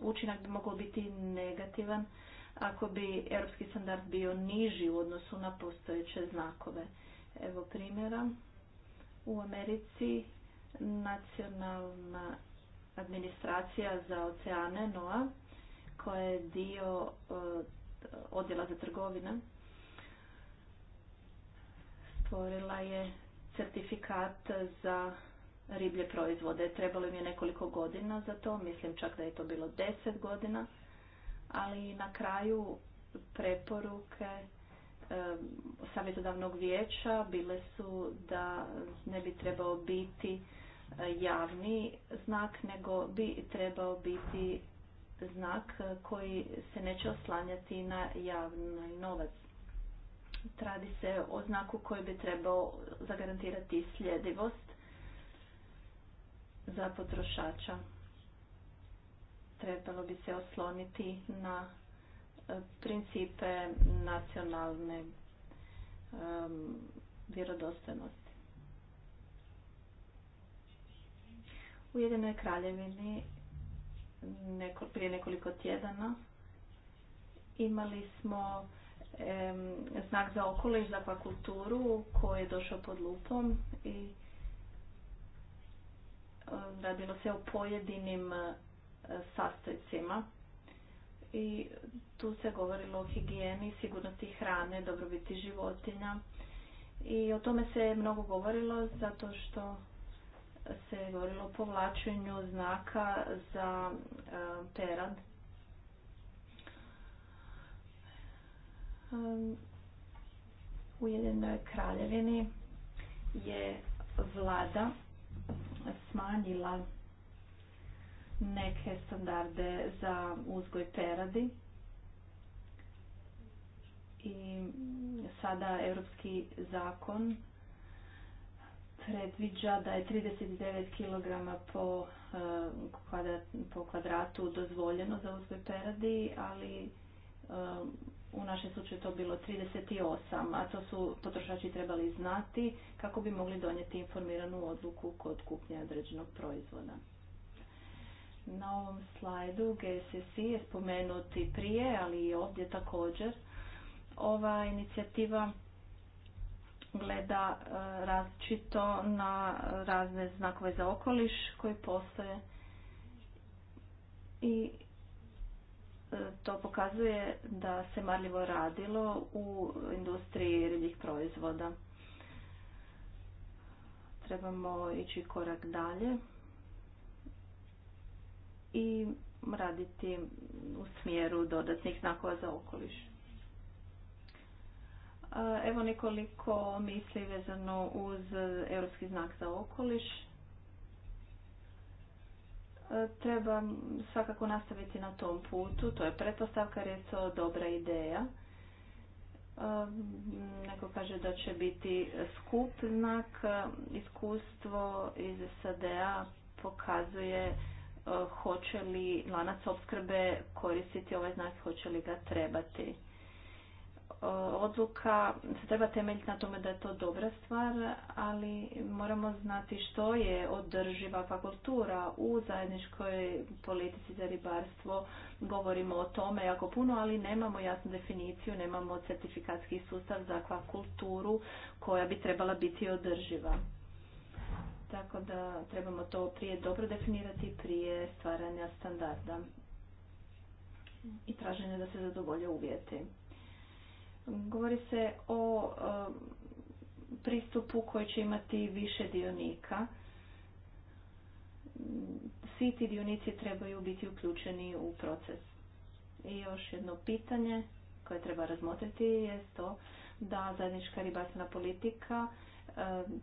učinak bi mogao biti negativan ako bi europski standard bio niži u odnosu na postojeće znakove. Evo primjera, u Americi nacionalna administracija za oceane NOA koja je dio eh, odjela za trgovine stvorila je certifikat za riblje proizvode. Trebalo im je nekoliko godina za to, mislim čak da je to bilo deset godina, ali na kraju preporuke savjetodavnog vijeća bile su da ne bi trebao biti e, javni znak, nego bi trebao biti znak koji se neće oslanjati na javni novac. Radi se o znaku koji bi trebao zagarantirati sljedivost za potrošača. Trebalo bi se osloniti na e, principe nacionalne e, vjerodostojnosti. U Jedinoj kraljevini prije nekoliko tjedana imali smo znak za okoliš, za kulturu koji je došao pod lupom i radilo se o pojedinim eh, sastojcima i tu se govorilo o higijeni, sigurnosti hrane, dobrobiti životinja i o tome se mnogo govorilo zato što se govorilo o povlačenju znaka za perad eh, Um, u jednoj kraljevini je vlada smanjila neke standarde za uzgoj peradi i sada europski zakon predviđa da je 39 kg po, eh, po kvadratu dozvoljeno za uzgoj peradi, ali eh, u našem slučaju to bilo 38, a to su potrošači trebali znati kako bi mogli donijeti informiranu odluku kod kupnje određenog proizvoda. Na ovom slajdu GSSI je spomenuti prije, ali i ovdje također. Ova inicijativa gleda e, različito na razne znakove za okoliš koji postoje i E, to pokazuje da se marljivo radilo u industriji ribljih proizvoda. Trebamo ići korak dalje i raditi u smjeru dodatnih znakova za okoliš. E, evo nekoliko misli vezano uz europski znak za okoliš treba svakako nastaviti na tom putu. To je pretpostavka jer je to dobra ideja. Um, neko kaže da će biti skup znak. Iskustvo iz SAD-a pokazuje uh, hoće li lanac opskrbe koristiti ovaj znak, hoće li ga trebati odluka se treba temeljiti na tome da je to dobra stvar, ali moramo znati što je održiva kultura u zajedničkoj politici za ribarstvo. Govorimo o tome jako puno, ali nemamo jasnu definiciju, nemamo certifikatski sustav za akvakulturu koja bi trebala biti održiva. Tako da trebamo to prije dobro definirati prije stvaranja standarda i traženja da se zadovolje uvjeti. Govori se o e, pristupu koji će imati više dionika. Svi ti dionici trebaju biti uključeni u proces. I još jedno pitanje koje treba razmotriti je to da zajednička ribarstvena politika e,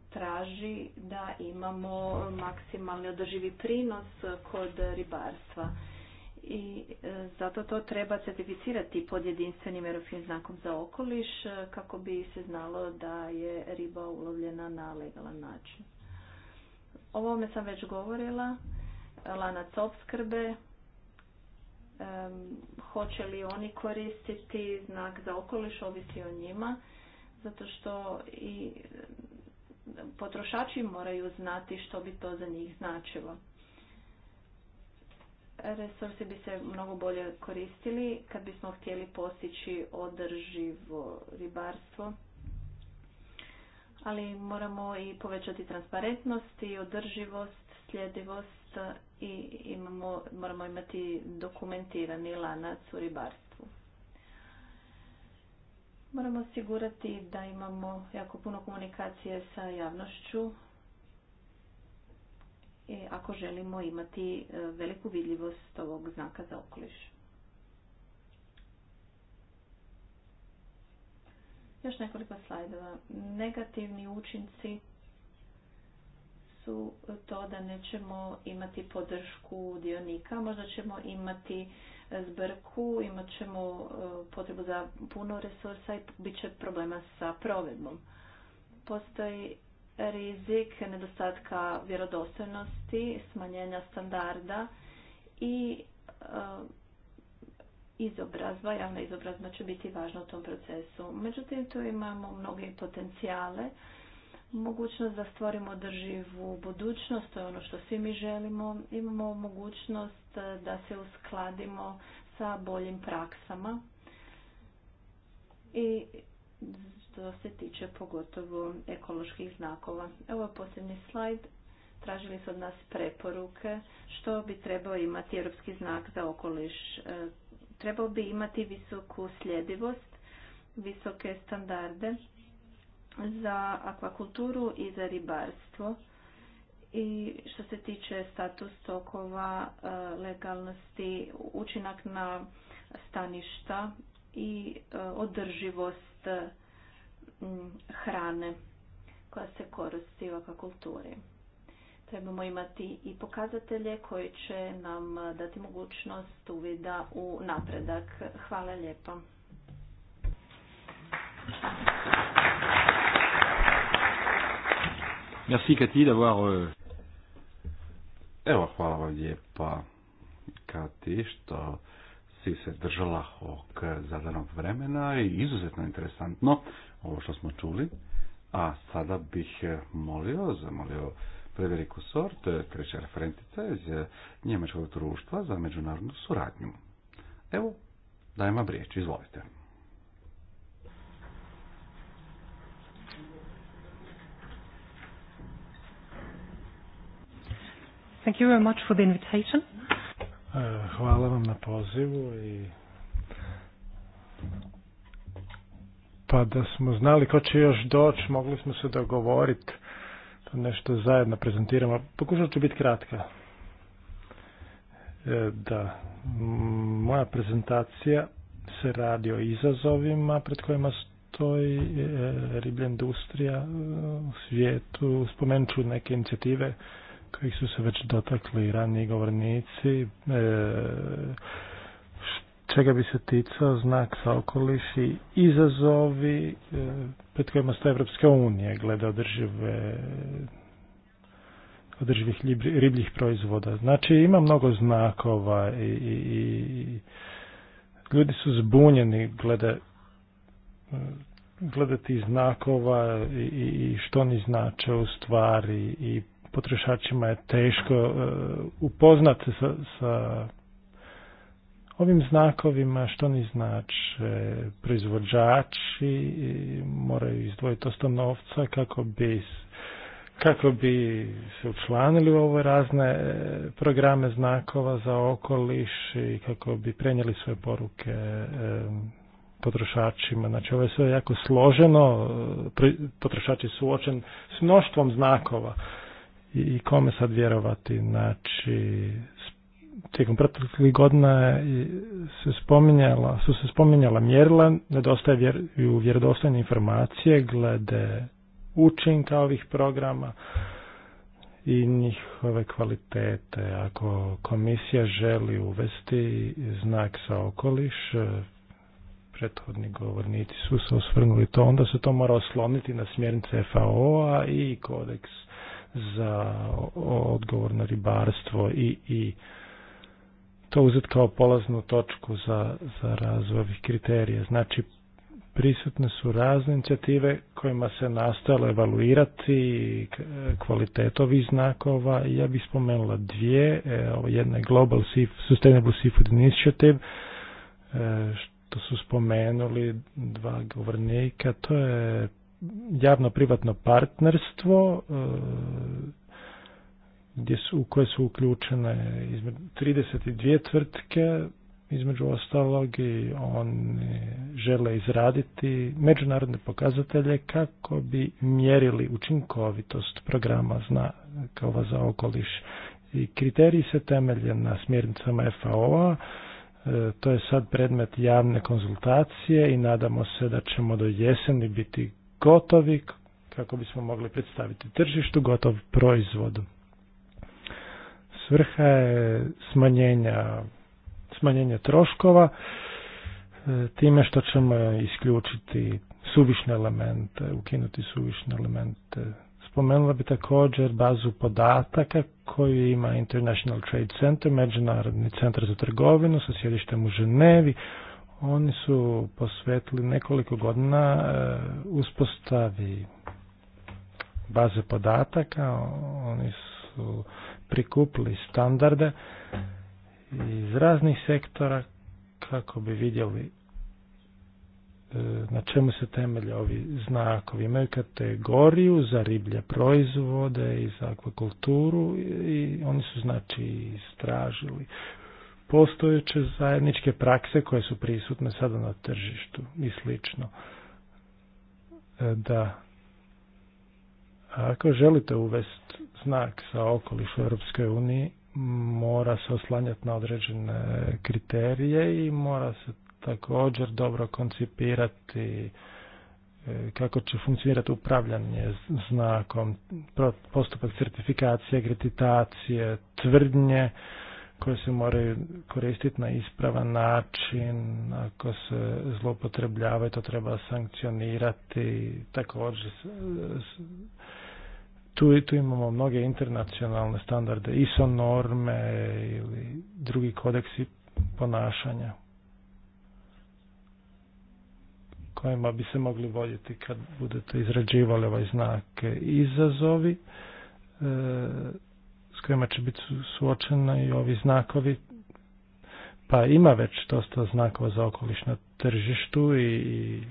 traži da imamo maksimalni održivi prinos kod ribarstva i e, zato to treba certificirati pod jedinstvenim europskim znakom za okoliš e, kako bi se znalo da je riba ulovljena na legalan način. O ovome sam već govorila, lanac opskrbe, e, hoće li oni koristiti znak za okoliš, ovisi o njima, zato što i potrošači moraju znati što bi to za njih značilo resursi bi se mnogo bolje koristili kad bismo htjeli postići održivo ribarstvo. Ali moramo i povećati transparentnost i održivost, sljedivost i imamo, moramo imati dokumentirani lanac u ribarstvu. Moramo osigurati da imamo jako puno komunikacije sa javnošću E, ako želimo imati e, veliku vidljivost ovog znaka za okoliš. Još nekoliko slajdova. Negativni učinci su to da nećemo imati podršku dionika, možda ćemo imati e, zbrku, imat ćemo potrebu za puno resursa i bit će problema sa provedbom. Postoji rizik nedostatka vjerodostojnosti, smanjenja standarda i eh, izobrazba, javna izobrazba će biti važna u tom procesu. Međutim, tu imamo mnoge potencijale, mogućnost da stvorimo održivu budućnost, to je ono što svi mi želimo. Imamo mogućnost eh, da se uskladimo sa boljim praksama i što se tiče pogotovo ekoloških znakova. Evo je posljednji slajd. Tražili su od nas preporuke što bi trebao imati europski znak za okoliš. E, trebao bi imati visoku sljedivost, visoke standarde za akvakulturu i za ribarstvo i što se tiče status tokova, e, legalnosti, učinak na staništa i e, održivost Mm, hrane koja se koristi u akvakulturi. Trebamo imati i pokazatelje koji će nam dati mogućnost uvida u napredak. Hvala lijepo. Merci Cathy d'avoir... Euh, Evo, hvala vam lijepa Kati što se držala ovog zadanog vremena i izuzetno interesantno ovo što smo čuli. A sada bih molio, zamolio Frederiku Sort, treća referentica iz Njemačkog društva za međunarodnu suradnju. Evo, dajem vam riječ, izvolite. Thank you very much for the invitation. E, hvala vam na pozivu i pa da smo znali ko će još doći, mogli smo se dogovoriti da nešto zajedno prezentiramo. Pokušat ću biti kratka. E, da, moja prezentacija se radi o izazovima pred kojima stoji e, riblja industrija u svijetu. Spomenut ću neke inicijative kojih su se već dotakli raniji govornici, e, čega bi se ticao znak sa okoliši izazovi e, pred kojima stoje Evropska unija glede održive održivih ribljih proizvoda. Znači ima mnogo znakova i, ljudi su zbunjeni glede e, gledati znakova i, i što oni znače u stvari i potrošačima je teško e, upoznati sa, sa ovim znakovima, što ni znače, proizvođači e, moraju izdvojiti dosta novca kako bi kako bi se učlanili u ove razne e, programe znakova za okoliš i kako bi prenijeli svoje poruke potrošačima. Znači ovo je sve jako složeno, potrošač je suočen s mnoštvom znakova i kome sad vjerovati. Znači, tijekom proteklih godina se spominjala, su se spominjala mjerila, nedostaje vjer, vjerodostojne informacije glede učinka ovih programa i njihove kvalitete. Ako komisija želi uvesti znak sa okoliš, e, prethodni govornici su se osvrnuli to, onda se to mora osloniti na smjernice FAO-a i kodeks za odgovorno ribarstvo i, i to uzeti kao polaznu točku za, za razvoj ovih kriterija. Znači, prisutne su razne inicijative kojima se nastojalo evaluirati kvalitetovi znakova. Ja bih spomenula dvije. E, Jedna je Global Sustainable Seafood Initiative, e, što su spomenuli dva govornika. To je javno-privatno partnerstvo eh, gdje su, u koje su uključene trideset 32 tvrtke, između ostalog i oni žele izraditi međunarodne pokazatelje kako bi mjerili učinkovitost programa zna kao za okoliš. I kriteriji se temelje na smjernicama FAO-a, eh, to je sad predmet javne konzultacije i nadamo se da ćemo do jeseni biti gotovi kako bismo mogli predstaviti tržištu gotov proizvodu. Svrha je smanjenja, smanjenje troškova e, time što ćemo isključiti suvišne elemente, ukinuti suvišne elemente. Spomenula bi također bazu podataka koju ima International Trade Center, Međunarodni centar za trgovinu sa sjedištem u Ženevi, oni su posvetili nekoliko godina e, uspostavi baze podataka, oni su prikupili standarde iz raznih sektora kako bi vidjeli e, na čemu se temelje ovi znakovi. Imaju kategoriju za riblje proizvode i za akvakulturu i oni su znači istražili postojeće zajedničke prakse koje su prisutne sada na tržištu i slično. E, da ako želite uvesti znak sa okoliš u Europskoj uniji, mora se oslanjati na određene kriterije i mora se također dobro koncipirati e, kako će funkcionirati upravljanje znakom, postupak certifikacije, kreditacije, tvrdnje, koje se moraju koristiti na ispravan način, ako se zloupotrebljavaju to treba sankcionirati, također tu, tu imamo mnoge internacionalne standarde, ISO norme ili drugi kodeksi ponašanja kojima bi se mogli voditi kad budete izrađivali ovaj znak izazovi. E, s kojima će biti suočena i ovi znakovi. Pa ima već dosta znakova za okoliš na tržištu i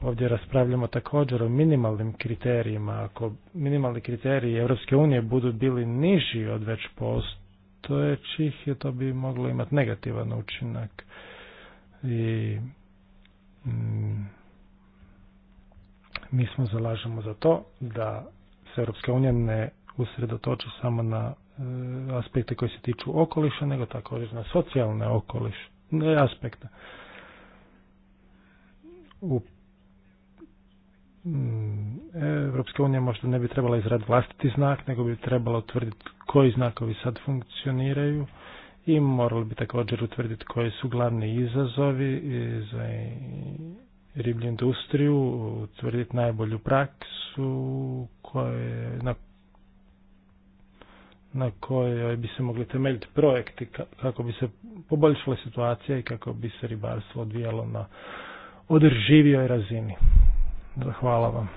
ovdje raspravljamo također o minimalnim kriterijima. Ako minimalni kriteriji Europske unije budu bili niži od već postojećih, to bi moglo imati negativan učinak. I mm, mi smo zalažemo za to da se Europska unija ne usredotoči samo na e, aspekte koji se tiču okoliša, nego također na socijalne okoliš, ne aspekte. U mm, Evropska unija možda ne bi trebala izraditi vlastiti znak, nego bi trebala utvrditi koji znakovi sad funkcioniraju i morali bi također utvrditi koji su glavni izazovi za riblju industriju, utvrditi najbolju praksu koje, na na kojoj bi se mogli temeljiti projekti kako bi se poboljšala situacija i kako bi se ribarstvo odvijalo na održivijoj razini. Hvala vam.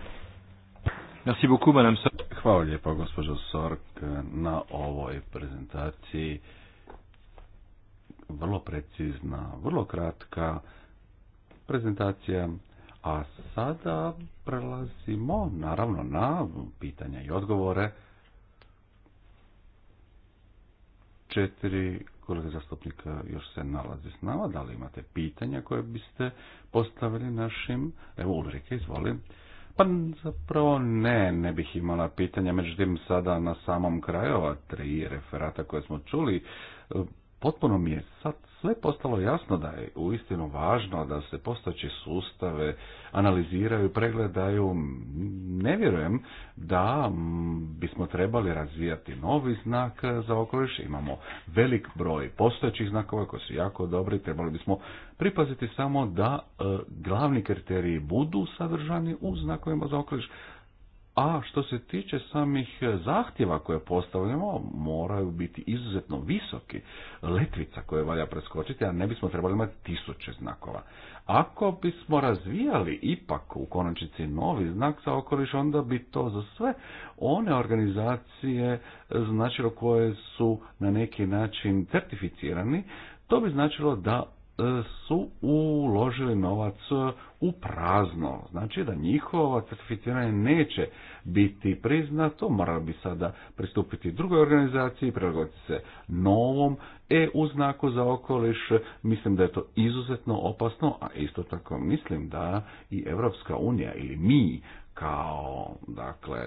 Merci beaucoup, madame Hvala lijepa, gospođo Sork, na ovoj prezentaciji. Vrlo precizna, vrlo kratka prezentacija. A sada prelazimo, naravno, na pitanja i odgovore. četiri kolega zastupnika još se nalazi s nama. Da li imate pitanja koje biste postavili našim... Evo Ulrike, izvoli. Pa zapravo ne, ne bih imala pitanja, međutim sada na samom kraju ova tri referata koje smo čuli potpuno mi je sad sve postalo jasno da je uistinu važno da se postojeće sustave analiziraju, pregledaju. Ne vjerujem da mm, bismo trebali razvijati novi znak za okoliš. Imamo velik broj postojećih znakova koji su jako dobri. Trebali bismo pripaziti samo da e, glavni kriteriji budu sadržani u znakovima za okoliš. A što se tiče samih e, zahtjeva koje postavljamo, moraju biti izuzetno visoki. Letvica koje valja preskočiti, a ne bismo trebali imati tisuće znakova. Ako bismo razvijali ipak u konačnici novi znak za okoliš, onda bi to za sve one organizacije e, značilo koje su na neki način certificirani, to bi značilo da E, su uložili novac e, u prazno. Znači da njihovo certificiranje neće biti priznato, morali bi sada pristupiti drugoj organizaciji, prilagoditi se novom e u znaku za okoliš. Mislim da je to izuzetno opasno, a isto tako mislim da i Europska unija ili mi kao dakle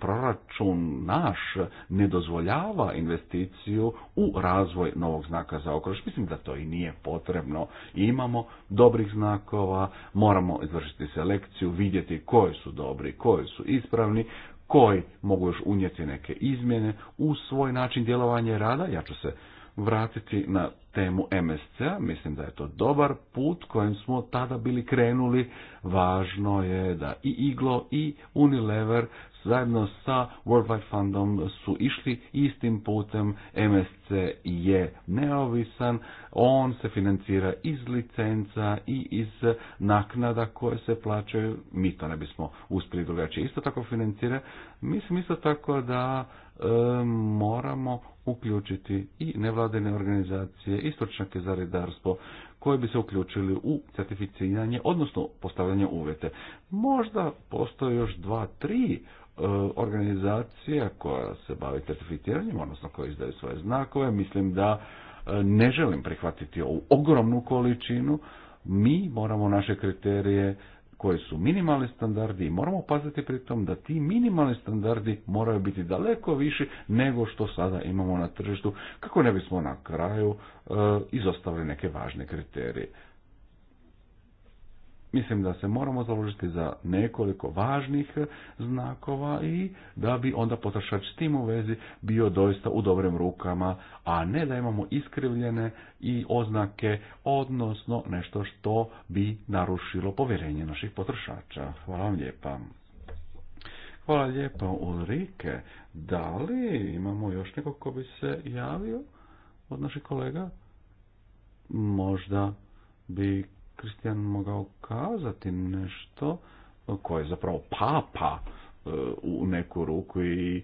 proračun naš ne dozvoljava investiciju u razvoj novog znaka za okoliš. Mislim da to i nije potrebno. Imamo dobrih znakova, moramo izvršiti selekciju, vidjeti koji su dobri, koji su ispravni, koji mogu još unijeti neke izmjene u svoj način djelovanja rada. Ja ću se vratiti na temu MSC-a. Mislim da je to dobar put kojim smo tada bili krenuli. Važno je da i Iglo i Unilever zajedno sa World Wide Fundom su išli istim putem. MSC je neovisan, on se financira iz licenca i iz naknada koje se plaćaju. Mi to ne bismo uspjeli drugačije. Isto tako financira. Mislim isto tako da e, moramo uključiti i nevladine organizacije i stručnjake za redarstvo koje bi se uključili u certificiranje, odnosno postavljanje uvjete. Možda postoje još dva, tri E, organizacija koja se bavi certificiranjem, odnosno koja izdaju svoje znakove. Mislim da e, ne želim prihvatiti ovu ogromnu količinu. Mi moramo naše kriterije koje su minimalni standardi i moramo paziti pritom da ti minimalni standardi moraju biti daleko viši nego što sada imamo na tržištu kako ne bismo na kraju e, izostavili neke važne kriterije. Mislim da se moramo založiti za nekoliko važnih znakova i da bi onda potrošač s tim u vezi bio doista u dobrim rukama, a ne da imamo iskrivljene i oznake, odnosno nešto što bi narušilo povjerenje naših potrošača. Hvala vam lijepa. Hvala lijepa Ulrike. Da li imamo još nekog ko bi se javio od naših kolega? Možda bi Kristijan mogao kazati nešto koje je zapravo papa e, u neku ruku i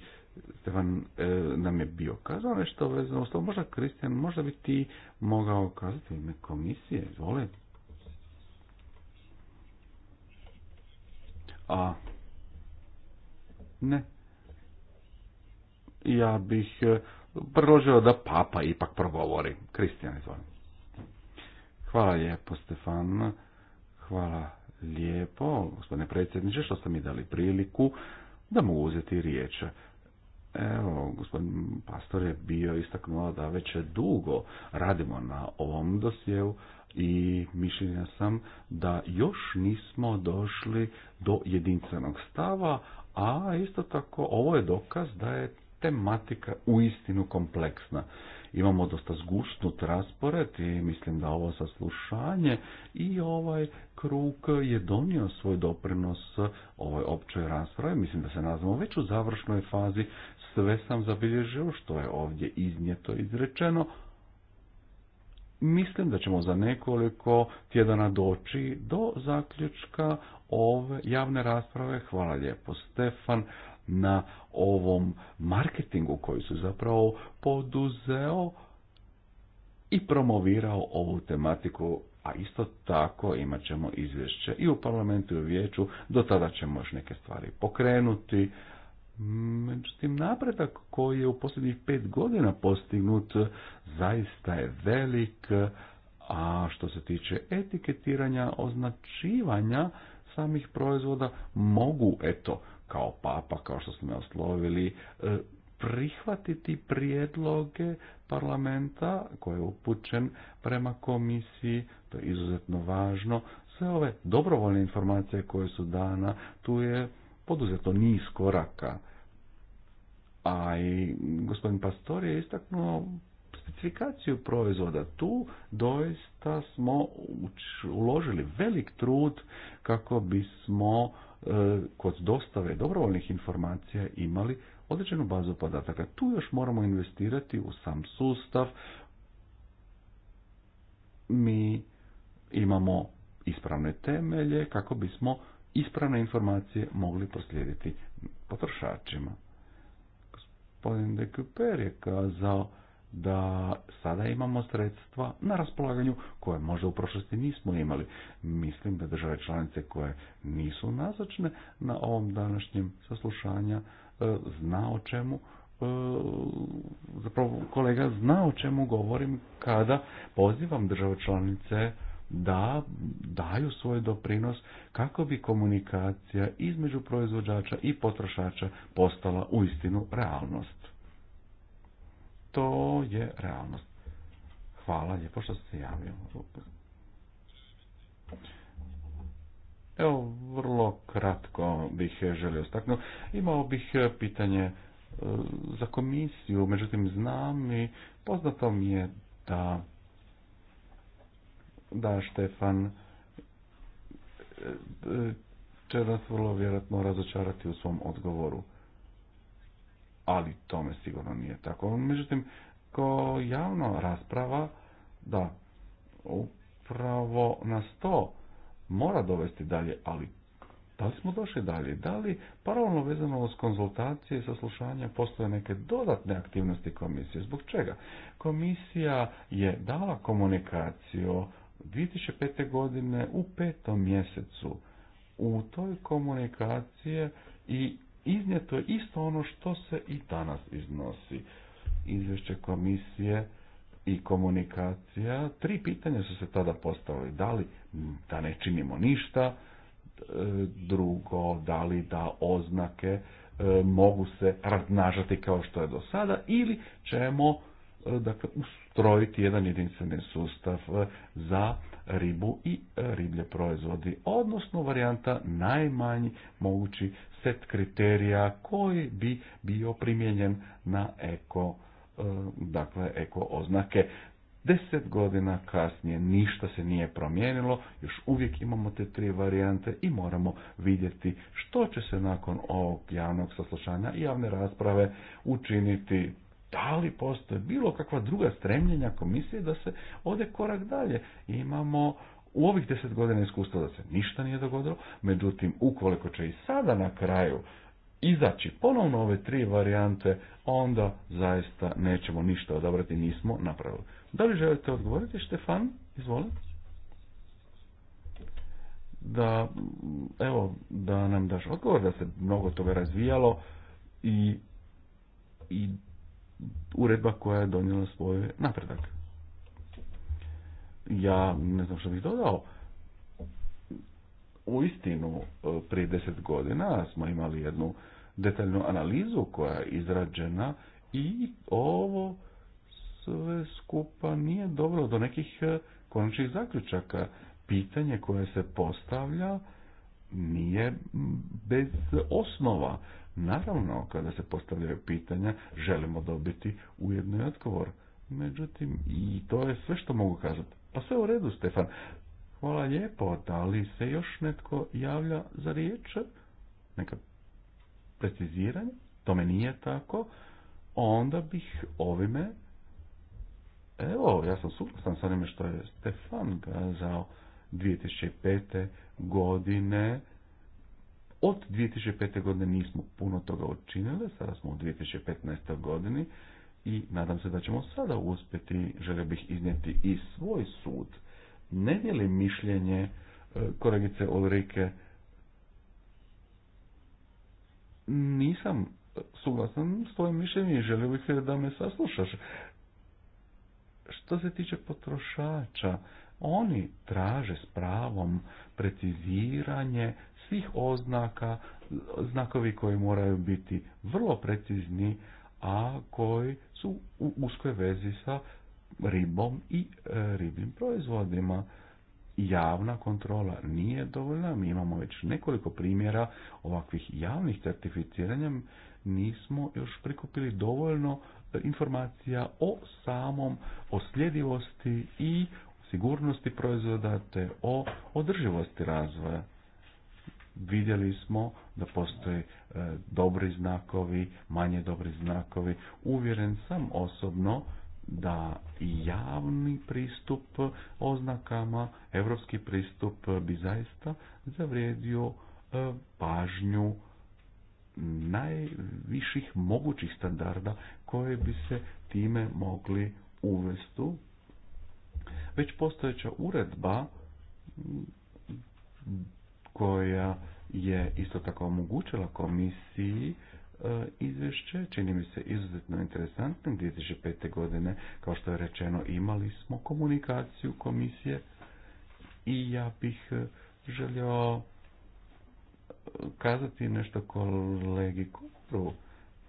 Stefan e, nam je bio kazao nešto vezano s Možda Kristijan, možda bi ti mogao kazati ime komisije, izvole. A, ne. Ja bih e, predložio da papa ipak progovori. Kristijan, izvoli. Hvala lijepo, Stefan. Hvala lijepo, gospodine predsjedniče, što ste mi dali priliku da mogu uzeti riječ. Evo, gospodin pastor je bio istaknuo da već dugo radimo na ovom dosjeu i mišljenja sam da još nismo došli do jedinstvenog stava, a isto tako ovo je dokaz da je tematika uistinu kompleksna imamo dosta zgušnut raspored i mislim da ovo saslušanje i ovaj kruk je donio svoj doprinos ovoj općoj raspravi. Mislim da se nazvamo već u završnoj fazi. Sve sam zabilježio što je ovdje iznijeto izrečeno. Mislim da ćemo za nekoliko tjedana doći do zaključka ove javne rasprave. Hvala lijepo Stefan na ovom marketingu koji se zapravo poduzeo i promovirao ovu tematiku a isto tako imat ćemo izvješće i u parlamentu i u vijeću, do tada ćemo još neke stvari pokrenuti. Međutim, napredak koji je u posljednjih pet godina postignut zaista je velik, a što se tiče etiketiranja, označivanja samih proizvoda, mogu, eto, kao papa, kao što smo me oslovili, e, prihvatiti prijedloge parlamenta koji je upućen prema komisiji, to je izuzetno važno. Sve ove dobrovoljne informacije koje su dana, tu je poduzeto niz koraka. A i gospodin Pastor je istaknuo specifikaciju proizvoda. Tu doista smo uložili velik trud kako bismo E, kod dostave dobrovoljnih informacija imali određenu bazu podataka. Tu još moramo investirati u sam sustav. Mi imamo ispravne temelje kako bismo ispravne informacije mogli proslijediti potrošačima. Gospodin Dekuper je kazao da sada imamo sredstva na raspolaganju koje možda u prošlosti nismo imali. Mislim da države članice koje nisu nazočne na ovom današnjem saslušanja e, zna o čemu e, zapravo kolega zna o čemu govorim kada pozivam države članice da daju svoj doprinos kako bi komunikacija između proizvođača i potrošača postala uistinu realnost to je realnost. Hvala lijepo što se javio. Evo, vrlo kratko bih želio staknuti. Imao bih pitanje e, za komisiju, međutim znam i poznato mi je da da Štefan e, e, će nas vrlo vjerojatno razočarati u svom odgovoru ali tome sigurno nije tako. Međutim, kao javna rasprava, da, upravo na to mora dovesti dalje, ali da li smo došli dalje? Da li paralelno vezano uz konzultacije i saslušanja postoje neke dodatne aktivnosti komisije? Zbog čega? Komisija je dala komunikaciju 2005. godine u petom mjesecu. U toj komunikacije i iznijeto je isto ono što se i danas iznosi. Izvješće komisije i komunikacija, tri pitanja su se tada postavili. Da li da ne činimo ništa, e, drugo, da li da oznake e, mogu se raznažati kao što je do sada ili ćemo e, dakle, ustrojiti jedan jedinstveni sustav za ribu i riblje proizvodi, odnosno varijanta najmanji mogući set kriterija koji bi bio primijenjen na eko, e, dakle, eko oznake. Deset godina kasnije ništa se nije promijenilo, još uvijek imamo te tri varijante i moramo vidjeti što će se nakon ovog javnog saslušanja i javne rasprave učiniti da li postoje bilo kakva druga stremljenja komisije da se ode korak dalje. Imamo u ovih deset godina iskustva da se ništa nije dogodilo, međutim, ukoliko će i sada na kraju izaći ponovno ove tri varijante, onda zaista nećemo ništa odabrati, nismo napravili. Da li želite odgovoriti, Štefan? Izvolite. Da, evo, da nam daš odgovor, da se mnogo toga razvijalo i, i uredba koja je donijela svoj napredak. Ja ne znam što bih dodao. U istinu, e, prije deset godina smo imali jednu detaljnu analizu koja je izrađena i ovo sve skupa nije dobro do nekih e, konačnih zaključaka. Pitanje koje se postavlja nije bez osnova. Naravno, kada se postavljaju pitanja, želimo dobiti ujedno i odgovor. Međutim, i to je sve što mogu kazati. Pa sve u redu, Stefan. Hvala lijepo. Da li se još netko javlja za riječ? Neka preciziranje? Tome nije tako. Onda bih ovime... Evo, ja sam suglasan sa onime što je Stefan kazao 2005. godine od 2005. godine nismo puno toga učinili, sada smo u 2015. godini i nadam se da ćemo sada uspjeti, želio bih iznijeti i svoj sud. Ne li mišljenje e, kolegice Ulrike nisam suglasan s tvojim mišljenjem i želio bih da me saslušaš. Što se tiče potrošača, oni traže s pravom preciziranje svih oznaka, znakovi koji moraju biti vrlo precizni, a koji su u uskoj vezi sa ribom i e, ribljim proizvodima. Javna kontrola nije dovoljna, mi imamo već nekoliko primjera ovakvih javnih certificiranja, nismo još prikupili dovoljno e, informacija o samom, osljedivosti i sigurnosti proizvoda te o održivosti razvoja vidjeli smo da postoje e, dobri znakovi, manje dobri znakovi. Uvjeren sam osobno da javni pristup oznakama, evropski pristup bi zaista zavrijedio e, pažnju najviših mogućih standarda koje bi se time mogli uvesti. Već postojeća uredba koja je isto tako omogućila komisiji e, izvješće, čini mi se izuzetno interesantnim, 2005. godine, kao što je rečeno, imali smo komunikaciju komisije i ja bih e, želio e, kazati nešto kolegi Kupru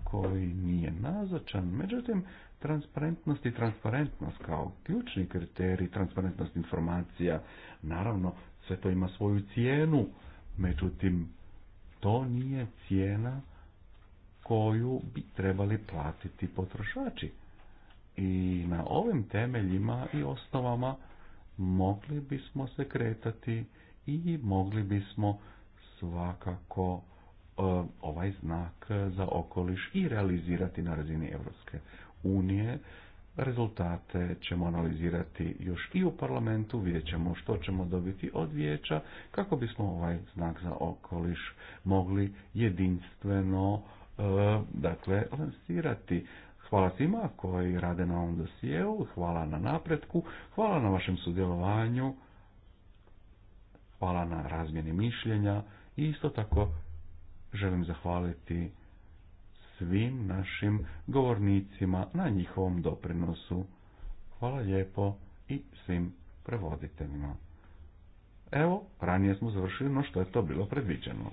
koji nije nazočan. Međutim, transparentnost i transparentnost kao ključni kriterij, transparentnost informacija, naravno sve to ima svoju cijenu, međutim, to nije cijena koju bi trebali platiti potrošači. I na ovim temeljima i osnovama mogli bismo se kretati i mogli bismo svakako e, ovaj znak za okoliš i realizirati na razini Europske unije Rezultate ćemo analizirati još i u parlamentu, vidjet ćemo što ćemo dobiti od vijeća kako bismo ovaj znak za okoliš mogli jedinstveno e, dakle lansirati. Hvala svima koji rade na ovom dosijelu, hvala na napretku, hvala na vašem sudjelovanju, hvala na razmjeni mišljenja i isto tako želim zahvaliti svim našim govornicima na njihovom doprinosu. Hvala lijepo i svim prevoditeljima. Evo, ranije smo završili no što je to bilo predviđeno.